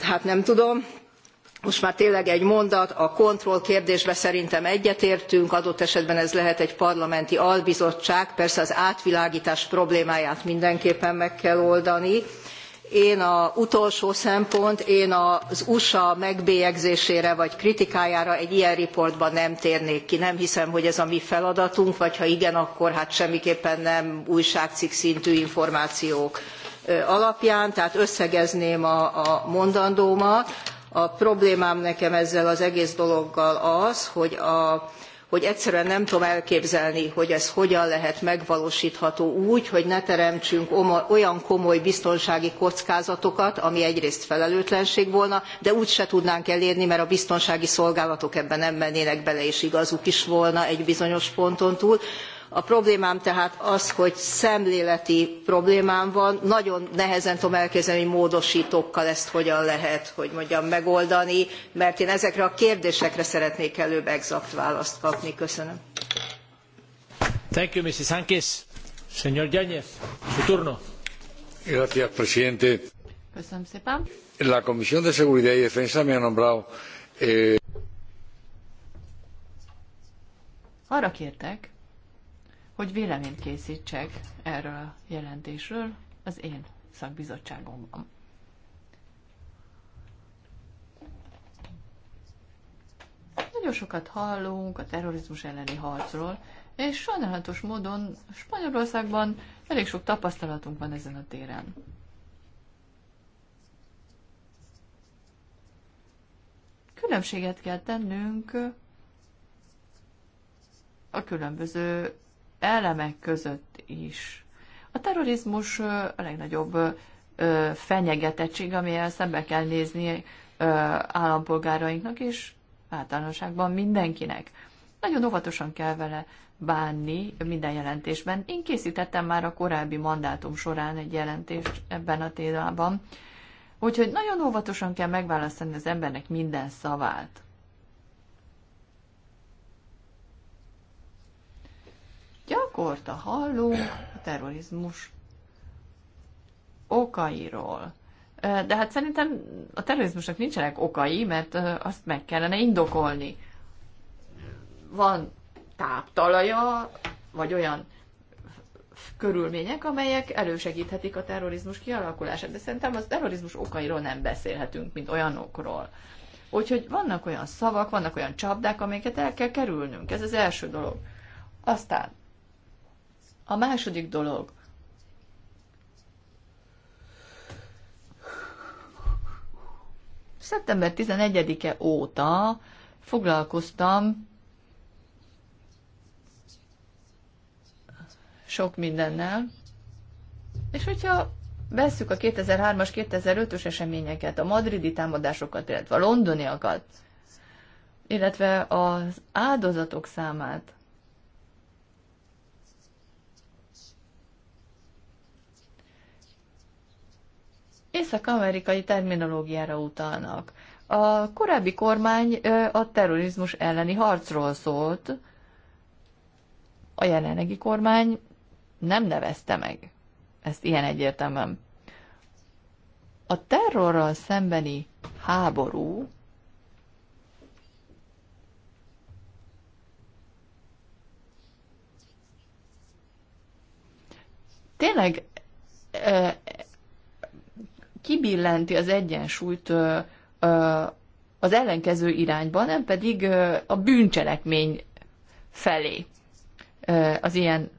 hát nem tudom, most már tényleg egy mondat, a kontroll kérdésben szerintem egyetértünk, adott esetben ez lehet egy parlamenti albizottság, persze az átvilágítás problémáját mindenképpen meg kell oldani, én a utolsó szempont, én az USA megbélyegzésére vagy kritikájára egy ilyen riportban nem térnék ki. Nem hiszem, hogy ez a mi feladatunk, vagy ha igen, akkor hát semmiképpen nem újságcikk szintű információk alapján, tehát összegezném a, a mondandómat. A problémám nekem ezzel az egész dologgal az, hogy a, hogy egyszerűen nem tudom elképzelni, hogy ez hogyan lehet megvalósítható úgy, hogy ne teremtsünk olyan komoly biztonsági kockázatokat, ami egyrészt felelőtlenség volna, de úgy se tudnánk elérni, mert a biztonsági szolgálatok ebben nem mennének bele, és igazuk is volna egy bizonyos ponton túl a problémám tehát az, hogy szemléleti problémám van, nagyon nehezen tudom elképzelni, hogy módosítókkal ezt hogyan lehet, hogy mondjam, megoldani, mert én ezekre a kérdésekre szeretnék előbb exakt választ kapni. Köszönöm. Thank you, Mrs. Hankis. Señor Yáñez, su turno. Gracias, presidente. Köszönöm szépen. La Comisión de Seguridad y Defensa me ha nombrado eh... Arra kértek, hogy véleményt készítsek erről a jelentésről az én szakbizottságomban. Nagyon sokat hallunk a terrorizmus elleni harcról, és sajnálatos módon Spanyolországban elég sok tapasztalatunk van ezen a téren. Különbséget kell tennünk a különböző elemek között is. A terrorizmus a legnagyobb fenyegetettség, amivel szembe kell nézni állampolgárainknak, és általánosságban mindenkinek. Nagyon óvatosan kell vele bánni minden jelentésben. Én készítettem már a korábbi mandátum során egy jelentést ebben a témában, úgyhogy nagyon óvatosan kell megválasztani az embernek minden szavát. Gyakorta hallunk a terrorizmus okairól. De hát szerintem a terrorizmusnak nincsenek okai, mert azt meg kellene indokolni. Van táptalaja, vagy olyan körülmények, amelyek elősegíthetik a terrorizmus kialakulását. De szerintem az terrorizmus okairól nem beszélhetünk, mint olyanokról. Úgyhogy vannak olyan szavak, vannak olyan csapdák, amelyeket el kell kerülnünk. Ez az első dolog. Aztán a második dolog. Szeptember 11-e óta foglalkoztam sok mindennel, és hogyha vesszük a 2003-as, 2005-ös eseményeket, a madridi támadásokat, illetve a londoniakat, illetve az áldozatok számát, észak-amerikai terminológiára utalnak. A korábbi kormány a terrorizmus elleni harcról szólt, a jelenlegi kormány nem nevezte meg ezt ilyen egyértelműen. A terrorral szembeni háború tényleg kibillenti az egyensúlyt az ellenkező irányba, nem pedig a bűncselekmény felé az ilyen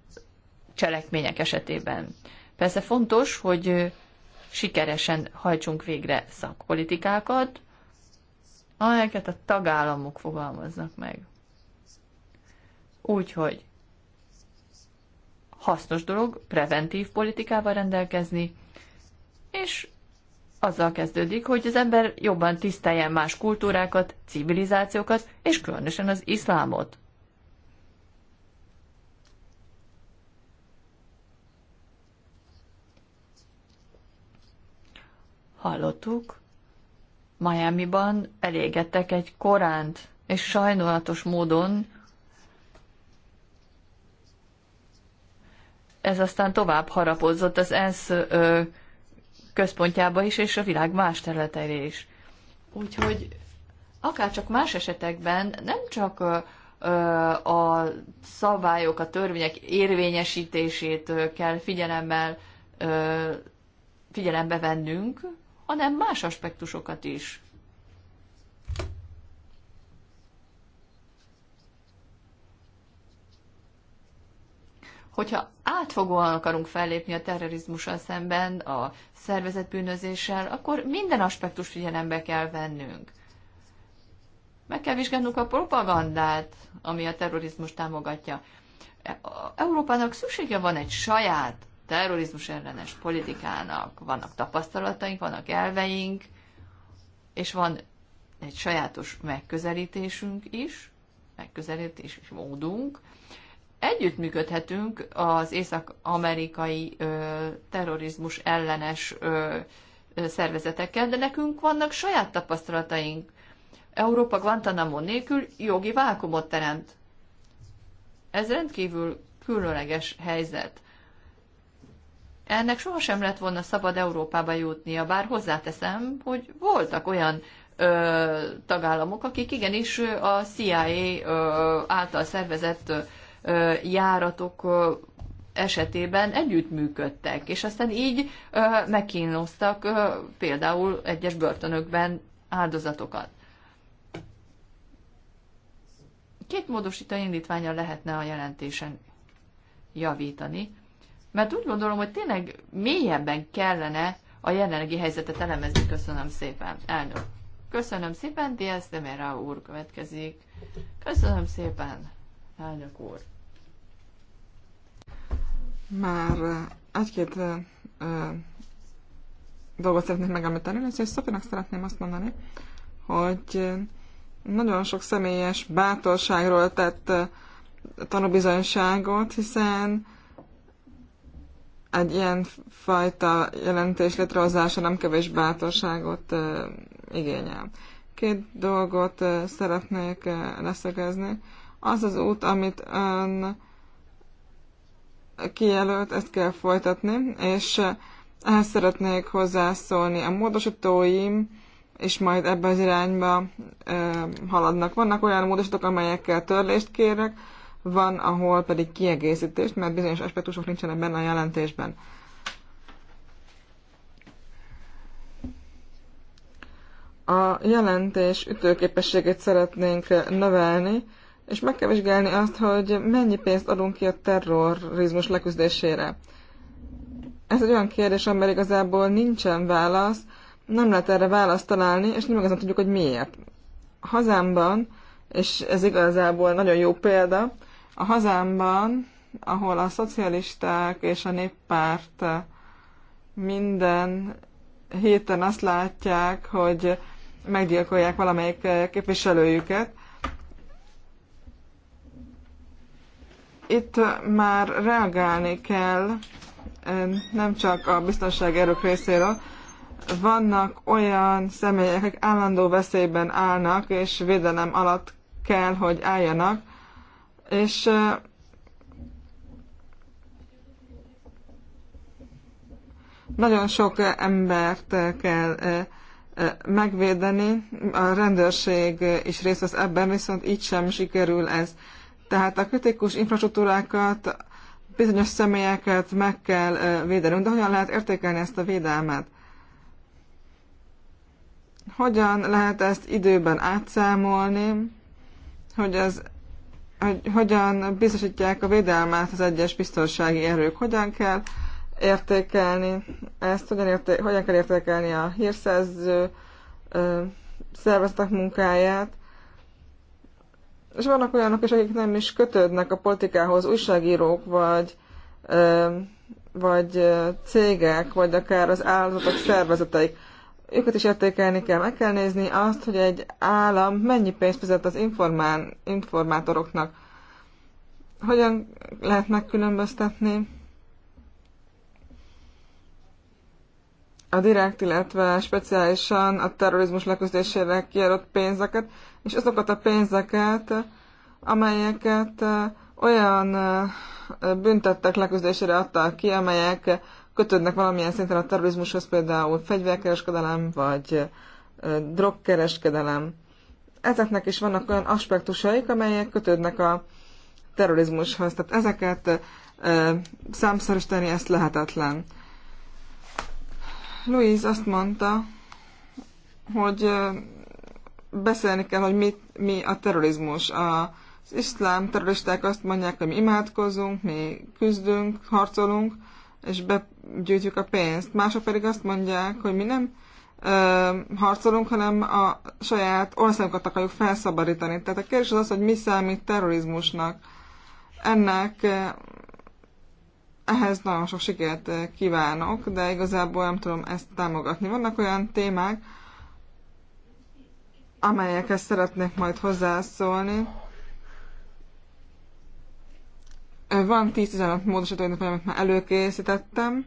cselekmények esetében. Persze fontos, hogy sikeresen hajtsunk végre szakpolitikákat, amelyeket a tagállamok fogalmaznak meg. Úgyhogy hasznos dolog preventív politikával rendelkezni, és azzal kezdődik, hogy az ember jobban tiszteljen más kultúrákat, civilizációkat, és különösen az iszlámot. Hallottuk, Miami-ban elégettek egy koránt, és sajnálatos módon ez aztán tovább harapozott az ENSZ ö, központjába is, és a világ más területeire is. Úgyhogy akárcsak más esetekben nem csak a szabályok, a törvények érvényesítését kell figyelemmel, figyelembe vennünk, hanem más aspektusokat is. hogyha átfogóan akarunk fellépni a terrorizmussal szemben, a szervezetbűnözéssel, akkor minden aspektus figyelembe kell vennünk. Meg kell vizsgálnunk a propagandát, ami a terrorizmus támogatja. E, Európának szüksége van egy saját terrorizmus ellenes politikának. Vannak tapasztalataink, vannak elveink, és van egy sajátos megközelítésünk is, megközelítés és módunk, együttműködhetünk az észak-amerikai terrorizmus ellenes ö, szervezetekkel, de nekünk vannak saját tapasztalataink. Európa Guantanamo nélkül jogi vákumot teremt. Ez rendkívül különleges helyzet. Ennek sohasem lett volna szabad Európába jutnia, bár hozzáteszem, hogy voltak olyan ö, tagállamok, akik igenis a CIA ö, által szervezett járatok esetében együttműködtek, és aztán így megkínoztak például egyes börtönökben áldozatokat. Két módosító indítványa lehetne a jelentésen javítani, mert úgy gondolom, hogy tényleg mélyebben kellene a jelenlegi helyzetet elemezni. Köszönöm szépen, elnök. Köszönöm szépen, Diaz de Mera úr következik. Köszönöm szépen a úr. Már egy-két dolgot szeretnék megemlíteni. és Szofinak szeretném azt mondani, hogy nagyon sok személyes bátorságról tett tanúbizonyságot, hiszen egy ilyen fajta jelentés létrehozása nem kevés bátorságot igényel. Két dolgot szeretnék leszögezni. Az az út, amit ön kijelölt, ezt kell folytatni, és ehhez szeretnék hozzászólni. A módosítóim és majd ebbe az irányba ö, haladnak. Vannak olyan módosítók, amelyekkel törlést kérek, van, ahol pedig kiegészítést, mert bizonyos aspektusok nincsenek benne a jelentésben. A jelentés ütőképességét szeretnénk növelni, és meg kell vizsgálni azt, hogy mennyi pénzt adunk ki a terrorizmus leküzdésére. Ez egy olyan kérdés, amely igazából nincsen válasz, nem lehet erre választ találni, és nem igazán tudjuk, hogy miért. A hazámban, és ez igazából nagyon jó példa, a hazámban, ahol a szocialisták és a néppárt minden héten azt látják, hogy meggyilkolják valamelyik képviselőjüket, Itt már reagálni kell, nem csak a biztonsági erők részéről. Vannak olyan személyek, akik állandó veszélyben állnak, és védelem alatt kell, hogy álljanak, és nagyon sok embert kell megvédeni, a rendőrség is részt vesz ebben, viszont így sem sikerül ez. Tehát a kritikus infrastruktúrákat, bizonyos személyeket meg kell védenünk, de hogyan lehet értékelni ezt a védelmet? Hogyan lehet ezt időben átszámolni, hogy, az, hogy hogyan biztosítják a védelmet az egyes biztonsági erők, hogyan kell értékelni ezt, hogyan, érté, hogyan kell értékelni a hírszerző ö, szervezetek munkáját, és vannak olyanok is, akik nem is kötődnek a politikához, újságírók, vagy, vagy cégek, vagy akár az állatok szervezeteik. Őket is értékelni kell. Meg kell nézni azt, hogy egy állam mennyi pénzt fizet az informán, informátoroknak. Hogyan lehet megkülönböztetni a direkt, illetve speciálisan a terrorizmus leküzdésére kiadott pénzeket, és azokat a pénzeket, amelyeket olyan büntettek leküzdésére adtak ki, amelyek kötődnek valamilyen szinten a terrorizmushoz, például fegyverkereskedelem vagy drogkereskedelem. Ezeknek is vannak olyan aspektusaik, amelyek kötődnek a terrorizmushoz. Tehát ezeket számszerűsíteni ezt lehetetlen. Louise azt mondta, hogy beszélni kell, hogy mit, mi a terrorizmus. Az iszlám terroristák azt mondják, hogy mi imádkozunk, mi küzdünk, harcolunk, és begyűjtjük a pénzt. Mások pedig azt mondják, hogy mi nem ö, harcolunk, hanem a saját országunkat akarjuk felszabadítani. Tehát a kérdés az az, hogy mi számít terrorizmusnak. Ennek ehhez nagyon sok sikert eh, kívánok, de igazából nem tudom ezt támogatni. Vannak olyan témák, amelyekhez szeretnék majd hozzászólni. Van 10-15 módosító, amit már előkészítettem.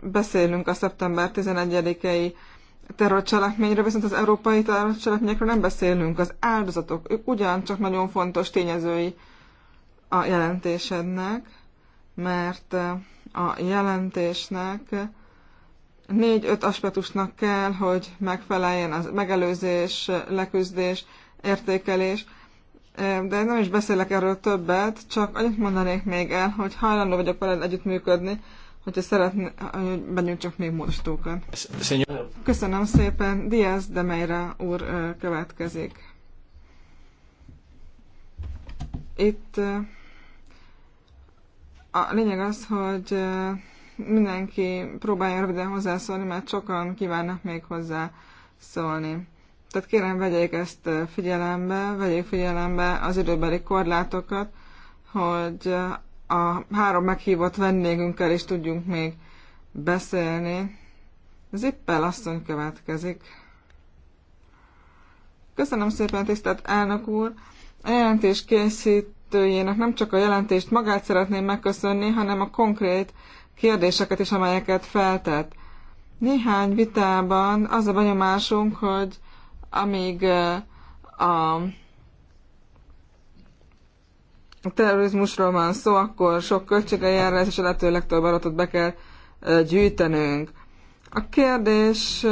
Beszélünk a szeptember 11-i terrorcselekményre, viszont az európai terrorcselekményekről nem beszélünk. Az áldozatok, ők ugyancsak nagyon fontos tényezői a jelentésednek, mert eh, a jelentésnek négy-öt aspektusnak kell, hogy megfeleljen az megelőzés, leküzdés, értékelés, eh, de nem is beszélek erről többet, csak annyit mondanék még el, hogy hajlandó vagyok veled együttműködni, hogyha szeretne, hogy csak még módosítókat. Köszönöm szépen. Diaz de Meira úr következik. Itt a lényeg az, hogy mindenki próbálja röviden hozzászólni, mert sokan kívánnak még hozzá szólni. Tehát kérem, vegyék ezt figyelembe, vegyék figyelembe az időbeli korlátokat, hogy a három meghívott vendégünkkel is tudjunk még beszélni. Zippel asszony következik. Köszönöm szépen, tisztelt elnök úr! A jelentés készítőjének nem csak a jelentést magát szeretném megköszönni, hanem a konkrét kérdéseket is, amelyeket feltett. Néhány vitában az a benyomásunk, hogy amíg eh, a terrorizmusról van szó, akkor sok költsége jár lesz, és a lehető legtöbb adatot be kell gyűjtenünk. A kérdés,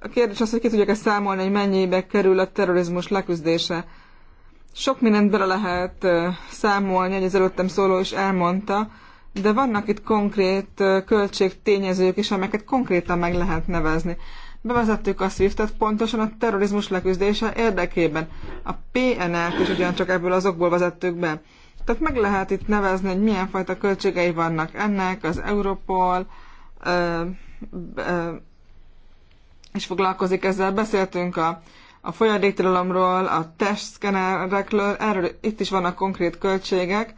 a kérdés az, hogy ki tudják-e számolni, hogy mennyibe kerül a terrorizmus leküzdése. Sok mindent bele lehet számolni, egy az előttem szóló is elmondta, de vannak itt konkrét költségtényezők is, amelyeket konkrétan meg lehet nevezni. Bevezettük a SWIFT-et pontosan a terrorizmus leküzdése érdekében. A PNL-t is ugyancsak ebből azokból vezettük be. Tehát meg lehet itt nevezni, hogy milyen fajta költségei vannak ennek, az Europol, ö, ö, és foglalkozik ezzel. Beszéltünk a, a folyadéktilalomról, a testszkenerekről, erről itt is vannak konkrét költségek,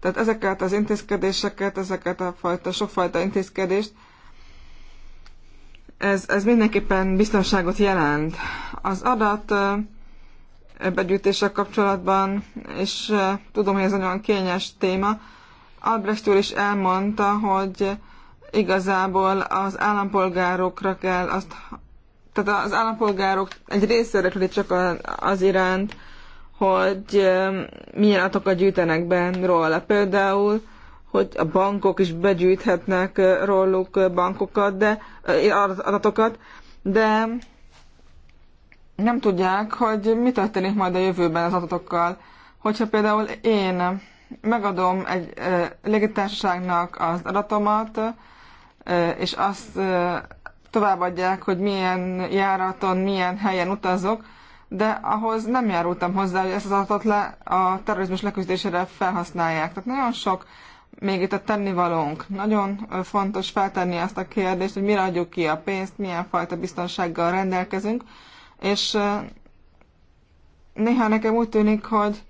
tehát ezeket az intézkedéseket, ezeket a fajta, sokfajta intézkedést ez, ez mindenképpen biztonságot jelent. Az adat begyűjtéssel kapcsolatban, és tudom, hogy ez nagyon kényes téma, Albrecht úr is elmondta, hogy igazából az állampolgárokra kell azt, tehát az állampolgárok egy részére érdeklődik csak az iránt, hogy milyen adatokat gyűjtenek benn róla. Például hogy a bankok is begyűjthetnek róluk bankokat, de az adatokat, de nem tudják, hogy mi történik majd a jövőben az adatokkal. Hogyha például én megadom egy légitársaságnak az adatomat, és azt továbbadják, hogy milyen járaton, milyen helyen utazok, de ahhoz nem járultam hozzá, hogy ezt az adatot le, a terrorizmus leküzdésére felhasználják. Tehát nagyon sok még itt a tennivalónk. Nagyon fontos feltenni azt a kérdést, hogy mire adjuk ki a pénzt, milyen fajta biztonsággal rendelkezünk, és néha nekem úgy tűnik, hogy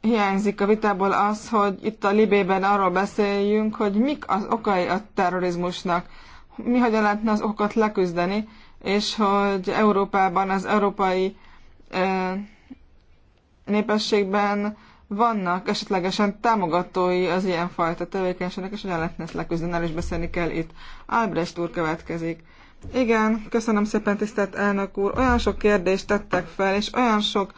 hiányzik a vitából az, hogy itt a Libében arról beszéljünk, hogy mik az okai a terrorizmusnak, mi hogyan lehetne az okot leküzdeni, és hogy Európában, az európai népességben vannak esetlegesen támogatói az ilyenfajta tevékenységnek, és hogyan lehetne ezt leküzdeni, el is beszélni kell itt. Albrecht úr következik. Igen, köszönöm szépen, tisztelt elnök úr. Olyan sok kérdést tettek fel, és olyan sok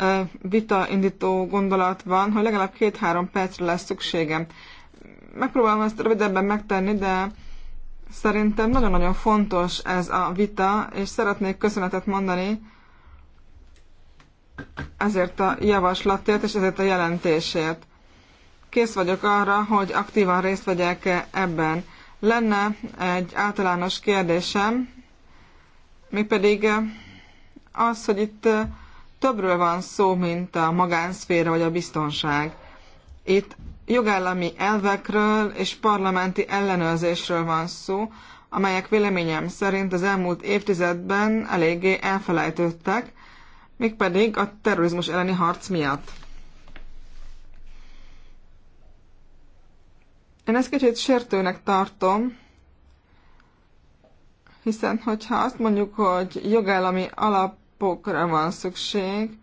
uh, vita indító gondolat van, hogy legalább két-három percre lesz szükségem. Megpróbálom ezt rövidebben megtenni, de szerintem nagyon-nagyon fontos ez a vita, és szeretnék köszönetet mondani ezért a javaslatért és ezért a jelentésért. Kész vagyok arra, hogy aktívan részt vegyek -e ebben. Lenne egy általános kérdésem, pedig az, hogy itt többről van szó, mint a magánszféra vagy a biztonság. Itt jogállami elvekről és parlamenti ellenőrzésről van szó, amelyek véleményem szerint az elmúlt évtizedben eléggé elfelejtődtek, mégpedig a terrorizmus elleni harc miatt. Én ezt kicsit sértőnek tartom, hiszen hogyha azt mondjuk, hogy jogállami alapokra van szükség,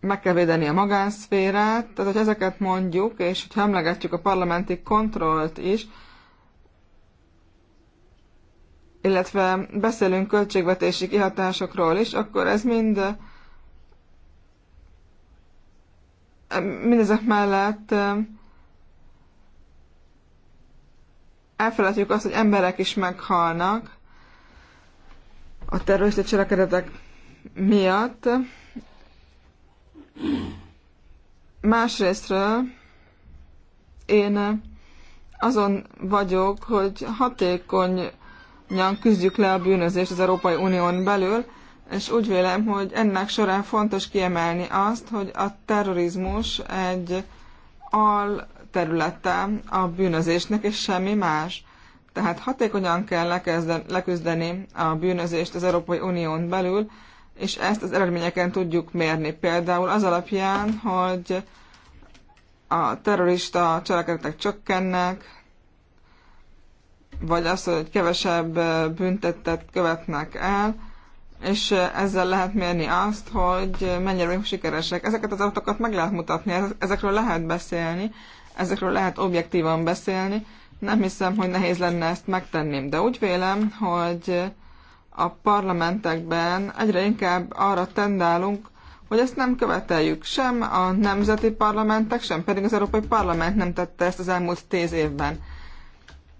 meg kell védeni a magánszférát, tehát hogy ezeket mondjuk, és hogyha emlegetjük a parlamenti kontrollt is, illetve beszélünk költségvetési kihatásokról is, akkor ez mind mindezek mellett elfelejtjük azt, hogy emberek is meghalnak a terrorista cselekedetek miatt. Másrésztről én azon vagyok, hogy hatékony mindannyian küzdjük le a bűnözést az Európai Unión belül, és úgy vélem, hogy ennek során fontos kiemelni azt, hogy a terrorizmus egy al területe a bűnözésnek, és semmi más. Tehát hatékonyan kell lekezden, leküzdeni a bűnözést az Európai Unión belül, és ezt az eredményeken tudjuk mérni. Például az alapján, hogy a terrorista cselekedetek csökkennek, vagy az, hogy kevesebb büntetet követnek el, és ezzel lehet mérni azt, hogy mennyire sikeresek. Ezeket az adatokat meg lehet mutatni, ezekről lehet beszélni, ezekről lehet objektívan beszélni. Nem hiszem, hogy nehéz lenne ezt megtenni, de úgy vélem, hogy a parlamentekben egyre inkább arra tendálunk, hogy ezt nem követeljük. Sem a nemzeti parlamentek, sem pedig az Európai Parlament nem tette ezt az elmúlt tíz évben.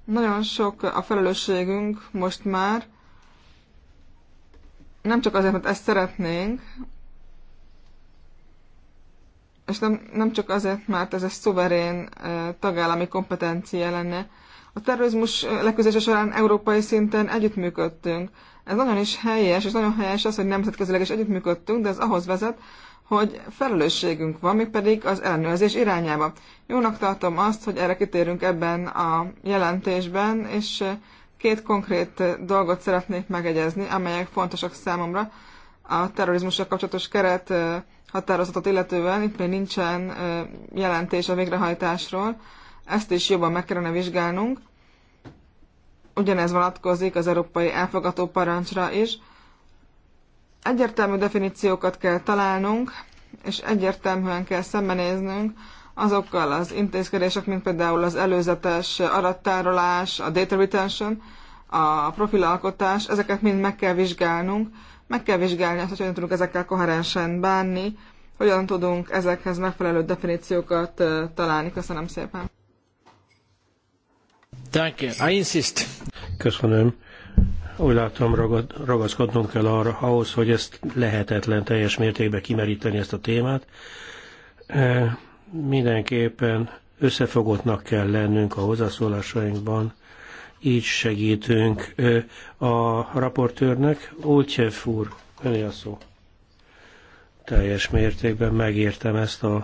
Nagyon sok a felelősségünk most már, nem csak azért, mert ezt szeretnénk, és nem, nem csak azért, mert ez egy szuverén tagállami kompetencia lenne. A terrorizmus leküzdése során európai szinten együttműködtünk. Ez nagyon is helyes, és nagyon helyes az, hogy nemzetközileg is együttműködtünk, de ez ahhoz vezet, hogy felelősségünk van, pedig az ellenőrzés irányába. Jónak tartom azt, hogy erre kitérünk ebben a jelentésben, és két konkrét dolgot szeretnék megegyezni, amelyek fontosak számomra a terrorizmussal kapcsolatos keret határozatot illetően, itt még nincsen jelentés a végrehajtásról, ezt is jobban meg kellene vizsgálnunk. Ugyanez vonatkozik az európai elfogató parancsra is, Egyértelmű definíciókat kell találnunk, és egyértelműen kell szembenéznünk azokkal az intézkedések, mint például az előzetes adattárolás, a data retention, a profilalkotás, ezeket mind meg kell vizsgálnunk, meg kell vizsgálni azt, hogy hogyan tudunk ezekkel koherensen bánni, hogyan tudunk ezekhez megfelelő definíciókat találni. Köszönöm szépen. Thank you. I insist. Köszönöm. Úgy látom, ragad, ragaszkodnunk kell arra, ahhoz, hogy ezt lehetetlen teljes mértékben kimeríteni ezt a témát. E, mindenképpen összefogottnak kell lennünk a hozzászólásainkban, így segítünk a raportőrnek. Olcsev úr, öné a szó. Teljes mértékben megértem ezt a,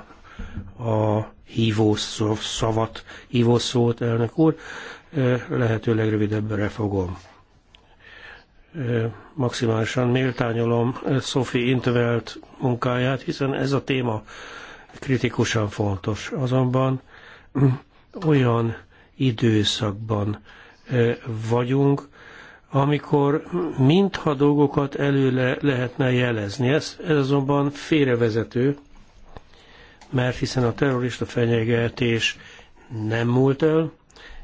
a hívó szavat, hívó szót, elnök úr. Lehetőleg rövidebbre fogom maximálisan méltányolom Sophie intervelt munkáját, hiszen ez a téma kritikusan fontos. Azonban olyan időszakban vagyunk, amikor mintha dolgokat előle lehetne jelezni. Ez, ez azonban félrevezető, mert hiszen a terrorista fenyegetés nem múlt el,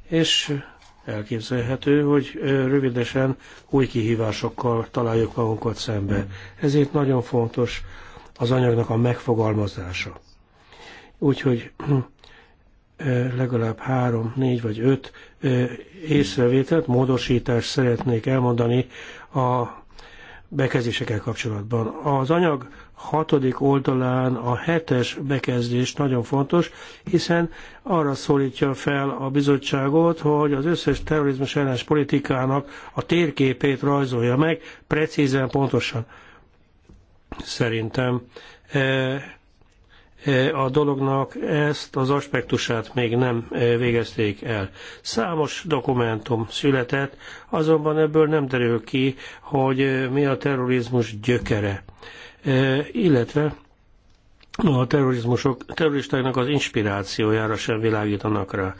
és elképzelhető, hogy rövidesen új kihívásokkal találjuk magunkat szembe. Ezért nagyon fontos az anyagnak a megfogalmazása. Úgyhogy legalább három, négy vagy öt észrevételt, módosítást szeretnék elmondani a bekezdésekkel kapcsolatban. Az anyag hatodik oldalán a hetes bekezdés nagyon fontos, hiszen arra szólítja fel a bizottságot, hogy az összes terrorizmus ellenes politikának a térképét rajzolja meg, precízen, pontosan. Szerintem e, e, a dolognak ezt az aspektusát még nem e, végezték el. Számos dokumentum született, azonban ebből nem derül ki, hogy mi a terrorizmus gyökere illetve a terrorizmusok, terroristáknak az inspirációjára sem világítanak rá.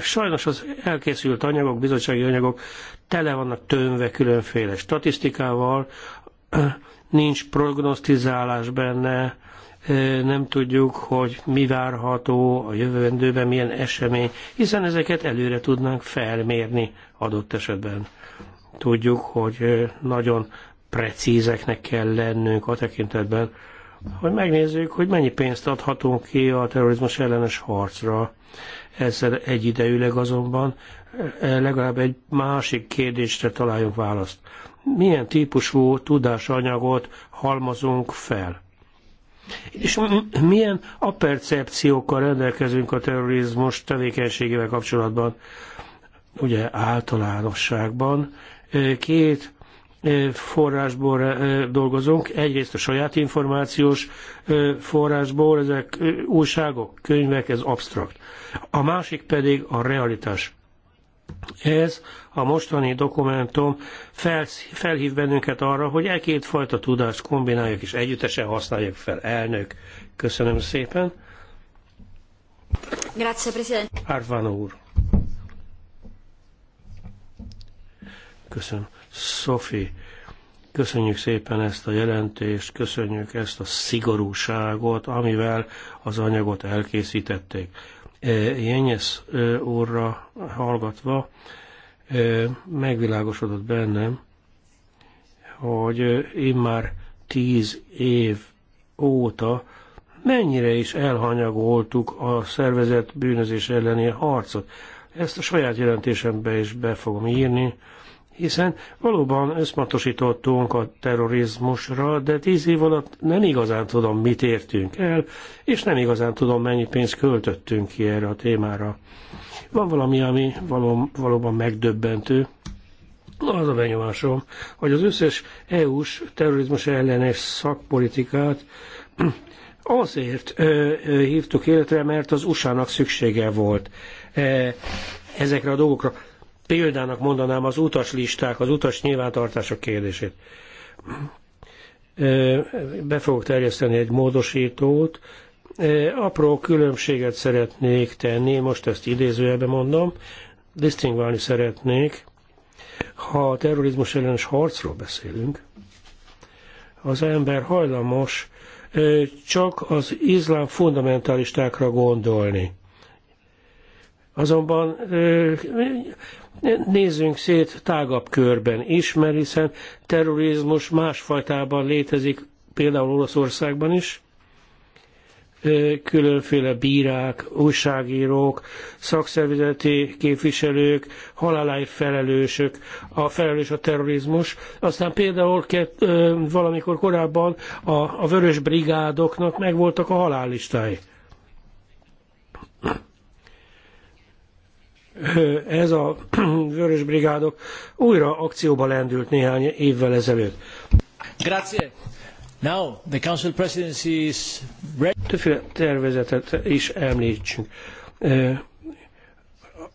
Sajnos az elkészült anyagok, bizottsági anyagok tele vannak tömve különféle statisztikával, nincs prognosztizálás benne, nem tudjuk, hogy mi várható a jövőendőben, milyen esemény, hiszen ezeket előre tudnánk felmérni adott esetben. Tudjuk, hogy nagyon precízeknek kell lennünk a tekintetben, hogy megnézzük, hogy mennyi pénzt adhatunk ki a terrorizmus ellenes harcra. Ezzel egyidejűleg azonban eh, legalább egy másik kérdésre találjunk választ. Milyen típusú tudásanyagot halmazunk fel? És milyen percepciókkal rendelkezünk a terrorizmus tevékenységével kapcsolatban? Ugye általánosságban eh, két forrásból dolgozunk. Egyrészt a saját információs forrásból, ezek újságok, könyvek, ez absztrakt. A másik pedig a realitás. Ez a mostani dokumentum felhív bennünket arra, hogy e két fajta tudást kombináljuk és együttesen használjuk fel. Elnök, köszönöm szépen. Grazie, Presidente. Árvánó úr. Köszönöm. Szofi, köszönjük szépen ezt a jelentést, köszönjük ezt a szigorúságot, amivel az anyagot elkészítették. E, Jenyesz e, úrra hallgatva e, megvilágosodott bennem, hogy én már tíz év óta mennyire is elhanyagoltuk a szervezet bűnözés elleni harcot. Ezt a saját jelentésembe is be fogom írni, hiszen valóban összpontosítottunk a terrorizmusra, de tíz év alatt nem igazán tudom, mit értünk el, és nem igazán tudom, mennyi pénzt költöttünk ki erre a témára. Van valami, ami való, valóban megdöbbentő. Az a benyomásom, hogy az összes EU-s terrorizmus ellenes szakpolitikát azért ö, ö, hívtuk életre, mert az USA-nak szüksége volt ö, ezekre a dolgokra példának mondanám az utaslisták, az utas nyilvántartások kérdését. Be fogok terjeszteni egy módosítót. Apró különbséget szeretnék tenni, most ezt idézőjelben mondom, disztingválni szeretnék, ha a terrorizmus ellenes harcról beszélünk, az ember hajlamos csak az izlám fundamentalistákra gondolni. Azonban nézzünk szét tágabb körben is, mert hiszen terrorizmus másfajtában létezik, például Olaszországban is, különféle bírák, újságírók, szakszervezeti képviselők, haláláért felelősök, a felelős a terrorizmus. Aztán például valamikor korábban a, a vörös brigádoknak megvoltak a halállistái. ez a vörös brigádok újra akcióba lendült néhány évvel ezelőtt. Grazie. Now the council presidency is Többféle tervezetet is említsünk.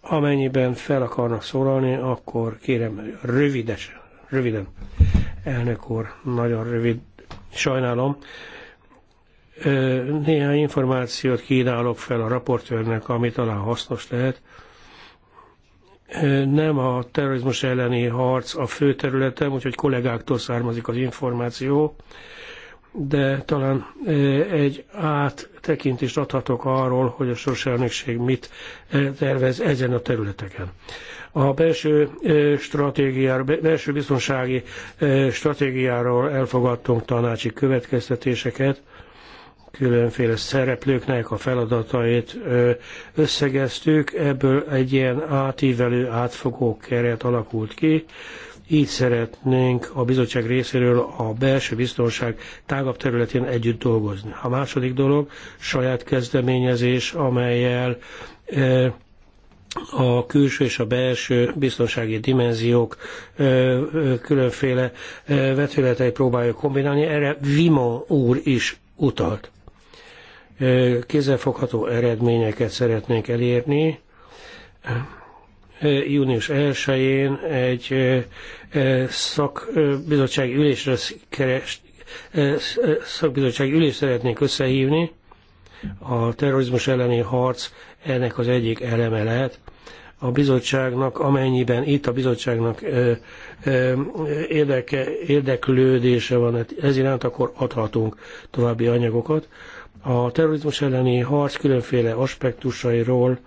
Amennyiben fel akarnak szólalni, akkor kérem rövidesen, röviden. Elnök úr, nagyon rövid, sajnálom néhány információt kínálok fel a raportőrnek, ami talán hasznos lehet nem a terrorizmus elleni harc a fő területem, úgyhogy kollégáktól származik az információ, de talán e, egy áttekintést adhatok arról, hogy a soros elnökség mit e, tervez ezen a területeken. A belső, e, stratégiára, belső biztonsági stratégiáról elfogadtunk tanácsi következtetéseket, különféle szereplőknek a feladatait összegeztük, ebből egy ilyen átívelő, átfogó keret alakult ki. Így szeretnénk a bizottság részéről a belső biztonság tágabb területén együtt dolgozni. A második dolog saját kezdeményezés, amelyel a külső és a belső biztonsági dimenziók különféle vetületeit próbáljuk kombinálni. Erre Vimo úr is utalt kézzelfogható eredményeket szeretnénk elérni. Június 1-én egy szakbizottsági ülésre keres, szakbizottsági ülést szeretnénk összehívni. A terrorizmus elleni harc ennek az egyik eleme lehet a bizottságnak, amennyiben itt a bizottságnak érdeke, érdeklődése van ez iránt, akkor adhatunk további anyagokat a terrorizmus elleni harc különféle aspektusairól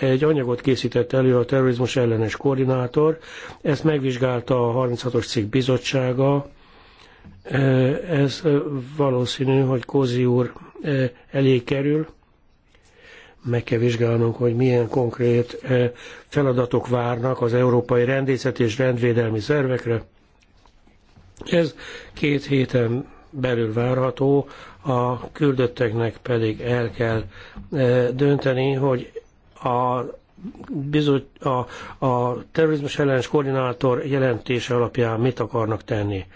egy anyagot készített elő a terrorizmus ellenes koordinátor, ezt megvizsgálta a 36-os cikk bizottsága, ez valószínű, hogy Kozi úr elé kerül, meg kell vizsgálnunk, hogy milyen konkrét feladatok várnak az európai rendészet és rendvédelmi szervekre. Ez két héten belül várható, a küldötteknek pedig el kell e, dönteni, hogy a bizony, a, a terrorizmus ellenes koordinátor jelentése alapján mit akarnak tenni.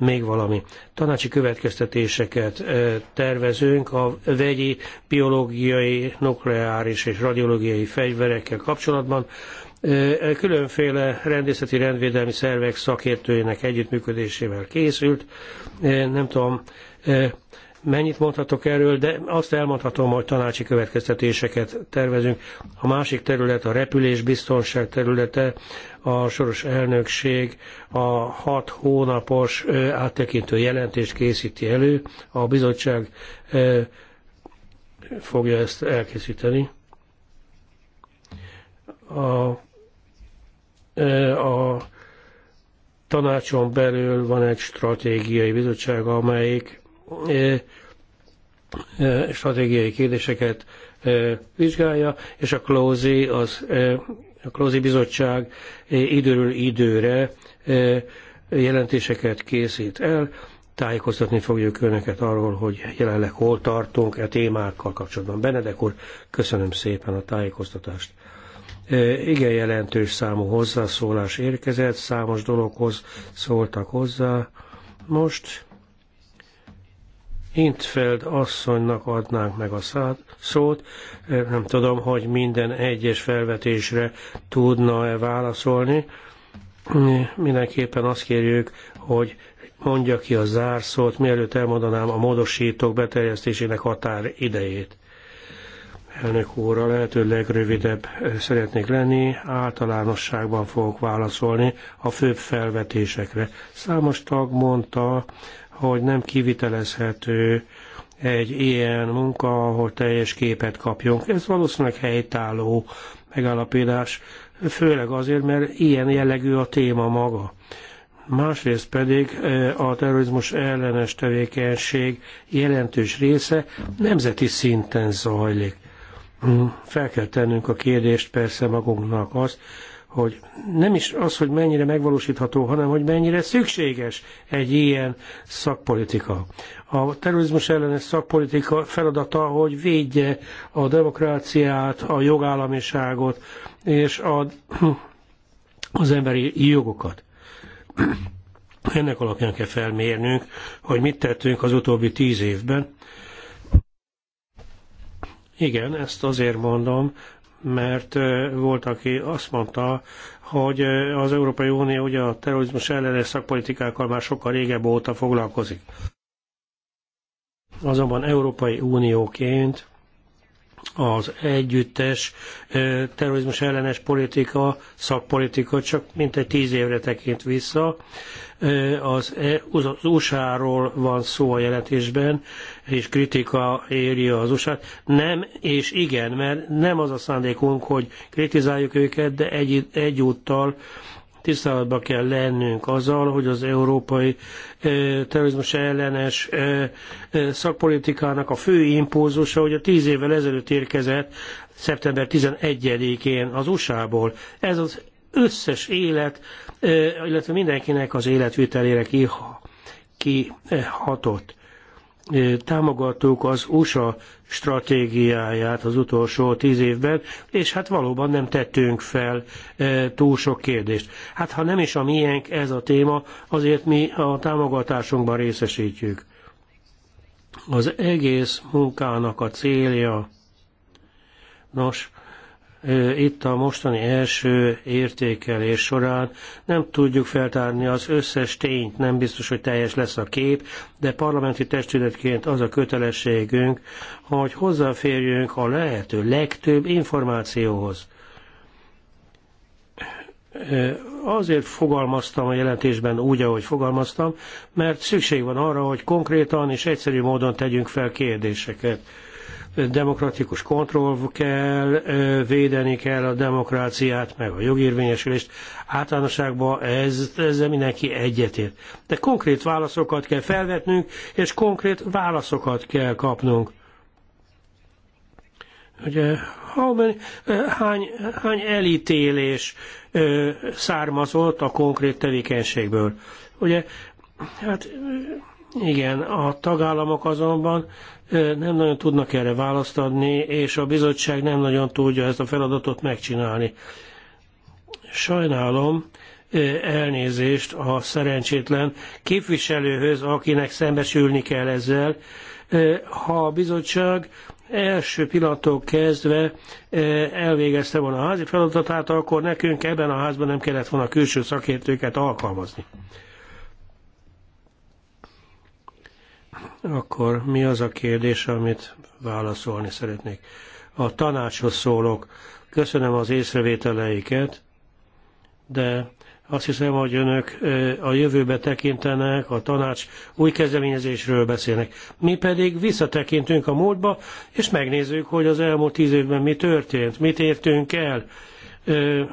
Még valami. Tanácsi következtetéseket e, tervezünk a vegyi, biológiai, nukleáris és radiológiai fegyverekkel kapcsolatban különféle rendészeti rendvédelmi szervek szakértőinek együttműködésével készült. Nem tudom, mennyit mondhatok erről, de azt elmondhatom, hogy tanácsi következtetéseket tervezünk. A másik terület a repülés biztonság területe, a soros elnökség a hat hónapos áttekintő jelentést készíti elő, a bizottság fogja ezt elkészíteni. A a tanácson belül van egy stratégiai bizottság, amelyik stratégiai kérdéseket vizsgálja, és a Klózi, az, a Klózi Bizottság időről időre jelentéseket készít el, tájékoztatni fogjuk önöket arról, hogy jelenleg hol tartunk e témákkal kapcsolatban. Benedek úr, köszönöm szépen a tájékoztatást igen jelentős számú hozzászólás érkezett, számos dologhoz szóltak hozzá. Most Intfeld asszonynak adnánk meg a szót. Nem tudom, hogy minden egyes felvetésre tudna-e válaszolni. Mindenképpen azt kérjük, hogy mondja ki a zárszót, mielőtt elmondanám a módosítók beterjesztésének határidejét idejét elnök úr, a lehető legrövidebb szeretnék lenni, általánosságban fogok válaszolni a főbb felvetésekre. Számos tag mondta, hogy nem kivitelezhető egy ilyen munka, ahol teljes képet kapjunk. Ez valószínűleg helytálló megállapítás, főleg azért, mert ilyen jellegű a téma maga. Másrészt pedig a terrorizmus ellenes tevékenység jelentős része nemzeti szinten zajlik fel kell tennünk a kérdést persze magunknak az, hogy nem is az, hogy mennyire megvalósítható, hanem hogy mennyire szükséges egy ilyen szakpolitika. A terrorizmus ellenes szakpolitika feladata, hogy védje a demokráciát, a jogállamiságot és a, az emberi jogokat. Ennek alapján kell felmérnünk, hogy mit tettünk az utóbbi tíz évben, igen, ezt azért mondom, mert volt, aki azt mondta, hogy az Európai Unió ugye a terrorizmus ellenes szakpolitikákkal már sokkal régebb óta foglalkozik. Azonban Európai Unióként az együttes terrorizmus ellenes politika, szakpolitika csak mintegy tíz évre tekint vissza, E, az, az USA-ról van szó a jelentésben, és kritika éri az usa -t. Nem, és igen, mert nem az a szándékunk, hogy kritizáljuk őket, de egy, egyúttal tiszteletbe kell lennünk azzal, hogy az európai terrorizmus ellenes szakpolitikának a fő impulzusa, hogy a tíz évvel ezelőtt érkezett szeptember 11-én az USA-ból. Ez az összes élet, illetve mindenkinek az életvitelére kihatott. Támogattuk az USA stratégiáját az utolsó tíz évben, és hát valóban nem tettünk fel túl sok kérdést. Hát ha nem is a miénk ez a téma, azért mi a támogatásunkban részesítjük. Az egész munkának a célja, nos, itt a mostani első értékelés során nem tudjuk feltárni az összes tényt, nem biztos, hogy teljes lesz a kép, de parlamenti testületként az a kötelességünk, hogy hozzáférjünk a lehető legtöbb információhoz. Azért fogalmaztam a jelentésben úgy, ahogy fogalmaztam, mert szükség van arra, hogy konkrétan és egyszerű módon tegyünk fel kérdéseket demokratikus kontroll kell, védeni kell a demokráciát, meg a jogérvényesülést. Általánosságban ez, ezzel mindenki egyetért. De konkrét válaszokat kell felvetnünk, és konkrét válaszokat kell kapnunk. Ugye, hány, hány elítélés származott a konkrét tevékenységből? Ugye, hát igen, a tagállamok azonban nem nagyon tudnak erre választ adni, és a bizottság nem nagyon tudja ezt a feladatot megcsinálni. Sajnálom, elnézést a szerencsétlen képviselőhöz, akinek szembesülni kell ezzel. Ha a bizottság első pillanattól kezdve elvégezte volna a házi feladatát, akkor nekünk ebben a házban nem kellett volna külső szakértőket alkalmazni. Akkor mi az a kérdés, amit válaszolni szeretnék? A tanácshoz szólok. Köszönöm az észrevételeiket, de azt hiszem, hogy önök a jövőbe tekintenek, a tanács új kezdeményezésről beszélnek. Mi pedig visszatekintünk a múltba, és megnézzük, hogy az elmúlt tíz évben mi történt, mit értünk el,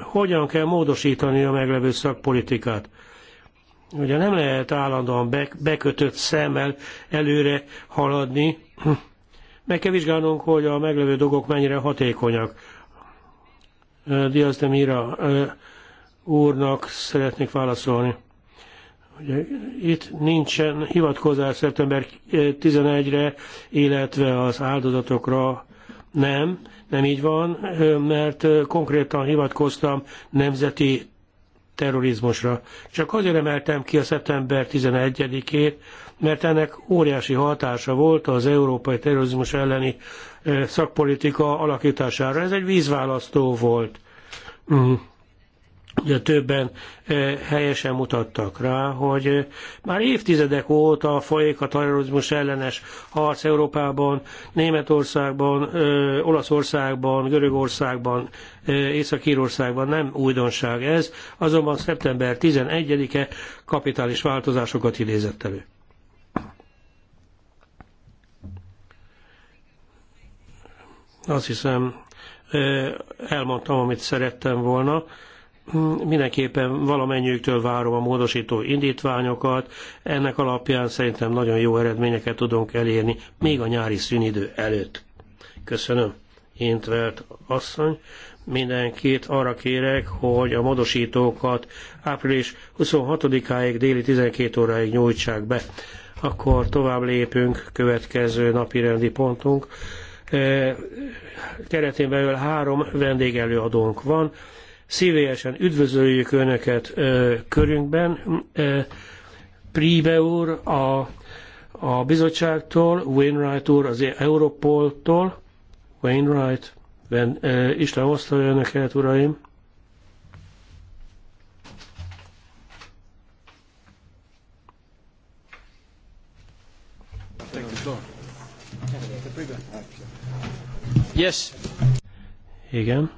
hogyan kell módosítani a meglevő szakpolitikát. Ugye nem lehet állandóan bekötött szemmel előre haladni. Meg kell vizsgálnunk, hogy a meglevő dolgok mennyire hatékonyak. Diaz de Mira úrnak szeretnék válaszolni. Ugye, itt nincsen hivatkozás szeptember 11-re, illetve az áldozatokra nem, nem így van, mert konkrétan hivatkoztam nemzeti terrorizmusra. Csak azért emeltem ki a szeptember 11-ét, mert ennek óriási hatása volt az európai terrorizmus elleni szakpolitika alakítására. Ez egy vízválasztó volt. Mm. Ugye többen eh, helyesen mutattak rá, hogy eh, már évtizedek óta folyik a terrorizmus ellenes harc Európában, Németországban, eh, Olaszországban, Görögországban, Észak-Írországban nem újdonság ez, azonban szeptember 11-e kapitális változásokat idézett elő. Azt hiszem, elmondtam, amit szerettem volna mindenképpen valamennyiüktől várom a módosító indítványokat. Ennek alapján szerintem nagyon jó eredményeket tudunk elérni, még a nyári szünidő előtt. Köszönöm, Intvert asszony. Mindenkit arra kérek, hogy a módosítókat április 26-áig déli 12 óráig nyújtsák be. Akkor tovább lépünk, következő napi rendi pontunk. Eh, keretén belül három vendégelőadónk van Szívélyesen üdvözöljük Önöket körünkben. Príbe úr a, a bizottságtól, Wainwright úr az Europoltól, Wainwright, ben, Isten osztalja Önöket, uraim! Yes. Igen.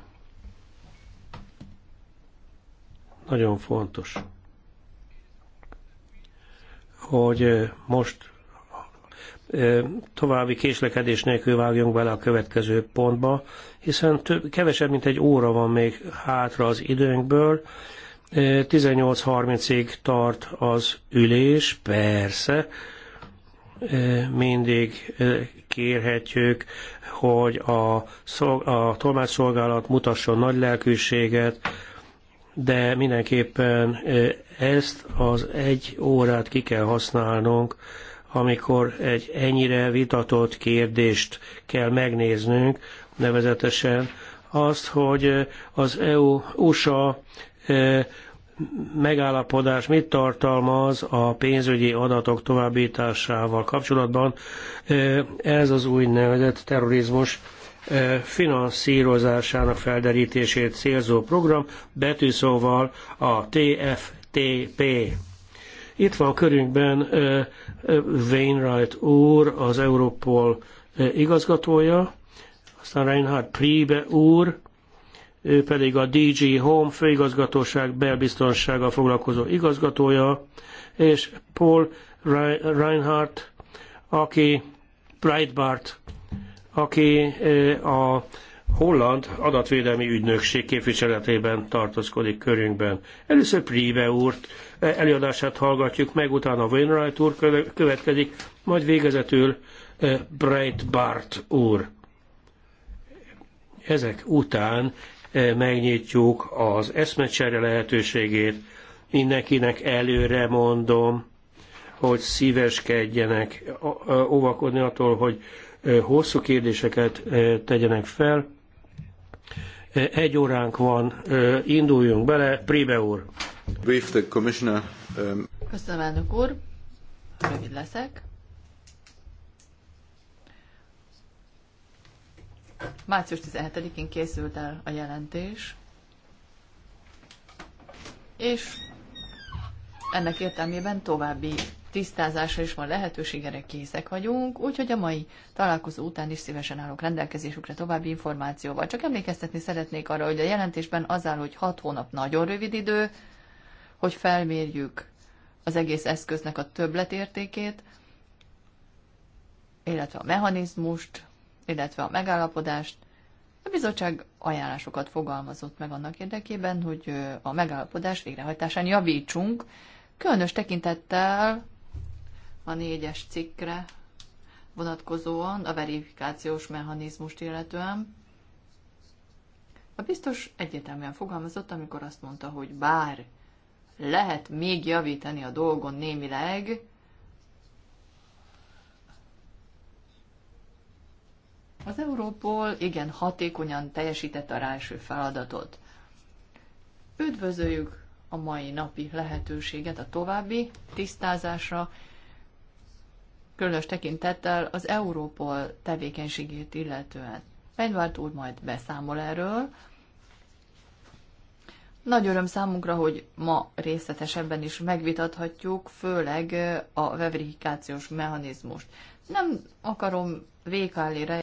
nagyon fontos, hogy eh, most eh, további késlekedés nélkül vágjunk bele a következő pontba, hiszen több, kevesebb, mint egy óra van még hátra az időnkből, 18.30-ig eh, tart az ülés, persze, mindig kérhetjük, hogy a, a tolmácsszolgálat mutasson nagy lelkűséget, de mindenképpen ezt az egy órát ki kell használnunk, amikor egy ennyire vitatott kérdést kell megnéznünk, nevezetesen azt, hogy az EU-USA megállapodás mit tartalmaz a pénzügyi adatok továbbításával kapcsolatban. Ez az úgynevezett terrorizmus finanszírozásának felderítését célzó program, betűszóval a TFTP. Itt van körünkben Wainwright úr, az Europol igazgatója, aztán Reinhard Priebe úr, ő pedig a DG Home főigazgatóság belbiztonsággal foglalkozó igazgatója, és Paul Reinhardt, aki Breitbart aki a holland adatvédelmi ügynökség képviseletében tartózkodik körünkben. Először Príve úrt előadását hallgatjuk meg, utána Wainwright úr következik, majd végezetül Breitbart úr. Ezek után megnyitjuk az eszmecsere lehetőségét. Mindenkinek előre mondom, hogy szíveskedjenek óvakodni attól, hogy hosszú kérdéseket tegyenek fel. Egy óránk van, induljunk bele. Príbe úr. Um, Köszönöm, elnök úr. Rövid leszek. Március 17-én készült el a jelentés, és ennek értelmében további tisztázásra is van lehetőség, erre készek vagyunk, úgyhogy a mai találkozó után is szívesen állok rendelkezésükre további információval. Csak emlékeztetni szeretnék arra, hogy a jelentésben az áll, hogy hat hónap nagyon rövid idő, hogy felmérjük az egész eszköznek a többletértékét, illetve a mechanizmust, illetve a megállapodást. A bizottság ajánlásokat fogalmazott meg annak érdekében, hogy a megállapodás végrehajtásán javítsunk, különös tekintettel a négyes cikkre vonatkozóan, a verifikációs mechanizmust illetően. A biztos egyértelműen fogalmazott, amikor azt mondta, hogy bár lehet még javítani a dolgon némileg, az Európol igen hatékonyan teljesített a első feladatot. Üdvözöljük a mai napi lehetőséget a további tisztázásra, különös tekintettel az Európol tevékenységét illetően. Fegyvárt úr majd beszámol erről. Nagy öröm számunkra, hogy ma részletesebben is megvitathatjuk, főleg eh, a verifikációs mechanizmust. Nem akarom vékállére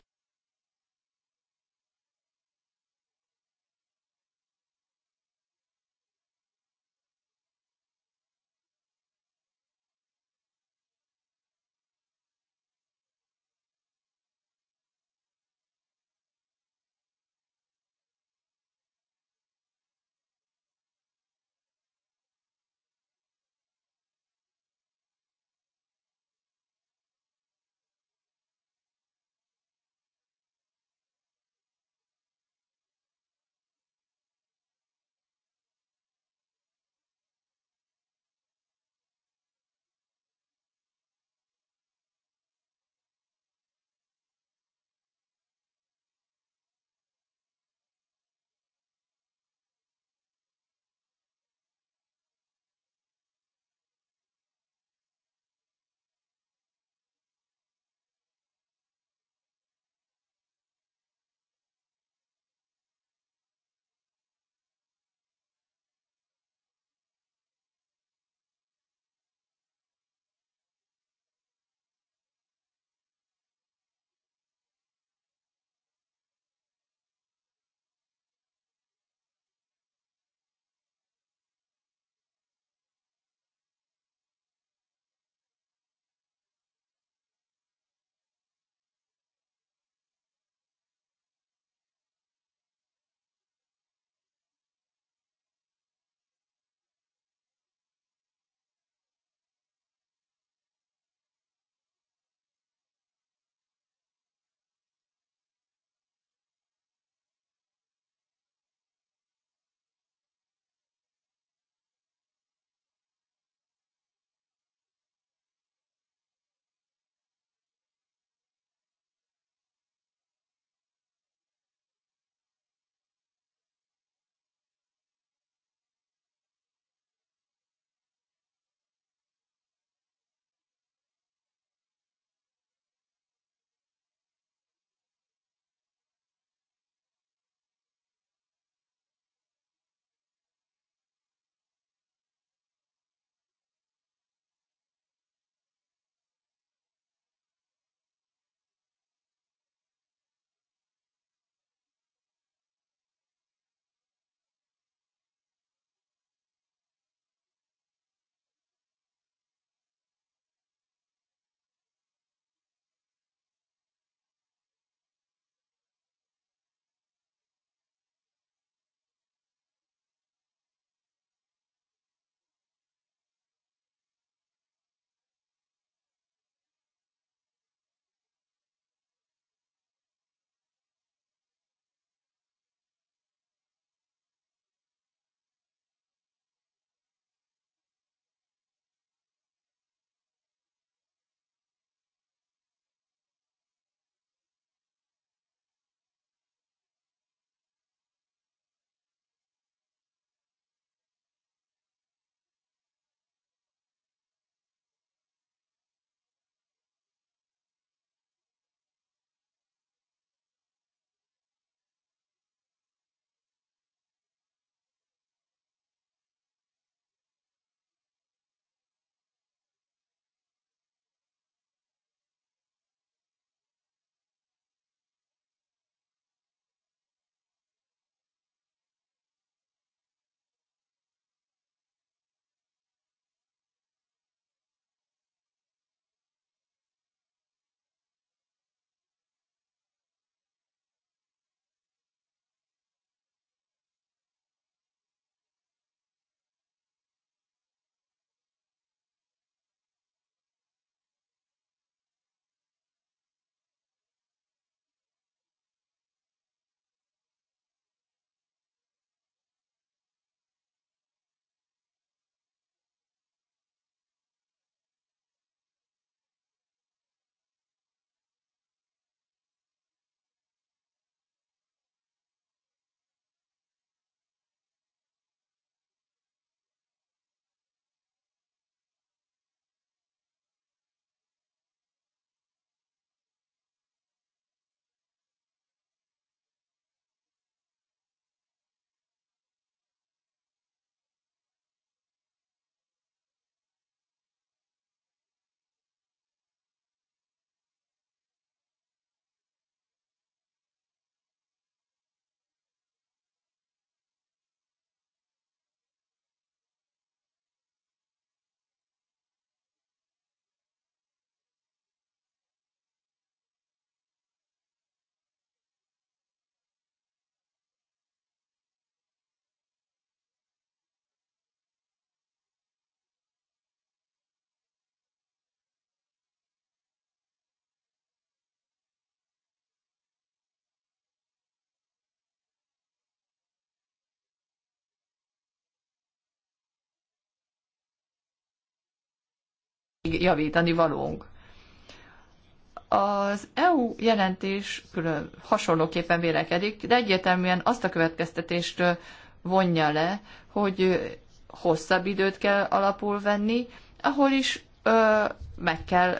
javítani valónk. Az EU jelentés külön hasonlóképpen vélekedik, de egyértelműen azt a következtetést vonja le, hogy hosszabb időt kell alapul venni, ahol is ö, meg kell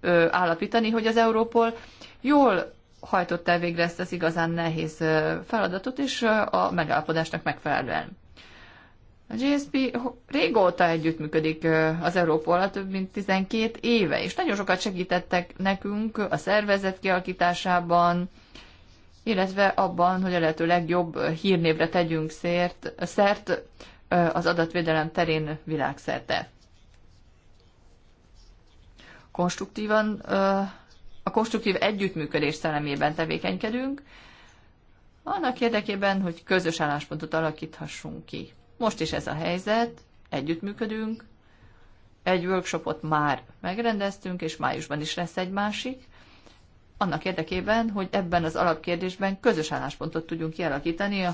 ö, állapítani, hogy az Európol jól hajtott el végre ezt az igazán nehéz feladatot, és a megállapodásnak megfelelően. A GSP régóta együttműködik az Európola, több mint 12 éve, és nagyon sokat segítettek nekünk a szervezet kialakításában, illetve abban, hogy a lehető legjobb hírnévre tegyünk szért, szert az adatvédelem terén világszerte. Konstruktívan, a konstruktív együttműködés szellemében tevékenykedünk, annak érdekében, hogy közös álláspontot alakíthassunk ki. Most is ez a helyzet, együttműködünk, egy workshopot már megrendeztünk, és májusban is lesz egy másik, annak érdekében, hogy ebben az alapkérdésben közös álláspontot tudjunk kialakítani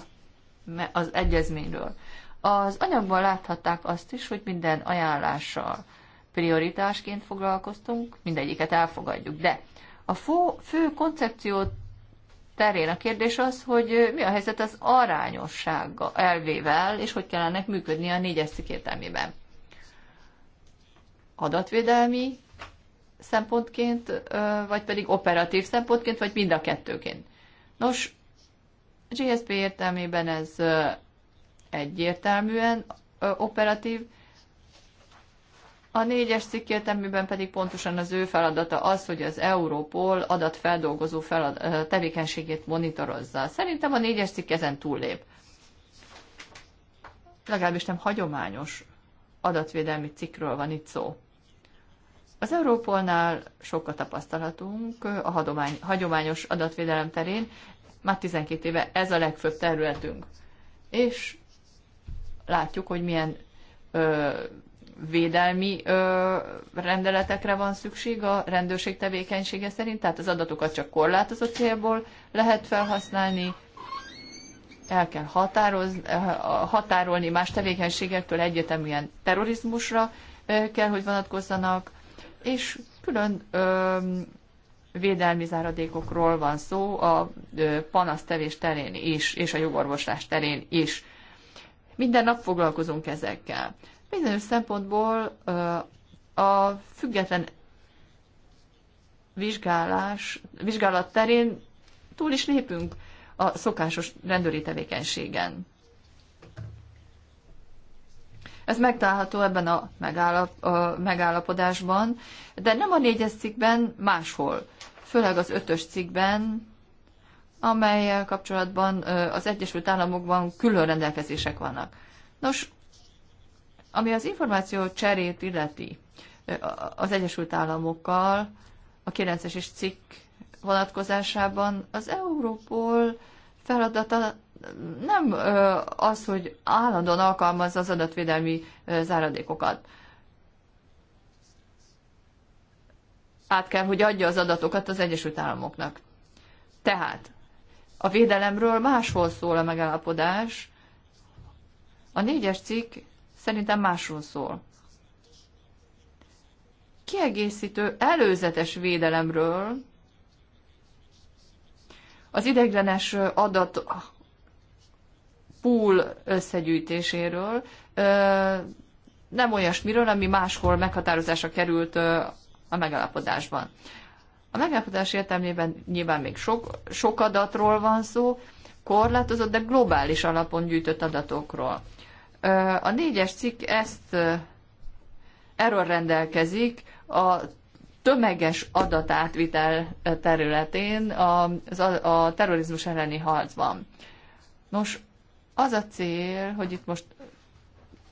az egyezményről. Az anyagban láthatták azt is, hogy minden ajánlással prioritásként foglalkoztunk, mindegyiket elfogadjuk, de a fő koncepciót terén. A kérdés az, hogy mi a helyzet az arányosság elvével, és hogy kell ennek működni a négyes cikk értelmében. Adatvédelmi szempontként, vagy pedig operatív szempontként, vagy mind a kettőként. Nos, GSP értelmében ez egyértelműen operatív, a négyes cikk amiben pedig pontosan az ő feladata az, hogy az Európol adatfeldolgozó felad, tevékenységét monitorozza. Szerintem a négyes cikk ezen túllép. Legalábbis nem hagyományos adatvédelmi cikkről van itt szó. Az Európolnál sokat tapasztalatunk a hadomány, hagyományos adatvédelem terén, már 12 éve ez a legfőbb területünk. És látjuk, hogy milyen ö, védelmi ö, rendeletekre van szükség a rendőrség tevékenysége szerint, tehát az adatokat csak korlátozott célból lehet felhasználni, el kell határoz, határolni más tevékenységektől egyeteműen terrorizmusra kell, hogy vonatkozzanak, és külön ö, védelmi záradékokról van szó a panasztevés terén is, és a jogorvoslás terén is. Minden nap foglalkozunk ezekkel. Bizonyos szempontból a független vizsgálás, vizsgálat terén túl is lépünk a szokásos rendőri tevékenységen. Ez megtalálható ebben a, megállap, a megállapodásban, de nem a négyes cikkben, máshol. Főleg az ötös cikkben, amelyel kapcsolatban az Egyesült Államokban külön rendelkezések vannak. Nos, ami az információ cserét illeti az Egyesült Államokkal, a 9-es cikk vonatkozásában az Európol feladata nem az, hogy állandóan alkalmazza az adatvédelmi záradékokat. Át kell, hogy adja az adatokat az Egyesült Államoknak. Tehát a védelemről máshol szól a megállapodás. A négyes cikk szerintem másról szól. Kiegészítő előzetes védelemről az ideiglenes adat pool összegyűjtéséről, nem olyasmiről, ami máshol meghatározásra került a megállapodásban. A megállapodás értelmében nyilván még sok, sok adatról van szó, korlátozott, de globális alapon gyűjtött adatokról. A négyes cikk ezt erről rendelkezik a tömeges adatátvitel területén a, terrorizmus elleni harcban. Nos, az a cél, hogy itt most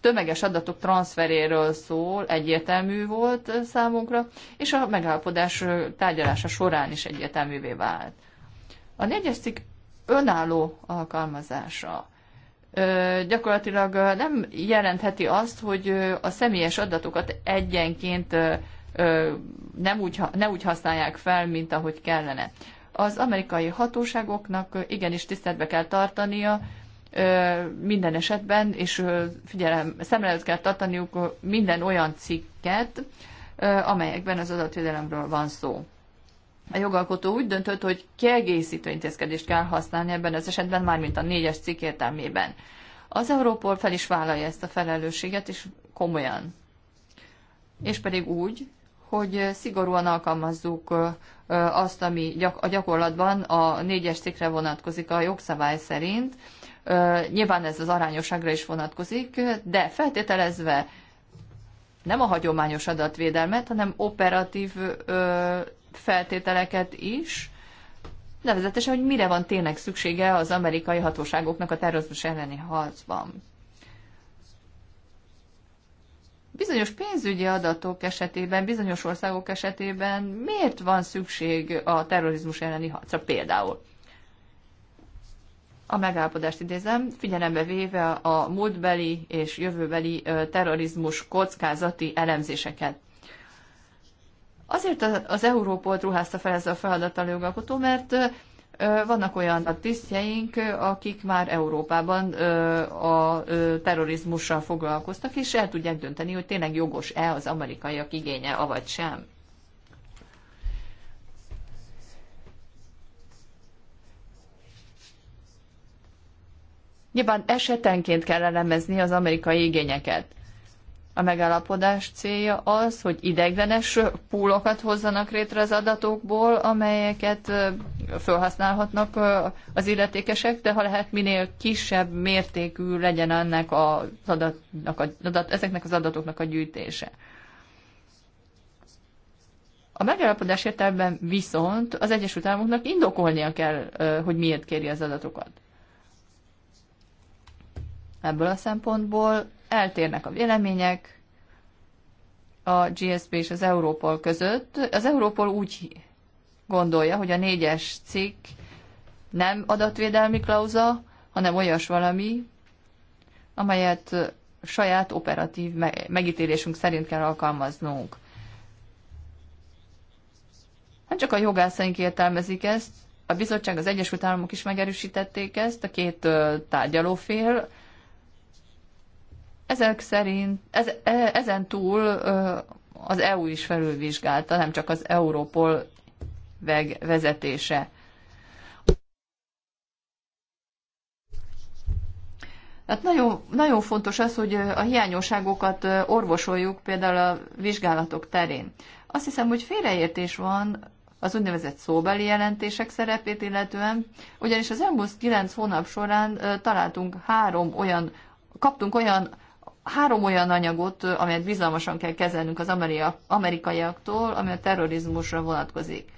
tömeges adatok transferéről szól, egyértelmű volt számunkra, és a megállapodás tárgyalása során is egyértelművé vált. A négyes cikk önálló alkalmazása gyakorlatilag nem jelentheti azt, hogy a személyes adatokat egyenként nem úgy, ne úgy használják fel, mint ahogy kellene. Az amerikai hatóságoknak igenis tiszteletbe kell tartania minden esetben, és figyelem, szem előtt kell tartaniuk minden olyan cikket, amelyekben az adatvédelemről van szó a jogalkotó úgy döntött, hogy kiegészítő intézkedést kell használni ebben az esetben, mármint a négyes cikk értelmében. Az Európol fel is vállalja ezt a felelősséget, és komolyan. És pedig úgy, hogy szigorúan alkalmazzuk azt, ami a gyakorlatban a négyes cikkre vonatkozik a jogszabály szerint. Nyilván ez az arányosságra is vonatkozik, de feltételezve nem a hagyományos adatvédelmet, hanem operatív feltételeket is, nevezetesen, hogy mire van tényleg szüksége az amerikai hatóságoknak a terrorizmus elleni harcban. Bizonyos pénzügyi adatok esetében, bizonyos országok esetében miért van szükség a terrorizmus elleni harcra például? a megállapodást idézem, figyelembe véve a múltbeli és jövőbeli terrorizmus kockázati elemzéseket. Azért az Európolt ruházta fel ezzel a feladattal jogalkotó, mert vannak olyan tisztjeink, akik már Európában a terrorizmussal foglalkoztak, és el tudják dönteni, hogy tényleg jogos-e az amerikaiak igénye, avagy sem. Nyilván esetenként kell elemezni az amerikai igényeket. A megállapodás célja az, hogy ideiglenes púlokat hozzanak létre az adatokból, amelyeket felhasználhatnak az illetékesek, de ha lehet minél kisebb mértékű legyen ennek az adatnak, adat, ezeknek az adatoknak a gyűjtése. A megállapodás értelmében viszont az Egyesült Államoknak indokolnia kell, hogy miért kéri az adatokat. Ebből a szempontból eltérnek a vélemények a GSP és az Európol között. Az Európol úgy gondolja, hogy a négyes cikk nem adatvédelmi klauza, hanem olyas valami, amelyet saját operatív megítélésünk szerint kell alkalmaznunk. Nem hát csak a jogászaink értelmezik ezt, a bizottság, az Egyesült Államok is megerősítették ezt, a két tárgyalófél, ezek szerint, ez, e, ezen túl az EU is felülvizsgálta, nem csak az Europol vezetése. Hát nagyon, nagyon fontos az, hogy a hiányosságokat orvosoljuk például a vizsgálatok terén. Azt hiszem, hogy félreértés van az úgynevezett szóbeli jelentések szerepét illetően, ugyanis az elmúlt 9 hónap során találtunk három olyan, kaptunk olyan három olyan anyagot, amelyet bizalmasan kell kezelnünk az amerikaiaktól, ami a terrorizmusra vonatkozik.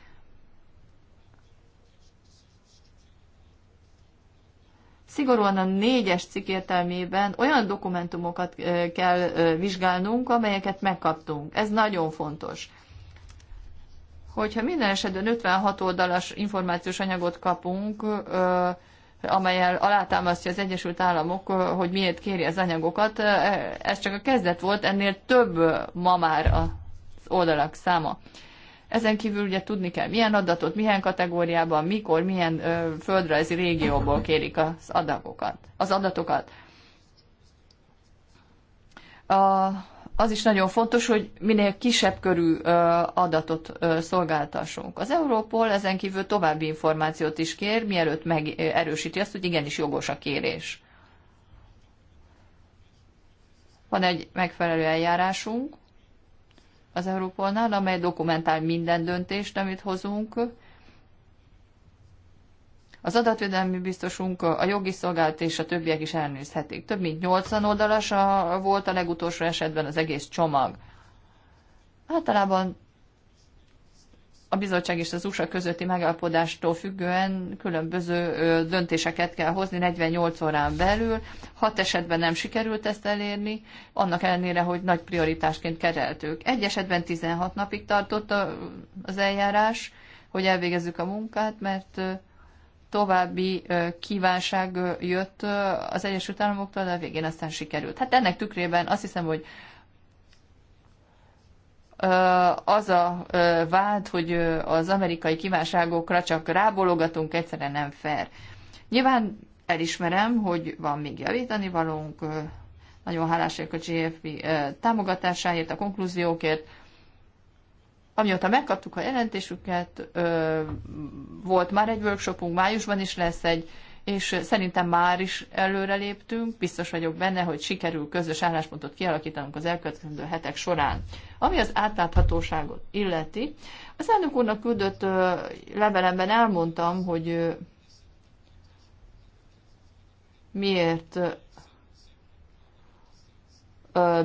Szigorúan a négyes cikk értelmében olyan dokumentumokat kell vizsgálnunk, amelyeket megkaptunk. Ez nagyon fontos. Hogyha minden esetben 56 oldalas információs anyagot kapunk, amelyel alátámasztja az Egyesült Államok, hogy miért kéri az anyagokat. Ez csak a kezdet volt, ennél több ma már az oldalak száma. Ezen kívül ugye tudni kell, milyen adatot, milyen kategóriában, mikor, milyen ö, földrajzi régióból kérik az adatokat, az adatokat. A az is nagyon fontos, hogy minél kisebb körű adatot szolgáltassunk. Az Európol ezen kívül további információt is kér, mielőtt megerősíti azt, hogy igenis jogos a kérés. Van egy megfelelő eljárásunk az Európolnál, amely dokumentál minden döntést, amit hozunk, az adatvédelmi biztosunk, a jogi szolgálat és a többiek is elnézhetik. Több mint 80 oldalas a, volt a legutolsó esetben az egész csomag. Általában a bizottság és az USA közötti megállapodástól függően különböző döntéseket kell hozni 48 órán belül. Hat esetben nem sikerült ezt elérni, annak ellenére, hogy nagy prioritásként kereltük. Egy esetben 16 napig tartott az eljárás, hogy elvégezzük a munkát, mert további kívánság jött az Egyesült Államoktól, de a végén aztán sikerült. Hát ennek tükrében azt hiszem, hogy az a vált, hogy az amerikai kívánságokra csak rábologatunk, egyszerűen nem fair. Nyilván elismerem, hogy van még javítani valónk, nagyon hálás vagyok a GFP támogatásáért, a konklúziókért, Amióta megkaptuk a jelentésüket, volt már egy workshopunk, májusban is lesz egy, és szerintem már is előreléptünk, biztos vagyok benne, hogy sikerül közös álláspontot kialakítanunk az elkövetkező hetek során. Ami az átláthatóságot illeti, az elnök úrnak küldött levelemben elmondtam, hogy miért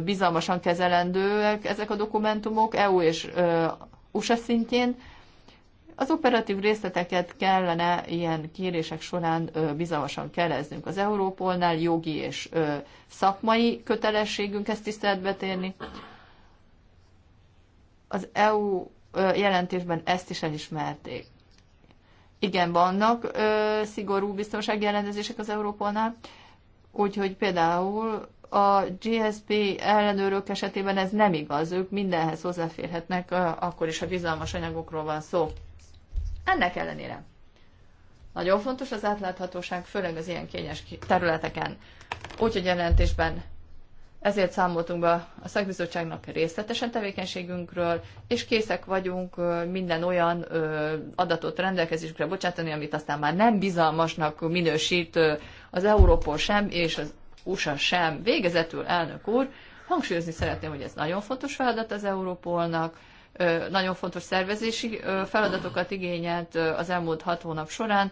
bizalmasan kezelendőek ezek a dokumentumok EU és USA szintjén. Az operatív részleteket kellene ilyen kérések során bizalmasan kereznünk. Az Európolnál jogi és szakmai kötelességünk ezt tiszteletbe térni. Az EU jelentésben ezt is elismerték. Igen, vannak szigorú biztonsági ellenőrzések az Európolnál, úgyhogy például a GSP ellenőrök esetében ez nem igaz, ők mindenhez hozzáférhetnek, akkor is, ha bizalmas anyagokról van szó. Ennek ellenére. Nagyon fontos az átláthatóság, főleg az ilyen kényes területeken. Úgyhogy jelentésben ezért számoltunk be a szakbizottságnak részletesen tevékenységünkről, és készek vagyunk minden olyan adatot rendelkezésükre bocsátani, amit aztán már nem bizalmasnak minősít az Európol sem, és az USA sem. Végezetül, elnök úr, hangsúlyozni szeretném, hogy ez nagyon fontos feladat az Európolnak, nagyon fontos szervezési feladatokat igényelt az elmúlt hat hónap során.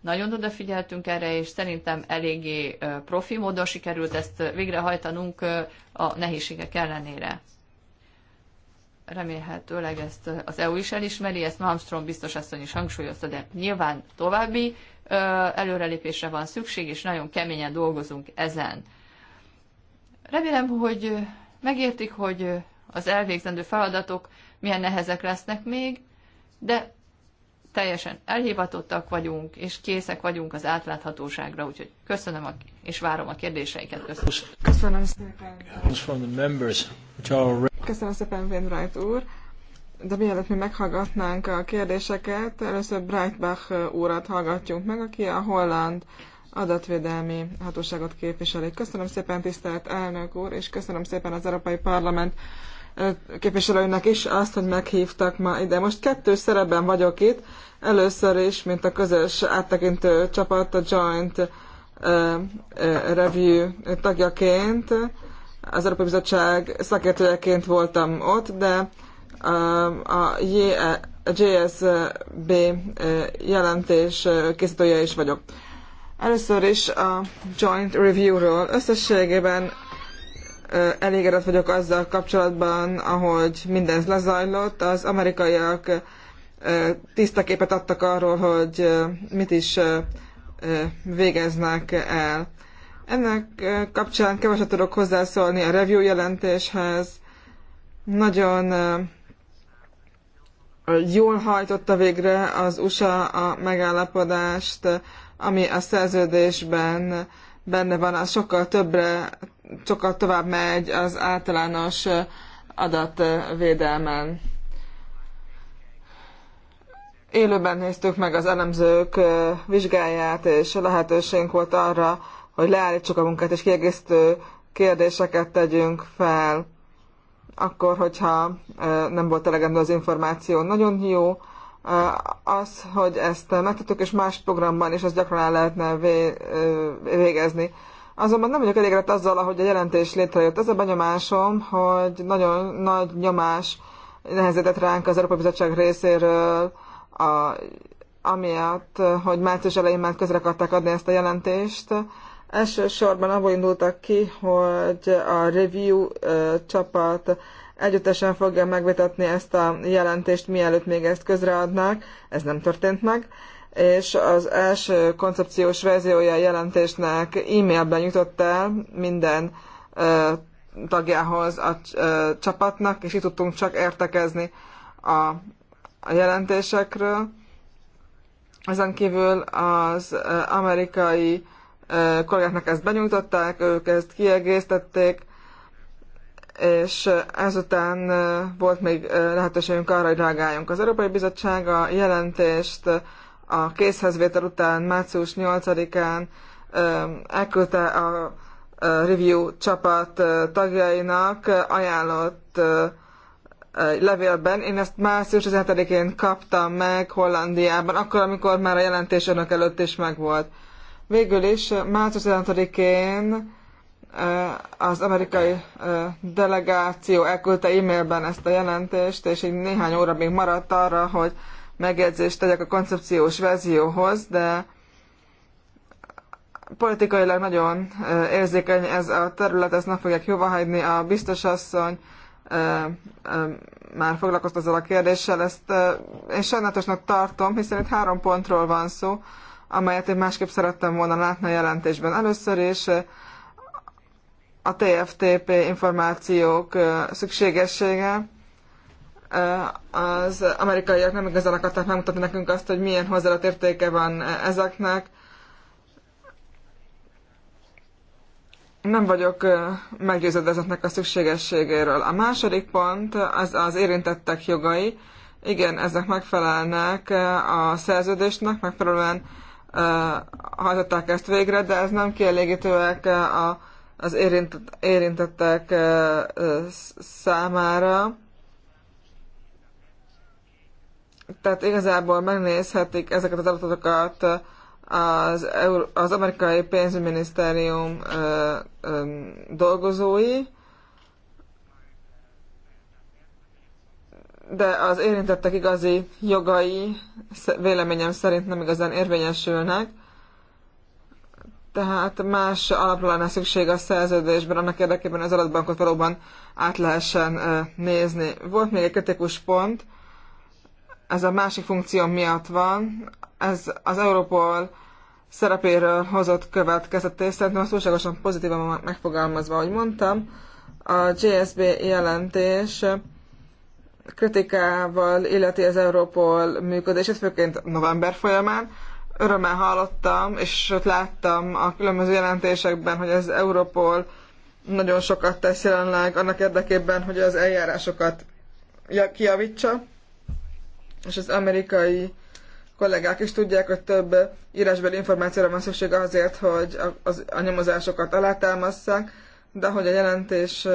Nagyon odafigyeltünk erre, és szerintem eléggé profi módon sikerült ezt végrehajtanunk a nehézségek ellenére. Remélhetőleg ezt az EU is elismeri, ezt Malmström biztos asszony is hangsúlyozta, de nyilván további előrelépésre van szükség, és nagyon keményen dolgozunk ezen. Remélem, hogy megértik, hogy az elvégzendő feladatok milyen nehezek lesznek még, de teljesen elhivatottak vagyunk, és készek vagyunk az átláthatóságra, úgyhogy köszönöm, a, és várom a kérdéseiket. Köszönöm. Köszönöm szépen. Köszönöm szépen, Wainwright úr de mielőtt mi meghallgatnánk a kérdéseket, először Breitbach úrat hallgatjunk meg, aki a holland adatvédelmi hatóságot képviseli. Köszönöm szépen, tisztelt elnök úr, és köszönöm szépen az Európai Parlament képviselőinek is azt, hogy meghívtak ma ide. Most kettő szerepben vagyok itt. Először is, mint a közös áttekintő csapat, a Joint Review tagjaként, az Európai Bizottság szakértőjeként voltam ott, de Um, a JSB eh, eh, jelentés eh, készítője is vagyok. Először is a joint review-ról. Összességében elégedett vagyok azzal kapcsolatban, ahogy mindez lezajlott. Az amerikaiak tiszta képet adtak arról, hogy mit is végeznek el. Ennek kapcsán keveset tudok hozzászólni a review jelentéshez. Nagyon jól hajtotta végre az USA a megállapodást, ami a szerződésben benne van, az sokkal többre, sokkal tovább megy az általános adatvédelmen. Élőben néztük meg az elemzők vizsgáját, és lehetőségünk volt arra, hogy leállítsuk a munkát, és kiegészítő kérdéseket tegyünk fel akkor, hogyha nem volt elegendő az információ. Nagyon jó az, hogy ezt megtettük, és más programban is ezt gyakran el lehetne végezni. Azonban nem vagyok elégedett azzal, ahogy a jelentés létrejött. Ez a benyomásom, hogy nagyon nagy nyomás nehezített ránk az Európai Bizottság részéről, a, amiatt, hogy március elején már közre akarták adni ezt a jelentést, Elsősorban abból indultak ki, hogy a review csapat együttesen fogja megvitatni ezt a jelentést, mielőtt még ezt közreadnák. Ez nem történt meg és az első koncepciós verziója a jelentésnek e-mailben jutott el minden ö, tagjához a ö, csapatnak, és itt tudtunk csak értekezni a, a jelentésekről. Ezen kívül az amerikai kollégáknak ezt benyújtották, ők ezt kiegésztették, és ezután volt még lehetőségünk arra, hogy reagáljunk. Az Európai Bizottság a jelentést a készhezvétel után március 8-án elküldte a review csapat tagjainak ajánlott levélben. Én ezt március 17-én kaptam meg Hollandiában, akkor, amikor már a jelentés önök előtt is megvolt. Végül is március 15-én az amerikai delegáció elküldte e-mailben ezt a jelentést, és így néhány óra még maradt arra, hogy megjegyzést tegyek a koncepciós verzióhoz, de politikailag nagyon érzékeny ez a terület, ezt nem fogják hagyni. A biztosasszony már foglalkozott ezzel a kérdéssel, ezt én sajnálatosnak tartom, hiszen itt három pontról van szó, amelyet én másképp szerettem volna látni a jelentésben. Először is a TFTP információk szükségessége. Az amerikaiak nem igazán akarták megmutatni nekünk azt, hogy milyen hozzáadott értéke van ezeknek. Nem vagyok meggyőződve ezeknek a szükségességéről. A második pont az az érintettek jogai. Igen, ezek megfelelnek a szerződésnek, megfelelően hajtották ezt végre, de ez nem kielégítőek a, az érintett, érintettek számára. Tehát igazából megnézhetik ezeket az adatokat az, az amerikai pénzügyminisztérium dolgozói, de az érintettek igazi jogai véleményem szerint nem igazán érvényesülnek, tehát más alapra lenne szükség a szerződésben, annak érdekében az adatbankot valóban át lehessen nézni. Volt még egy kritikus pont, ez a másik funkció miatt van, ez az Europol szerepéről hozott következtetés, szerintem az túlságosan pozitívan megfogalmazva, ahogy mondtam. A GSB jelentés kritikával illeti az Európol működését, főként november folyamán. Örömmel hallottam, és ott láttam a különböző jelentésekben, hogy az Európol nagyon sokat tesz jelenleg annak érdekében, hogy az eljárásokat kiavítsa, és az amerikai kollégák is tudják, hogy több írásbeli információra van szükség azért, hogy a, az, a nyomozásokat alátámasszák, de hogy a jelentés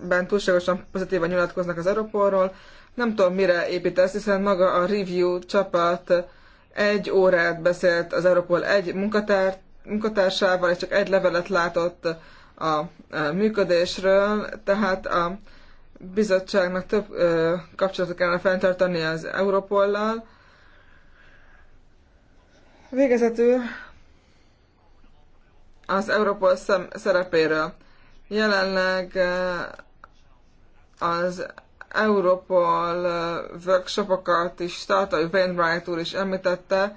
ben túlságosan pozitívan nyilatkoznak az Europolról. Nem tudom, mire építesz, hiszen maga a review csapat egy órát beszélt az Europol egy munkatár, munkatársával, és csak egy levelet látott a, a működésről, tehát a bizottságnak több ö, kapcsolatot kellene fenntartani az Europollal. Végezetül az Europol szem, szerepéről Jelenleg eh, az Europol eh, workshopokat is tart, ahogy Wainwright úr is említette,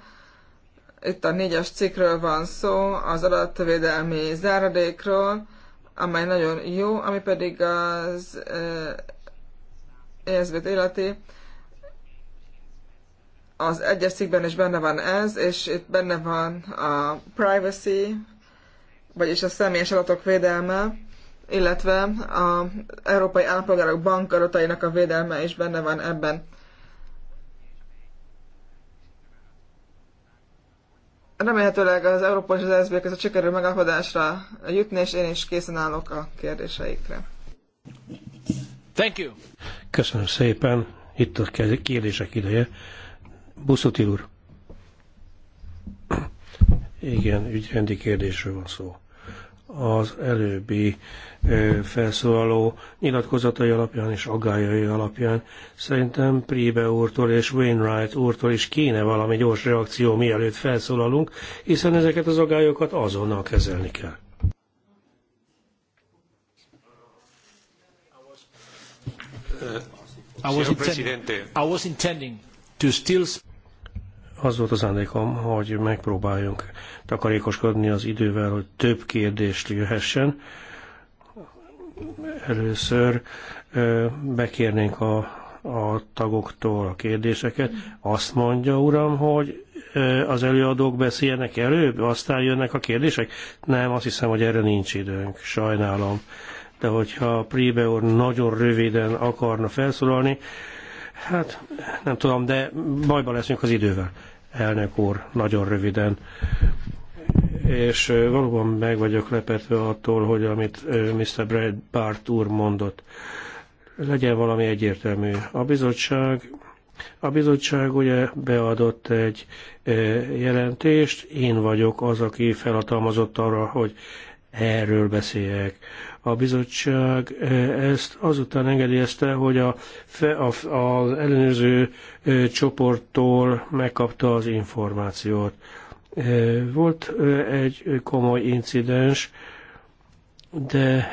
itt a négyes cikkről van szó, az adatvédelmi záradékról, amely nagyon jó, ami pedig az eh, ESB-t életi. Az egyes cikkben is benne van ez, és itt benne van a privacy, vagyis a személyes adatok védelme, illetve az Európai Állampolgárok bankaratainak a védelme is benne van ebben. Remélhetőleg az Európai és az SZB között sikerül megállapodásra jutni, és én is készen állok a kérdéseikre. Thank you. Köszönöm szépen. Itt a kérdések ideje. Buszutil úr. Igen, ügyrendi kérdésről van szó az előbbi felszólaló nyilatkozatai alapján és aggályai alapján. Szerintem Príbe úrtól és Wainwright úrtól is kéne valami gyors reakció, mielőtt felszólalunk, hiszen ezeket az aggályokat azonnal kezelni kell. I was, intending to still az volt az ándékom, hogy megpróbáljunk takarékoskodni az idővel, hogy több kérdést jöhessen. Először bekérnénk a, a tagoktól a kérdéseket. Azt mondja, uram, hogy az előadók beszélnek előbb, aztán jönnek a kérdések? Nem, azt hiszem, hogy erre nincs időnk, sajnálom. De hogyha Príbe úr nagyon röviden akarna felszólalni, hát nem tudom, de bajban leszünk az idővel elnök úr, nagyon röviden. És valóban meg vagyok lepetve attól, hogy amit Mr. Brad Bart úr mondott, legyen valami egyértelmű. A bizottság a bizottság ugye beadott egy jelentést, én vagyok az, aki felhatalmazott arra, hogy erről beszéljek. A bizottság e, ezt azután engedélyezte, hogy a, a az ellenőrző e, csoporttól megkapta az információt. E, volt egy komoly incidens, de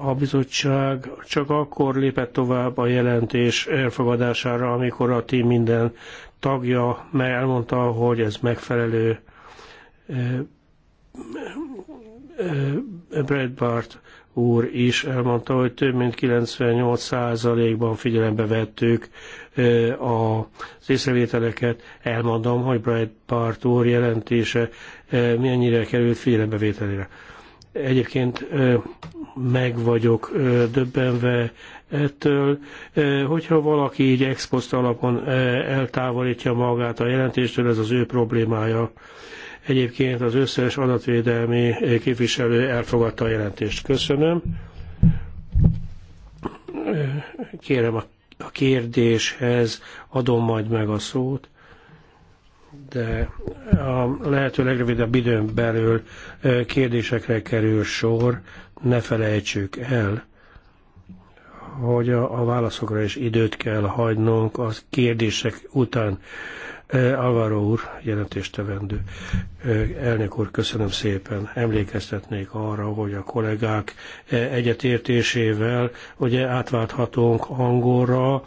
a bizottság csak akkor lépett tovább a jelentés elfogadására, amikor a tím minden tagja elmondta, hogy ez megfelelő. Brad Bart úr is elmondta, hogy több mint 98%-ban figyelembe vettük az észrevételeket. Elmondom, hogy Brad Bart úr jelentése mennyire került figyelembevételére. Egyébként meg vagyok döbbenve ettől, hogyha valaki így exposzt alapon eltávolítja magát a jelentéstől, ez az ő problémája Egyébként az összes adatvédelmi képviselő elfogadta a jelentést. Köszönöm. Kérem a kérdéshez adom majd meg a szót, de a lehető legrövidebb időn belül kérdésekre kerül sor, ne felejtsük el, hogy a, a válaszokra is időt kell hagynunk a kérdések után. Alvaro úr, jelentéstevendő. Elnök úr, köszönöm szépen. Emlékeztetnék arra, hogy a kollégák egyetértésével ugye átválthatunk angolra. A,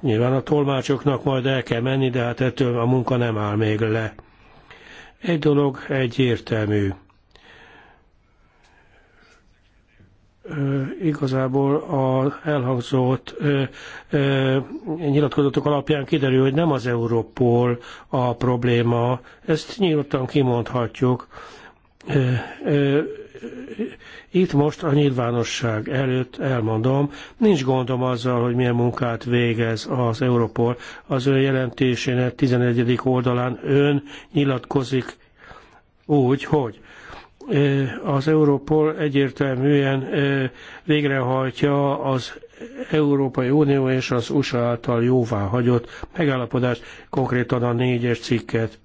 nyilván a tolmácsoknak majd el kell menni, de hát ettől a munka nem áll még le. Egy dolog egyértelmű igazából az elhangzott nyilatkozatok alapján kiderül, hogy nem az Európol a probléma, ezt nyíltan kimondhatjuk. Itt most a nyilvánosság előtt elmondom, nincs gondom azzal, hogy milyen munkát végez az Európol. Az ön jelentésének 11. oldalán ön nyilatkozik úgy, hogy az Europol egyértelműen végrehajtja az Európai Unió és az USA által jóvá hagyott megállapodást, konkrétan a négyes cikket.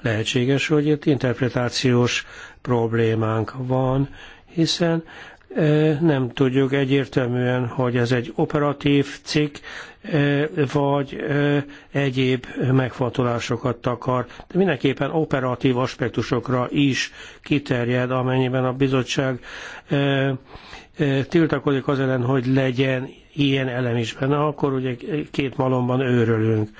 Lehetséges, hogy itt interpretációs problémánk van, hiszen nem tudjuk egyértelműen, hogy ez egy operatív cikk, vagy egyéb megfontolásokat takar. De mindenképpen operatív aspektusokra is kiterjed, amennyiben a bizottság tiltakozik az ellen, hogy legyen ilyen elem is benne, akkor ugye két malomban őrölünk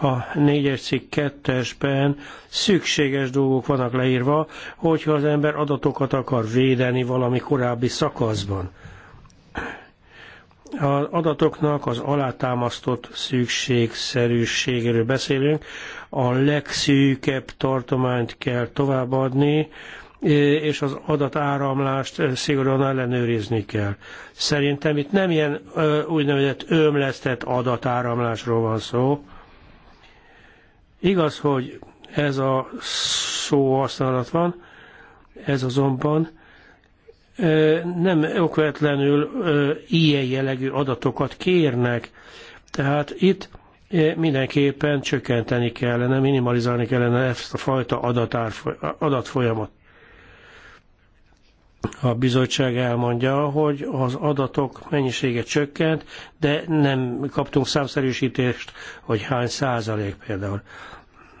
a négyes cikk kettesben szükséges dolgok vannak leírva, hogyha az ember adatokat akar védeni valami korábbi szakaszban. Az adatoknak az alátámasztott szükségszerűségéről beszélünk, a legszűkebb tartományt kell továbbadni, és az adatáramlást szigorúan ellenőrizni kell. Szerintem itt nem ilyen úgynevezett ömlesztett adatáramlásról van szó, Igaz, hogy ez a szó használat van, ez azonban nem okvetlenül ilyen jellegű adatokat kérnek. Tehát itt mindenképpen csökkenteni kellene, minimalizálni kellene ezt a fajta adatár, adatfolyamat. A bizottság elmondja, hogy az adatok mennyisége csökkent, de nem kaptunk számszerűsítést, hogy hány százalék például.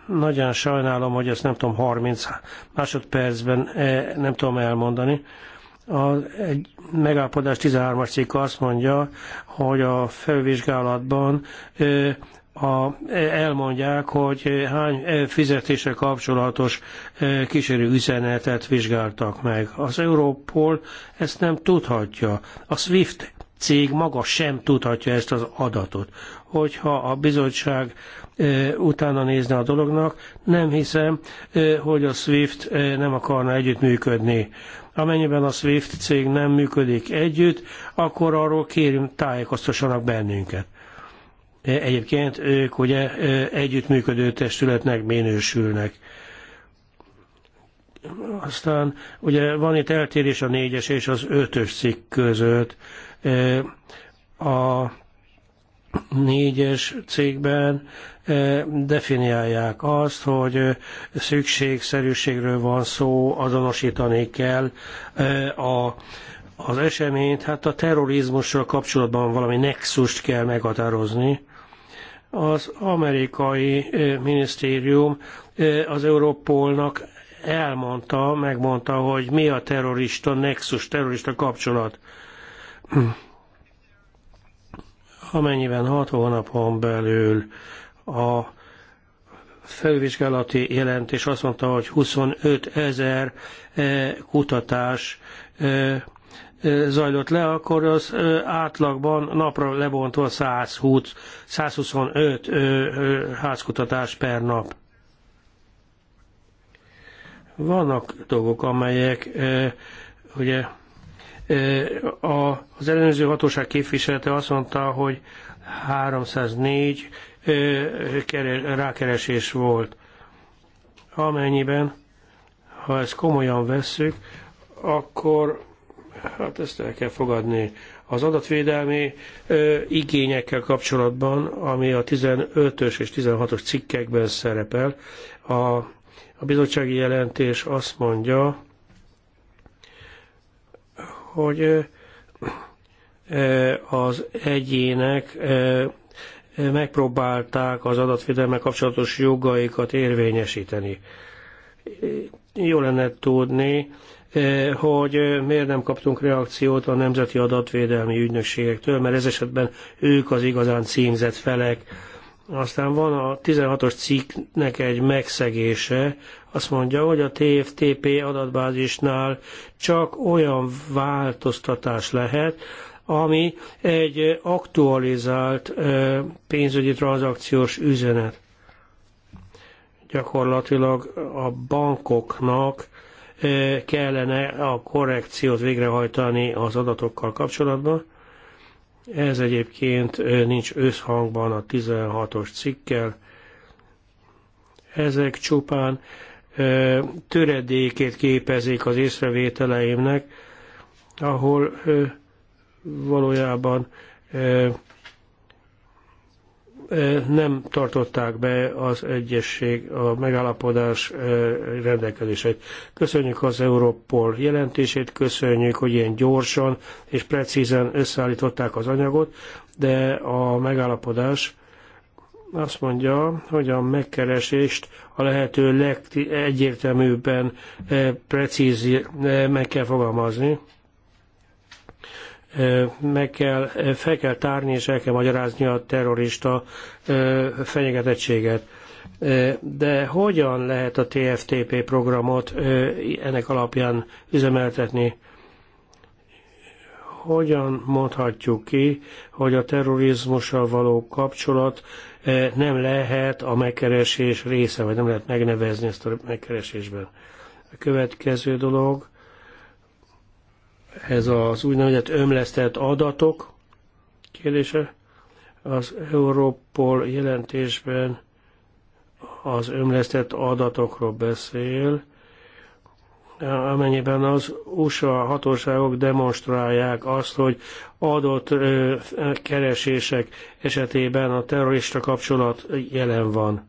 Nagyon sajnálom, hogy ezt nem tudom 30 másodpercben eh, nem tudom elmondani. A megállapodás 13-as cikk azt mondja, hogy a felvizsgálatban eh, a, elmondják, hogy hány eh, fizetése kapcsolatos eh, kísérő üzenetet vizsgáltak meg. Az Europol ezt nem tudhatja. A SWIFT cég maga sem tudhatja ezt az adatot. Hogyha a bizottság eh, utána nézne a dolognak, nem hiszem, hogy a SWIFT nem akarna együttműködni. Amennyiben a SWIFT cég nem működik együtt, akkor arról kérjünk tájékoztassanak bennünket. E, egyébként ők ugye e, együttműködő testületnek minősülnek. Aztán ugye van itt eltérés a négyes és az ötös cikk között. E, a négyes cégben definiálják azt, hogy szükségszerűségről van szó, azonosítani kell a, az eseményt, hát a terrorizmussal kapcsolatban valami nexust kell meghatározni. Az amerikai minisztérium az Europolnak elmondta, megmondta, hogy mi a terrorista nexus, terrorista kapcsolat. Amennyiben hat hónapon belül a felvizsgálati jelentés azt mondta, hogy 25 ezer kutatás zajlott le, akkor az átlagban napra lebontva 120, 125 házkutatás per nap. Vannak dolgok, amelyek ugye az ellenőrző hatóság képviselete azt mondta, hogy 304 rákeresés volt. Amennyiben, ha ezt komolyan vesszük, akkor hát ezt el kell fogadni. Az adatvédelmi ö, igényekkel kapcsolatban, ami a 15-ös és 16-os cikkekben szerepel, a, a bizottsági jelentés azt mondja, hogy ö, az egyének ö, megpróbálták az adatvédelme kapcsolatos jogaikat érvényesíteni. Jó lenne tudni, Eh, hogy eh, miért nem kaptunk reakciót a Nemzeti Adatvédelmi Ügynökségektől, mert ez esetben ők az igazán címzett felek. Aztán van a 16-os cikknek egy megszegése, azt mondja, hogy a TFTP adatbázisnál csak olyan változtatás lehet, ami egy aktualizált eh, pénzügyi tranzakciós üzenet. Gyakorlatilag a bankoknak kellene a korrekciót végrehajtani az adatokkal kapcsolatban. Ez egyébként nincs összhangban a 16-os cikkel. Ezek csupán töredékét képezik az észrevételeimnek, ahol valójában nem tartották be az egyesség, a megállapodás rendelkezéseit. Köszönjük az Európol jelentését, köszönjük, hogy ilyen gyorsan és precízen összeállították az anyagot, de a megállapodás azt mondja, hogy a megkeresést a lehető legegyértelműbben precíz meg kell fogalmazni meg kell, fel kell tárni és el kell magyarázni a terrorista fenyegetettséget. De hogyan lehet a TFTP programot ennek alapján üzemeltetni? Hogyan mondhatjuk ki, hogy a terrorizmussal való kapcsolat nem lehet a megkeresés része, vagy nem lehet megnevezni ezt a megkeresésben? A következő dolog, ez az úgynevezett ömlesztett adatok kérdése. Az Europol jelentésben az ömlesztett adatokról beszél, amennyiben az USA hatóságok demonstrálják azt, hogy adott keresések esetében a terrorista kapcsolat jelen van.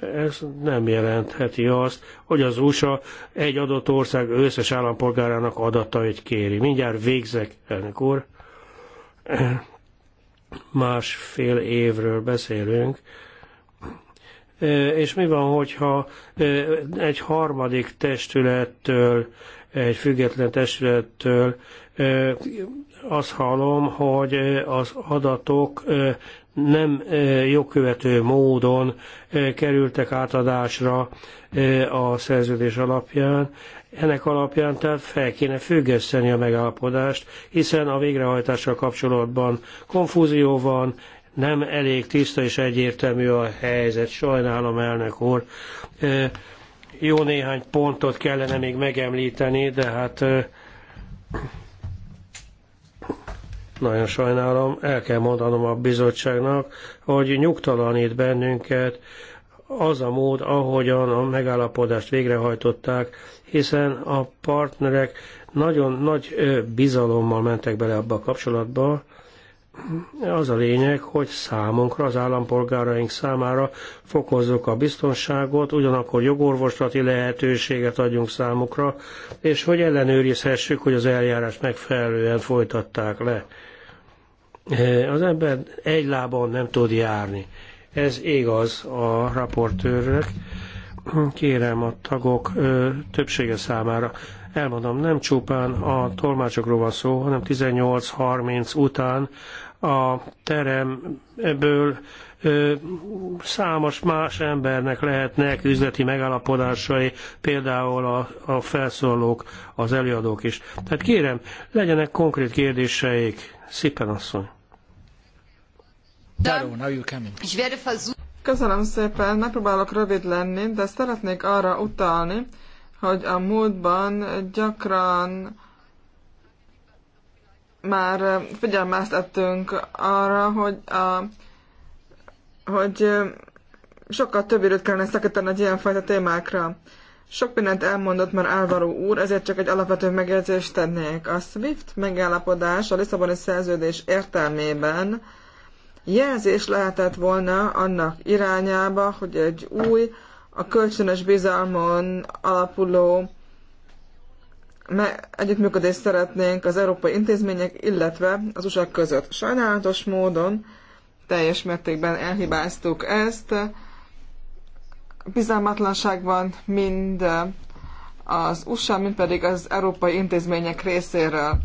ez nem jelentheti azt, hogy az USA egy adott ország összes állampolgárának adatait kéri. Mindjárt végzek, elnök úr. Másfél évről beszélünk. E, és mi van, hogyha e, egy harmadik testülettől, egy független testülettől e, azt hallom, hogy az adatok nem jogkövető módon kerültek átadásra a szerződés alapján. Ennek alapján tehát fel kéne függeszteni a megállapodást, hiszen a végrehajtással kapcsolatban konfúzió van, nem elég tiszta és egyértelmű a helyzet, sajnálom elnök úr. Jó néhány pontot kellene még megemlíteni, de hát nagyon sajnálom, el kell mondanom a bizottságnak, hogy nyugtalanít bennünket az a mód, ahogyan a megállapodást végrehajtották, hiszen a partnerek nagyon nagy bizalommal mentek bele abba a kapcsolatba, az a lényeg, hogy számunkra, az állampolgáraink számára fokozzuk a biztonságot, ugyanakkor jogorvoslati lehetőséget adjunk számukra, és hogy ellenőrizhessük, hogy az eljárást megfelelően folytatták le. E, az ember egy lábon nem tud járni. Ez igaz a raportőrnek. Kérem a tagok e, többsége számára elmondom, nem csupán a tolmácsokról van szó, hanem 18.30 után a teremből számos más embernek lehetnek üzleti megállapodásai, például a, a felszólók, az előadók is. Tehát kérem, legyenek konkrét kérdéseik. Szépen asszony. Köszönöm szépen, megpróbálok rövid lenni, de szeretnék arra utalni, hogy a múltban gyakran már figyelmeztettünk arra, hogy, a, hogy sokkal több időt kellene szakítani egy ilyenfajta témákra. Sok mindent elmondott már Álvaro úr, ezért csak egy alapvető megjegyzést tennék. A SWIFT megállapodás a Lisszaboni szerződés értelmében jelzés lehetett volna annak irányába, hogy egy új, a kölcsönös bizalmon alapuló együttműködést szeretnénk az európai intézmények, illetve az USA között. Sajnálatos módon teljes mértékben elhibáztuk ezt. Bizalmatlanság van mind az USA, mind pedig az európai intézmények részéről.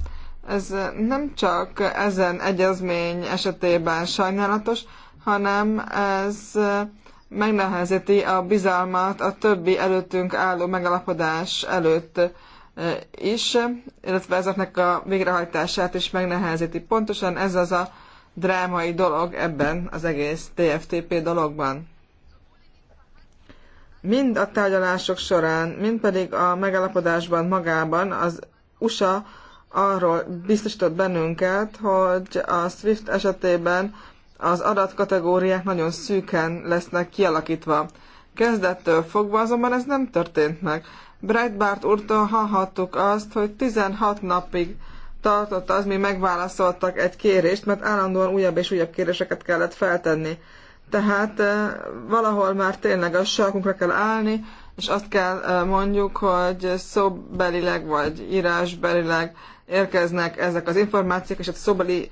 Ez nem csak ezen egyezmény esetében sajnálatos, hanem ez megnehezíti a bizalmat a többi előttünk álló megalapodás előtt is, illetve ezeknek a végrehajtását is megnehezíti. Pontosan ez az a drámai dolog ebben az egész TFTP dologban. Mind a tárgyalások során, mind pedig a megállapodásban magában az USA arról biztosított bennünket, hogy a SWIFT esetében az adatkategóriák nagyon szűken lesznek kialakítva. Kezdettől fogva azonban ez nem történt meg. Breitbart úrtól hallhattuk azt, hogy 16 napig tartott az, mi megválaszoltak egy kérést, mert állandóan újabb és újabb kéréseket kellett feltenni. Tehát valahol már tényleg a sarkunkra kell állni, és azt kell mondjuk, hogy szóbelileg vagy írásbelileg érkeznek ezek az információk, és a szóbeli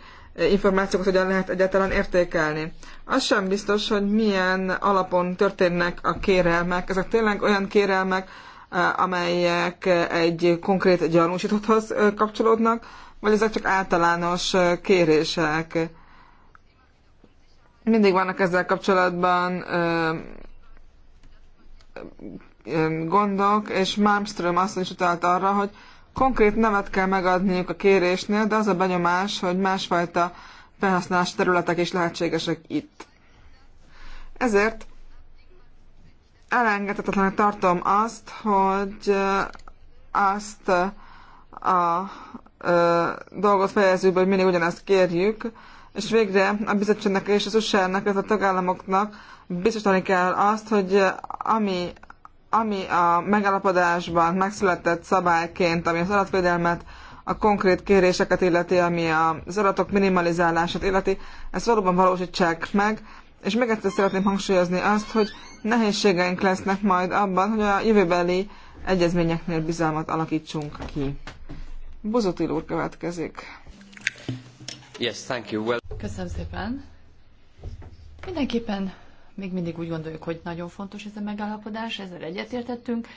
információkat hogyan lehet egyáltalán értékelni. Az sem biztos, hogy milyen alapon történnek a kérelmek. Ezek tényleg olyan kérelmek, amelyek egy konkrét gyanúsítotthoz kapcsolódnak, vagy ezek csak általános kérések. Mindig vannak ezzel kapcsolatban gondok, és Malmström azt is utalt arra, hogy konkrét nevet kell megadniuk a kérésnél, de az a benyomás, hogy másfajta felhasználási területek is lehetségesek itt. Ezért elengedhetetlenek tartom azt, hogy azt a a dolgot fejezzük be, hogy mindig ugyanezt kérjük, és végre a bizottságnak és az USA-nak, ez a tagállamoknak biztosítani kell azt, hogy ami, ami a megállapodásban megszületett szabályként, ami az adatvédelmet, a konkrét kéréseket illeti, ami az adatok minimalizálását illeti, ezt valóban valósítsák meg, és még egyszer szeretném hangsúlyozni azt, hogy nehézségeink lesznek majd abban, hogy a jövőbeli egyezményeknél bizalmat alakítsunk ki. Buzotil úr következik. Yes, thank you. Well... Köszönöm szépen. Mindenképpen még mindig úgy gondoljuk, hogy nagyon fontos ez a megállapodás, ezzel egyetértettünk,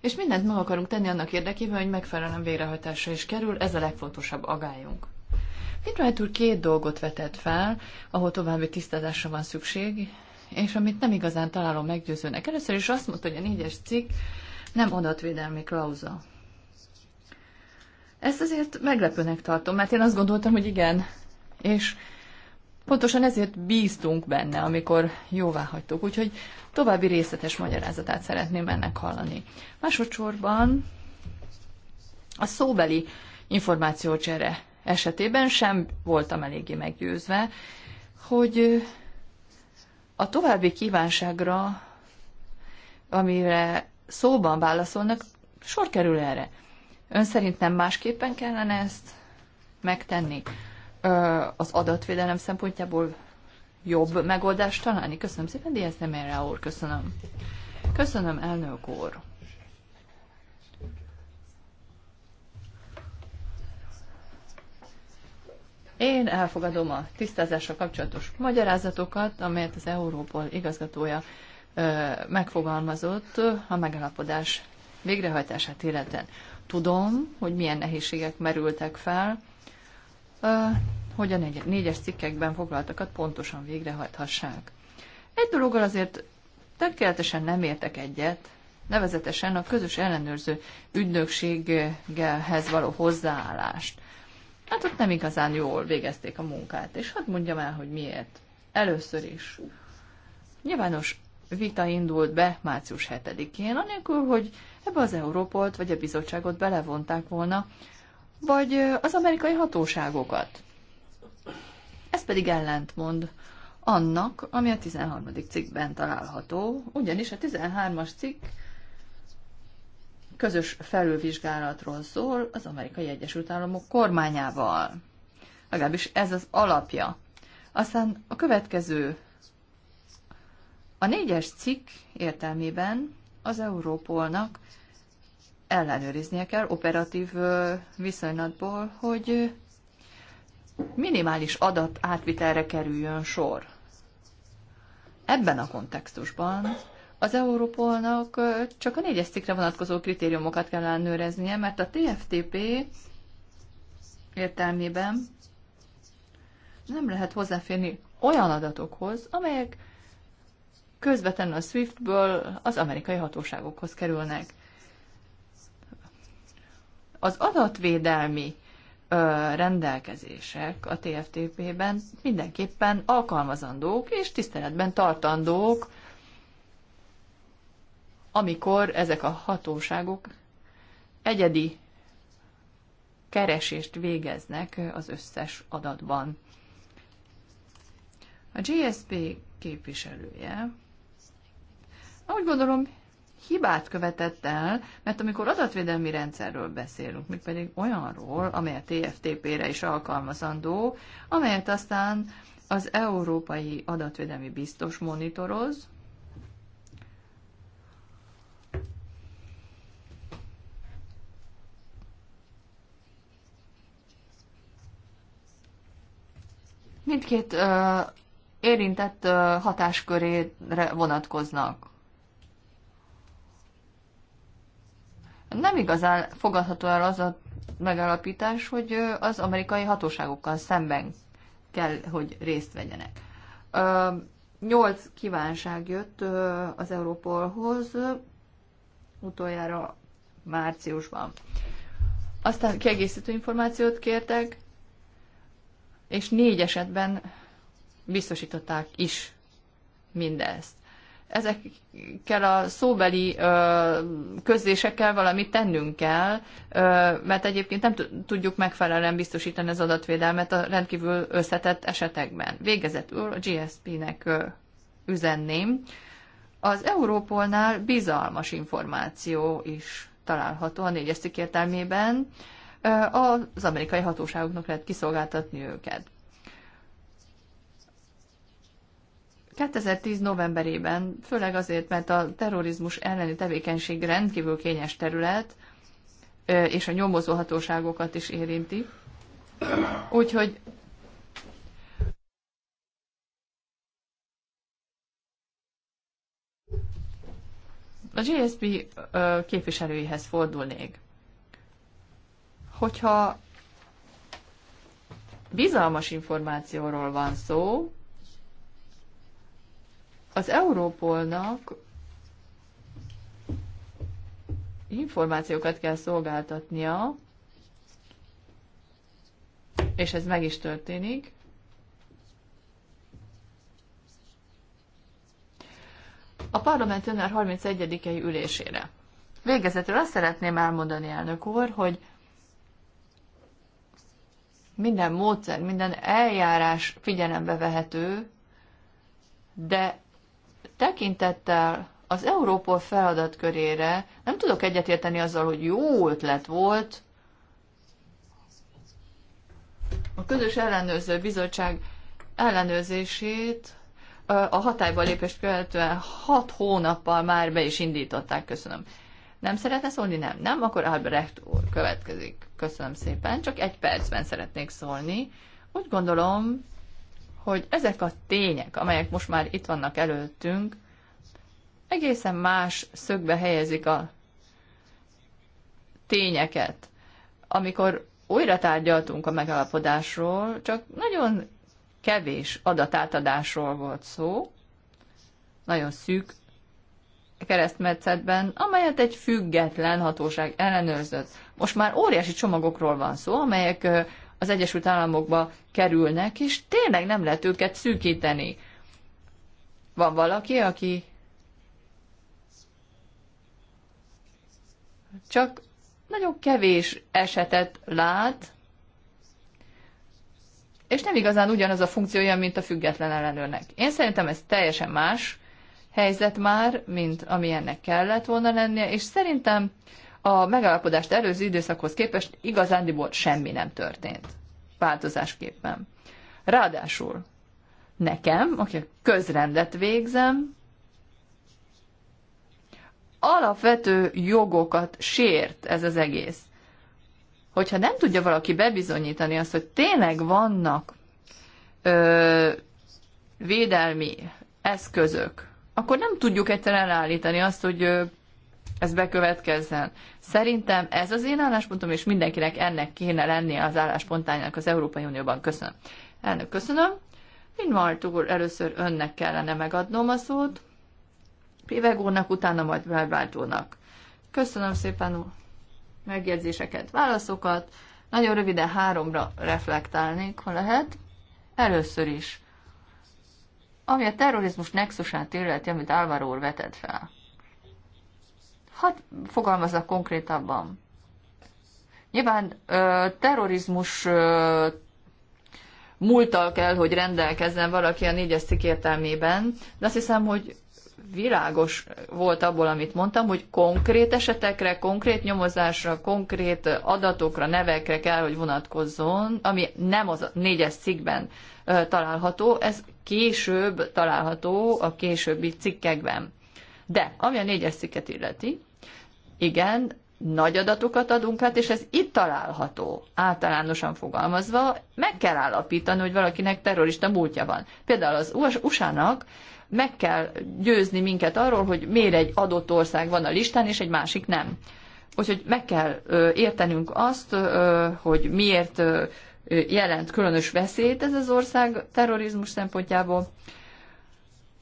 és mindent meg akarunk tenni annak érdekében, hogy megfelelően végrehajtásra is kerül, ez a legfontosabb agályunk. Mindrájt két dolgot vetett fel, ahol további tisztázásra van szükség, és amit nem igazán találom meggyőzőnek. Először is azt mondta, hogy a négyes cikk nem adatvédelmi klauza. Ezt azért meglepőnek tartom, mert én azt gondoltam, hogy igen. És pontosan ezért bíztunk benne, amikor jóvá hagytuk. Úgyhogy további részletes magyarázatát szeretném ennek hallani. Másodszorban a szóbeli információcsere esetében sem voltam eléggé meggyőzve, hogy a további kívánságra, amire szóban válaszolnak, sor kerül erre. Ön szerint nem másképpen kellene ezt megtenni? Az adatvédelem szempontjából jobb megoldást találni? Köszönöm szépen, Diaz Demére úr, köszönöm. Köszönöm, elnök úr. Én elfogadom a tisztázással kapcsolatos magyarázatokat, amelyet az Európol igazgatója ö, megfogalmazott a megállapodás végrehajtását életen. Tudom, hogy milyen nehézségek merültek fel, ö, hogy a négy, négyes cikkekben foglaltakat pontosan végrehajthassák. Egy dologgal azért tökéletesen nem értek egyet, nevezetesen a közös ellenőrző ügynökséghez való hozzáállást hát ott nem igazán jól végezték a munkát. És hadd mondjam el, hogy miért. Először is. Nyilvános vita indult be március 7-én, anélkül, hogy ebbe az Európolt vagy a bizottságot belevonták volna, vagy az amerikai hatóságokat. Ez pedig ellentmond annak, ami a 13. cikkben található, ugyanis a 13-as cikk közös felülvizsgálatról szól az Amerikai Egyesült Államok kormányával. Legalábbis ez az alapja. Aztán a következő. A négyes cikk értelmében az Európolnak ellenőriznie kell operatív viszonylatból, hogy minimális adat átvitelre kerüljön sor. Ebben a kontextusban az Európolnak csak a négyes cikkre vonatkozó kritériumokat kell ellenőreznie, mert a TFTP értelmében nem lehet hozzáférni olyan adatokhoz, amelyek közvetlenül a SWIFT-ből az amerikai hatóságokhoz kerülnek. Az adatvédelmi ö, rendelkezések a TFTP-ben mindenképpen alkalmazandók és tiszteletben tartandók, amikor ezek a hatóságok egyedi keresést végeznek az összes adatban. A GSP képviselője úgy gondolom hibát követett el, mert amikor adatvédelmi rendszerről beszélünk, mi pedig olyanról, amely a TFTP-re is alkalmazandó, amelyet aztán az Európai Adatvédelmi Biztos monitoroz, mindkét ö, érintett ö, hatáskörére vonatkoznak. Nem igazán fogadható el az a megállapítás, hogy az amerikai hatóságokkal szemben kell, hogy részt vegyenek. Nyolc kívánság jött az Európolhoz, utoljára márciusban. Aztán kiegészítő információt kértek, és négy esetben biztosították is mindezt. Ezekkel a szóbeli ö, közlésekkel valamit tennünk kell, ö, mert egyébként nem tudjuk megfelelően biztosítani az adatvédelmet a rendkívül összetett esetekben. Végezetül a GSP-nek üzenném. Az Európolnál bizalmas információ is található a négyes cikk értelmében az amerikai hatóságoknak lehet kiszolgáltatni őket. 2010 novemberében, főleg azért, mert a terrorizmus elleni tevékenység rendkívül kényes terület, és a nyomozó hatóságokat is érinti. Úgyhogy a GSP képviselőihez fordulnék hogyha bizalmas információról van szó, az Európolnak információkat kell szolgáltatnia, és ez meg is történik. A parlament önnár 31. ülésére. Végezetül azt szeretném elmondani, elnök úr, hogy minden módszer, minden eljárás figyelembe vehető, de tekintettel az Európol körére nem tudok egyetérteni azzal, hogy jó ötlet volt a közös ellenőrző bizottság ellenőrzését a hatályba lépést követően hat hónappal már be is indították. Köszönöm. Nem szeretne szólni? Nem. Nem? Akkor Albrecht úr következik. Köszönöm szépen. Csak egy percben szeretnék szólni. Úgy gondolom, hogy ezek a tények, amelyek most már itt vannak előttünk, egészen más szögbe helyezik a tényeket. Amikor újra tárgyaltunk a megállapodásról, csak nagyon kevés adatátadásról volt szó, nagyon szűk keresztmetszetben, amelyet egy független hatóság ellenőrzött. Most már óriási csomagokról van szó, amelyek az Egyesült Államokba kerülnek, és tényleg nem lehet őket szűkíteni. Van valaki, aki csak nagyon kevés esetet lát, és nem igazán ugyanaz a funkciója, mint a független ellenőrnek. Én szerintem ez teljesen más, helyzet már, mint amilyennek kellett volna lennie, és szerintem a megállapodást előző időszakhoz képest igazándiból semmi nem történt változásképpen. Ráadásul nekem, aki a közrendet végzem, alapvető jogokat sért ez az egész. Hogyha nem tudja valaki bebizonyítani azt, hogy tényleg vannak ö, védelmi eszközök, akkor nem tudjuk egyszerűen állítani azt, hogy ez bekövetkezzen. Szerintem ez az én álláspontom, és mindenkinek ennek kéne lennie az álláspontjának az Európai Unióban. Köszönöm. Elnök, köszönöm. Mindmart úr, először önnek kellene megadnom a szót. Péveg úrnak, utána majd Belbárt úrnak. Köszönöm szépen megjegyzéseket, válaszokat. Nagyon röviden háromra reflektálnék, ha lehet. Először is ami a terrorizmus nexusát illeti, amit Álvaro úr vetett fel. Hát fogalmazzak konkrétabban. Nyilván ö, terrorizmus ö, múltal kell, hogy rendelkezzen valaki a négyes cikk értelmében, de azt hiszem, hogy világos volt abból, amit mondtam, hogy konkrét esetekre, konkrét nyomozásra, konkrét adatokra, nevekre kell, hogy vonatkozzon, ami nem az a négyes cikkben található, ez később található a későbbi cikkekben. De, ami a négyes cikket illeti, igen, nagy adatokat adunk át, és ez itt található, általánosan fogalmazva, meg kell állapítani, hogy valakinek terrorista múltja van. Például az USA-nak meg kell győzni minket arról, hogy miért egy adott ország van a listán, és egy másik nem. Úgyhogy meg kell ö, értenünk azt, ö, hogy miért ö, jelent különös veszélyt ez az ország terrorizmus szempontjából.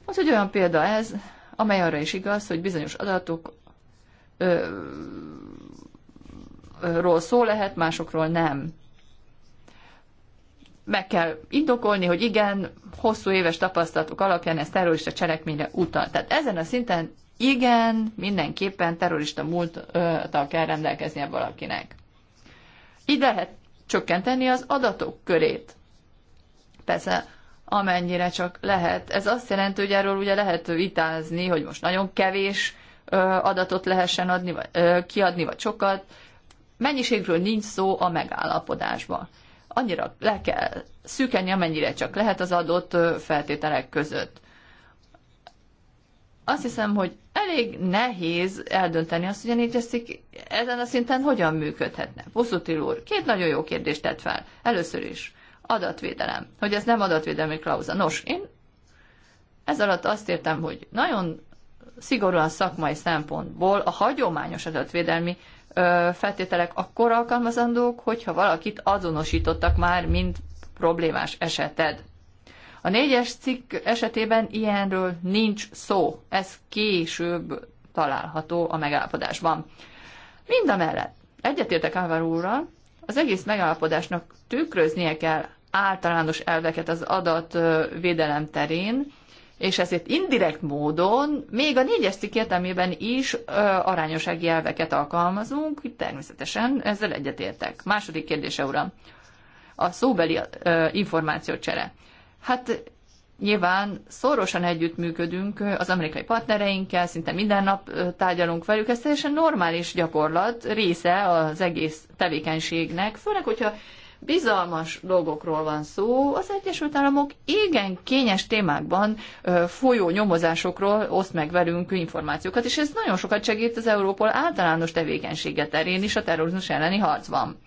Úgyhogy olyan példa ez, amely arra is igaz, hogy bizonyos adatok ö, ról szó lehet, másokról nem. Meg kell indokolni, hogy igen, hosszú éves tapasztalatok alapján ez terrorista cselekményre utal. Tehát ezen a szinten igen, mindenképpen terrorista múlt kell rendelkeznie valakinek. Így lehet csökkenteni az adatok körét. Persze, amennyire csak lehet. Ez azt jelenti, hogy erről ugye lehet vitázni, hogy most nagyon kevés adatot lehessen adni, vagy, kiadni, vagy sokat. Mennyiségről nincs szó a megállapodásban. Annyira le kell szűkenni, amennyire csak lehet az adott feltételek között. Azt hiszem, hogy elég nehéz eldönteni azt, hogy a négyesszik ezen a szinten hogyan működhetne. Buszutil úr, két nagyon jó kérdést tett fel. Először is, adatvédelem. Hogy ez nem adatvédelmi klauza. Nos, én ez alatt azt értem, hogy nagyon szigorúan szakmai szempontból a hagyományos adatvédelmi ö, feltételek akkor alkalmazandók, hogyha valakit azonosítottak már, mint problémás eseted. A négyes cikk esetében ilyenről nincs szó, ez később található a megállapodásban. Mind a mellett, egyetértek Álvaro úrral, az egész megállapodásnak tükröznie kell általános elveket az adat védelem terén, és ezért indirekt módon, még a négyes cikk értelmében is ö, arányosági elveket alkalmazunk, természetesen ezzel egyetértek. Második kérdése, uram. A szóbeli ö, információcsere. Hát nyilván szorosan együttműködünk az amerikai partnereinkkel, szinte minden nap tárgyalunk velük, ez teljesen normális gyakorlat, része az egész tevékenységnek, főleg, hogyha bizalmas dolgokról van szó, az Egyesült Államok igen kényes témákban folyó nyomozásokról oszt meg velünk információkat, és ez nagyon sokat segít az Európol általános tevékenysége terén is a terrorizmus elleni harcban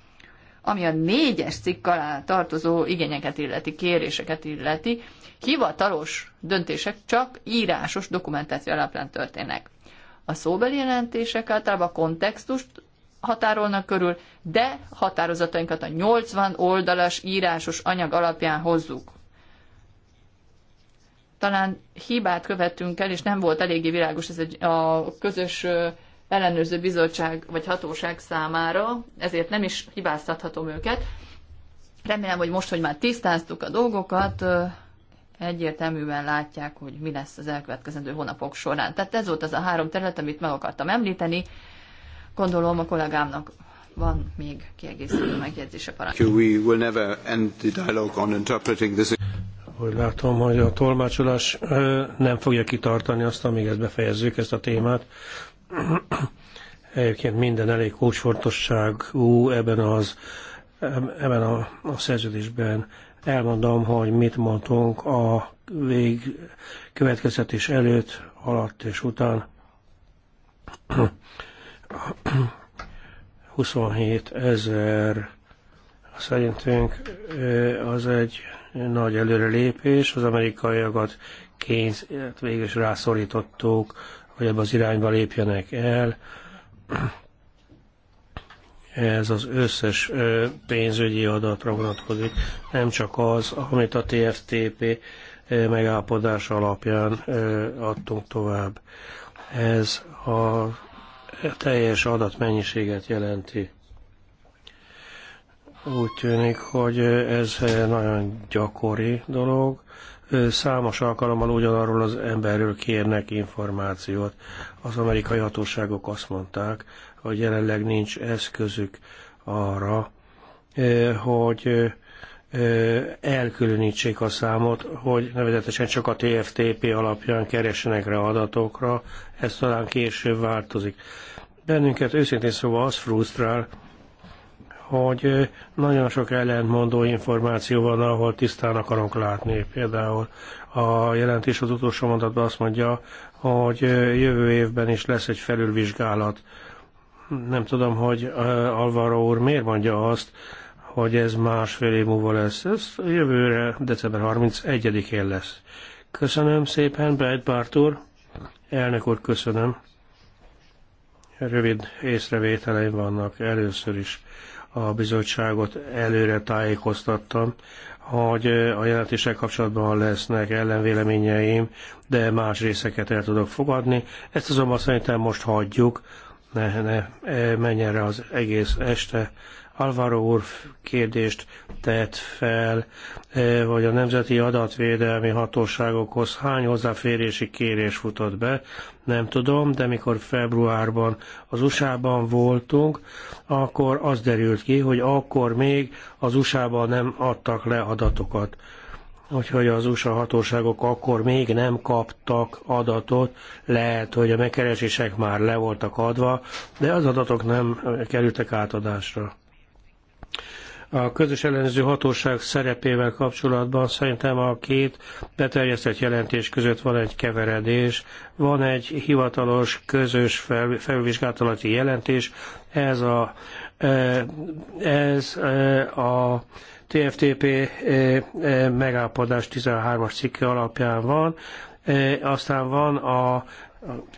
ami a négyes cikk alá tartozó igényeket illeti, kéréseket illeti, hivatalos döntések csak írásos dokumentáció alapján történnek. A szóbeli jelentések általában a kontextust határolnak körül, de határozatainkat a 80 oldalas írásos anyag alapján hozzuk. Talán hibát követtünk el, és nem volt eléggé világos ez a közös ellenőrző bizottság vagy hatóság számára, ezért nem is hibáztathatom őket. Remélem, hogy most, hogy már tisztáztuk a dolgokat, egyértelműen látják, hogy mi lesz az elkövetkezendő hónapok során. Tehát ez volt az a három terület, amit meg akartam említeni. Gondolom a kollégámnak van még kiegészítő megjegyzése parancsolja. Hogy látom, hogy a tolmácsolás nem fogja kitartani azt, amíg ezt befejezzük, ezt a témát. Egyébként minden elég kulcsfontosságú ebben, az, ebben a, a szerződésben. Elmondom, hogy mit mondtunk a vég következetés előtt, alatt és után. 27 ezer szerintünk az egy nagy előrelépés, az amerikaiakat kényszert végül is rászorítottuk hogy ebbe az irányba lépjenek el. Ez az összes pénzügyi adatra vonatkozik, nem csak az, amit a TFTP megállapodás alapján adtunk tovább. Ez a teljes adatmennyiséget jelenti. Úgy tűnik, hogy ez nagyon gyakori dolog, számos alkalommal ugyanarról az emberről kérnek információt. Az amerikai hatóságok azt mondták, hogy jelenleg nincs eszközük arra, hogy elkülönítsék a számot, hogy nevezetesen csak a TFTP alapján keresenek rá adatokra, ez talán később változik. Bennünket őszintén szóval az frusztrál, hogy nagyon sok ellentmondó információ van, ahol tisztán akarunk látni. Például a jelentés az utolsó mondatban azt mondja, hogy jövő évben is lesz egy felülvizsgálat. Nem tudom, hogy Alvaro úr miért mondja azt, hogy ez másfél év múlva lesz. Ez jövőre, december 31-én lesz. Köszönöm szépen, Breitbart úr. Elnök úr, köszönöm. Rövid észrevételeim vannak először is a bizottságot előre tájékoztattam, hogy eh, a jelentések kapcsolatban lesznek ellenvéleményeim, de más részeket el tudok fogadni. Ezt azonban szerintem most hagyjuk, ne, ne eh, menjen rá az egész este Alvaro úr kérdést tett fel, eh, hogy a Nemzeti Adatvédelmi Hatóságokhoz hány hozzáférési kérés futott be. Nem tudom, de mikor februárban az USA-ban voltunk, akkor az derült ki, hogy akkor még az USA-ban nem adtak le adatokat Úgyhogy az USA hatóságok akkor még nem kaptak adatot, lehet, hogy a megkeresések már le voltak adva, de az adatok nem kerültek átadásra. A közös ellenző hatóság szerepével kapcsolatban szerintem a két beterjesztett jelentés között van egy keveredés, van egy hivatalos közös fel, felvizsgálati jelentés, ez a, e, ez e, a TFTP e, megállapodás 13-as cikke alapján van, aztán van a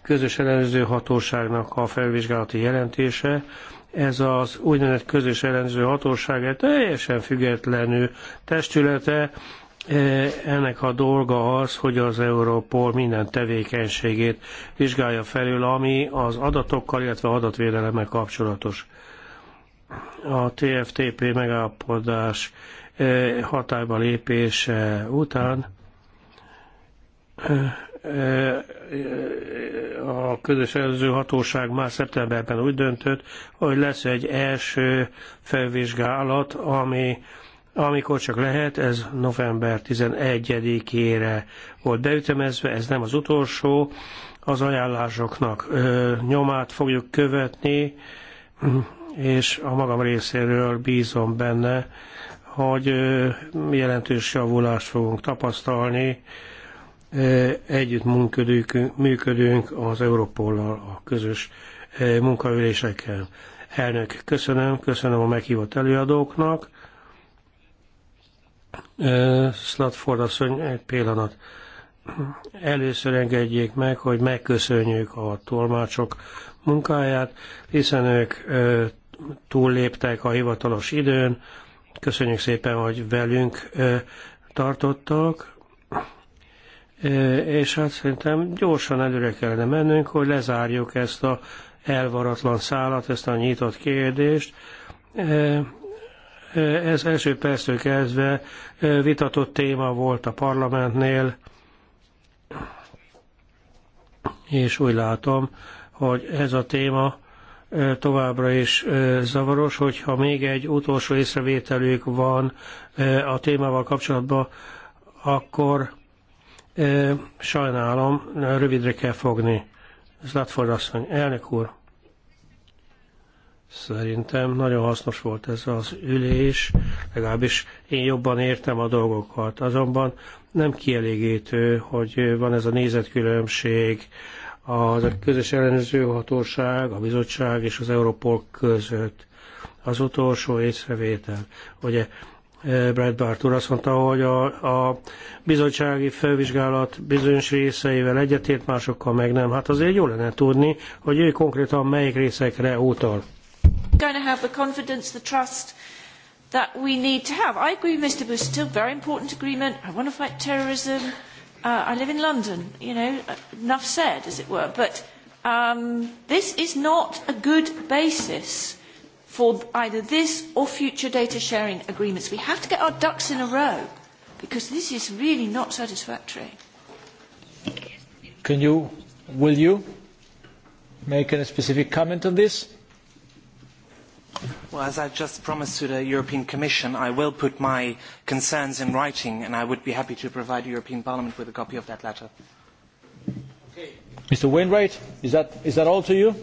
közös ellenőrző hatóságnak a felvizsgálati jelentése, ez az úgynevezett közös ellenző hatóság teljesen függetlenül testülete, e, ennek a dolga az, hogy az Európol minden tevékenységét vizsgálja felül, ami az adatokkal, illetve adatvédelemmel kapcsolatos. A TFTP megállapodás e, hatályba lépése után e, Eh, eh, a közös előző hatóság már szeptemberben úgy döntött, hogy lesz egy első felvizsgálat, ami amikor csak lehet, ez november 11-ére volt beütemezve, ez nem az utolsó, az ajánlásoknak eh, nyomát fogjuk követni, és a magam részéről bízom benne, hogy jelentős javulást fogunk tapasztalni, együtt működünk, működünk az Európollal a közös munkaülésekkel. Elnök, köszönöm, köszönöm a meghívott előadóknak. Szlatford asszony, egy pillanat. Először engedjék meg, hogy megköszönjük a tolmácsok munkáját, hiszen ők túlléptek a hivatalos időn. Köszönjük szépen, hogy velünk tartottak és hát szerintem gyorsan előre kellene mennünk, hogy lezárjuk ezt a elvaratlan szállat, ezt a nyitott kérdést. Ez első perctől kezdve vitatott téma volt a parlamentnél, és úgy látom, hogy ez a téma továbbra is zavaros, hogyha még egy utolsó észrevételük van a témával kapcsolatban, akkor Sajnálom, rövidre kell fogni. Zlatford asszony, elnök úr. Szerintem nagyon hasznos volt ez az ülés, legalábbis én jobban értem a dolgokat. Azonban nem kielégítő, hogy van ez a nézetkülönbség a közös ellenőrző hatóság, a bizottság és az Európol között. Az utolsó észrevétel, ugye Brad Bart úr azt mondta, hogy a, a bizottsági felvizsgálat bizonyos részeivel egyetért, másokkal meg nem. Hát azért jó lenne tudni, hogy ő konkrétan melyik részekre utal. Going to have the confidence, the trust that we need to have. I agree, Mr. very important agreement. I want to fight terrorism. Uh, I live in London, you know, enough said, as it were. But um, this is not a good basis for either this or future data sharing agreements. We have to get our ducks in a row because this is really not satisfactory. Can you, will you make a specific comment on this? Well, as I just promised to the European Commission, I will put my concerns in writing and I would be happy to provide the European Parliament with a copy of that letter. Okay. Mr. Wainwright, is that, is that all to you?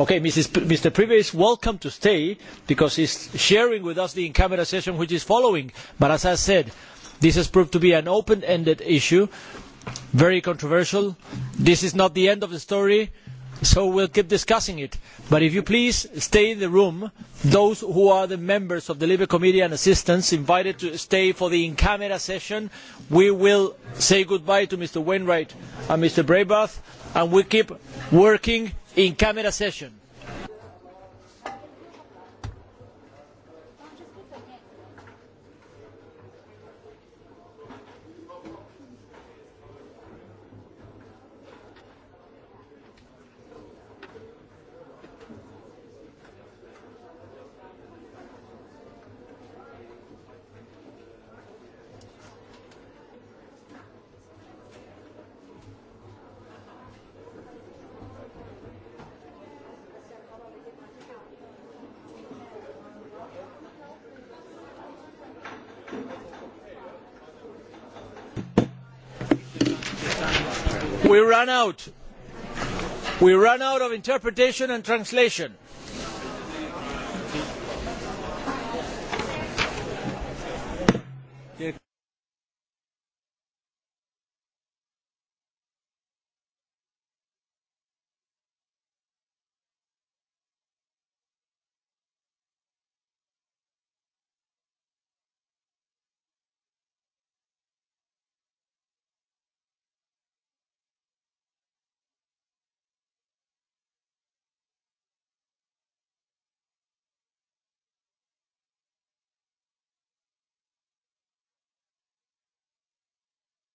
Okay, Mrs. P Mr. Privé is welcome to stay because he's sharing with us the in-camera session which is following. But as I said, this has proved to be an open-ended issue, very controversial. This is not the end of the story, so we'll keep discussing it. But if you please stay in the room, those who are the members of the Libre Committee and assistants invited to stay for the in-camera session, we will say goodbye to Mr. Wainwright and Mr. Braybath, and we keep working in camera session. We run out. We run out of interpretation and translation.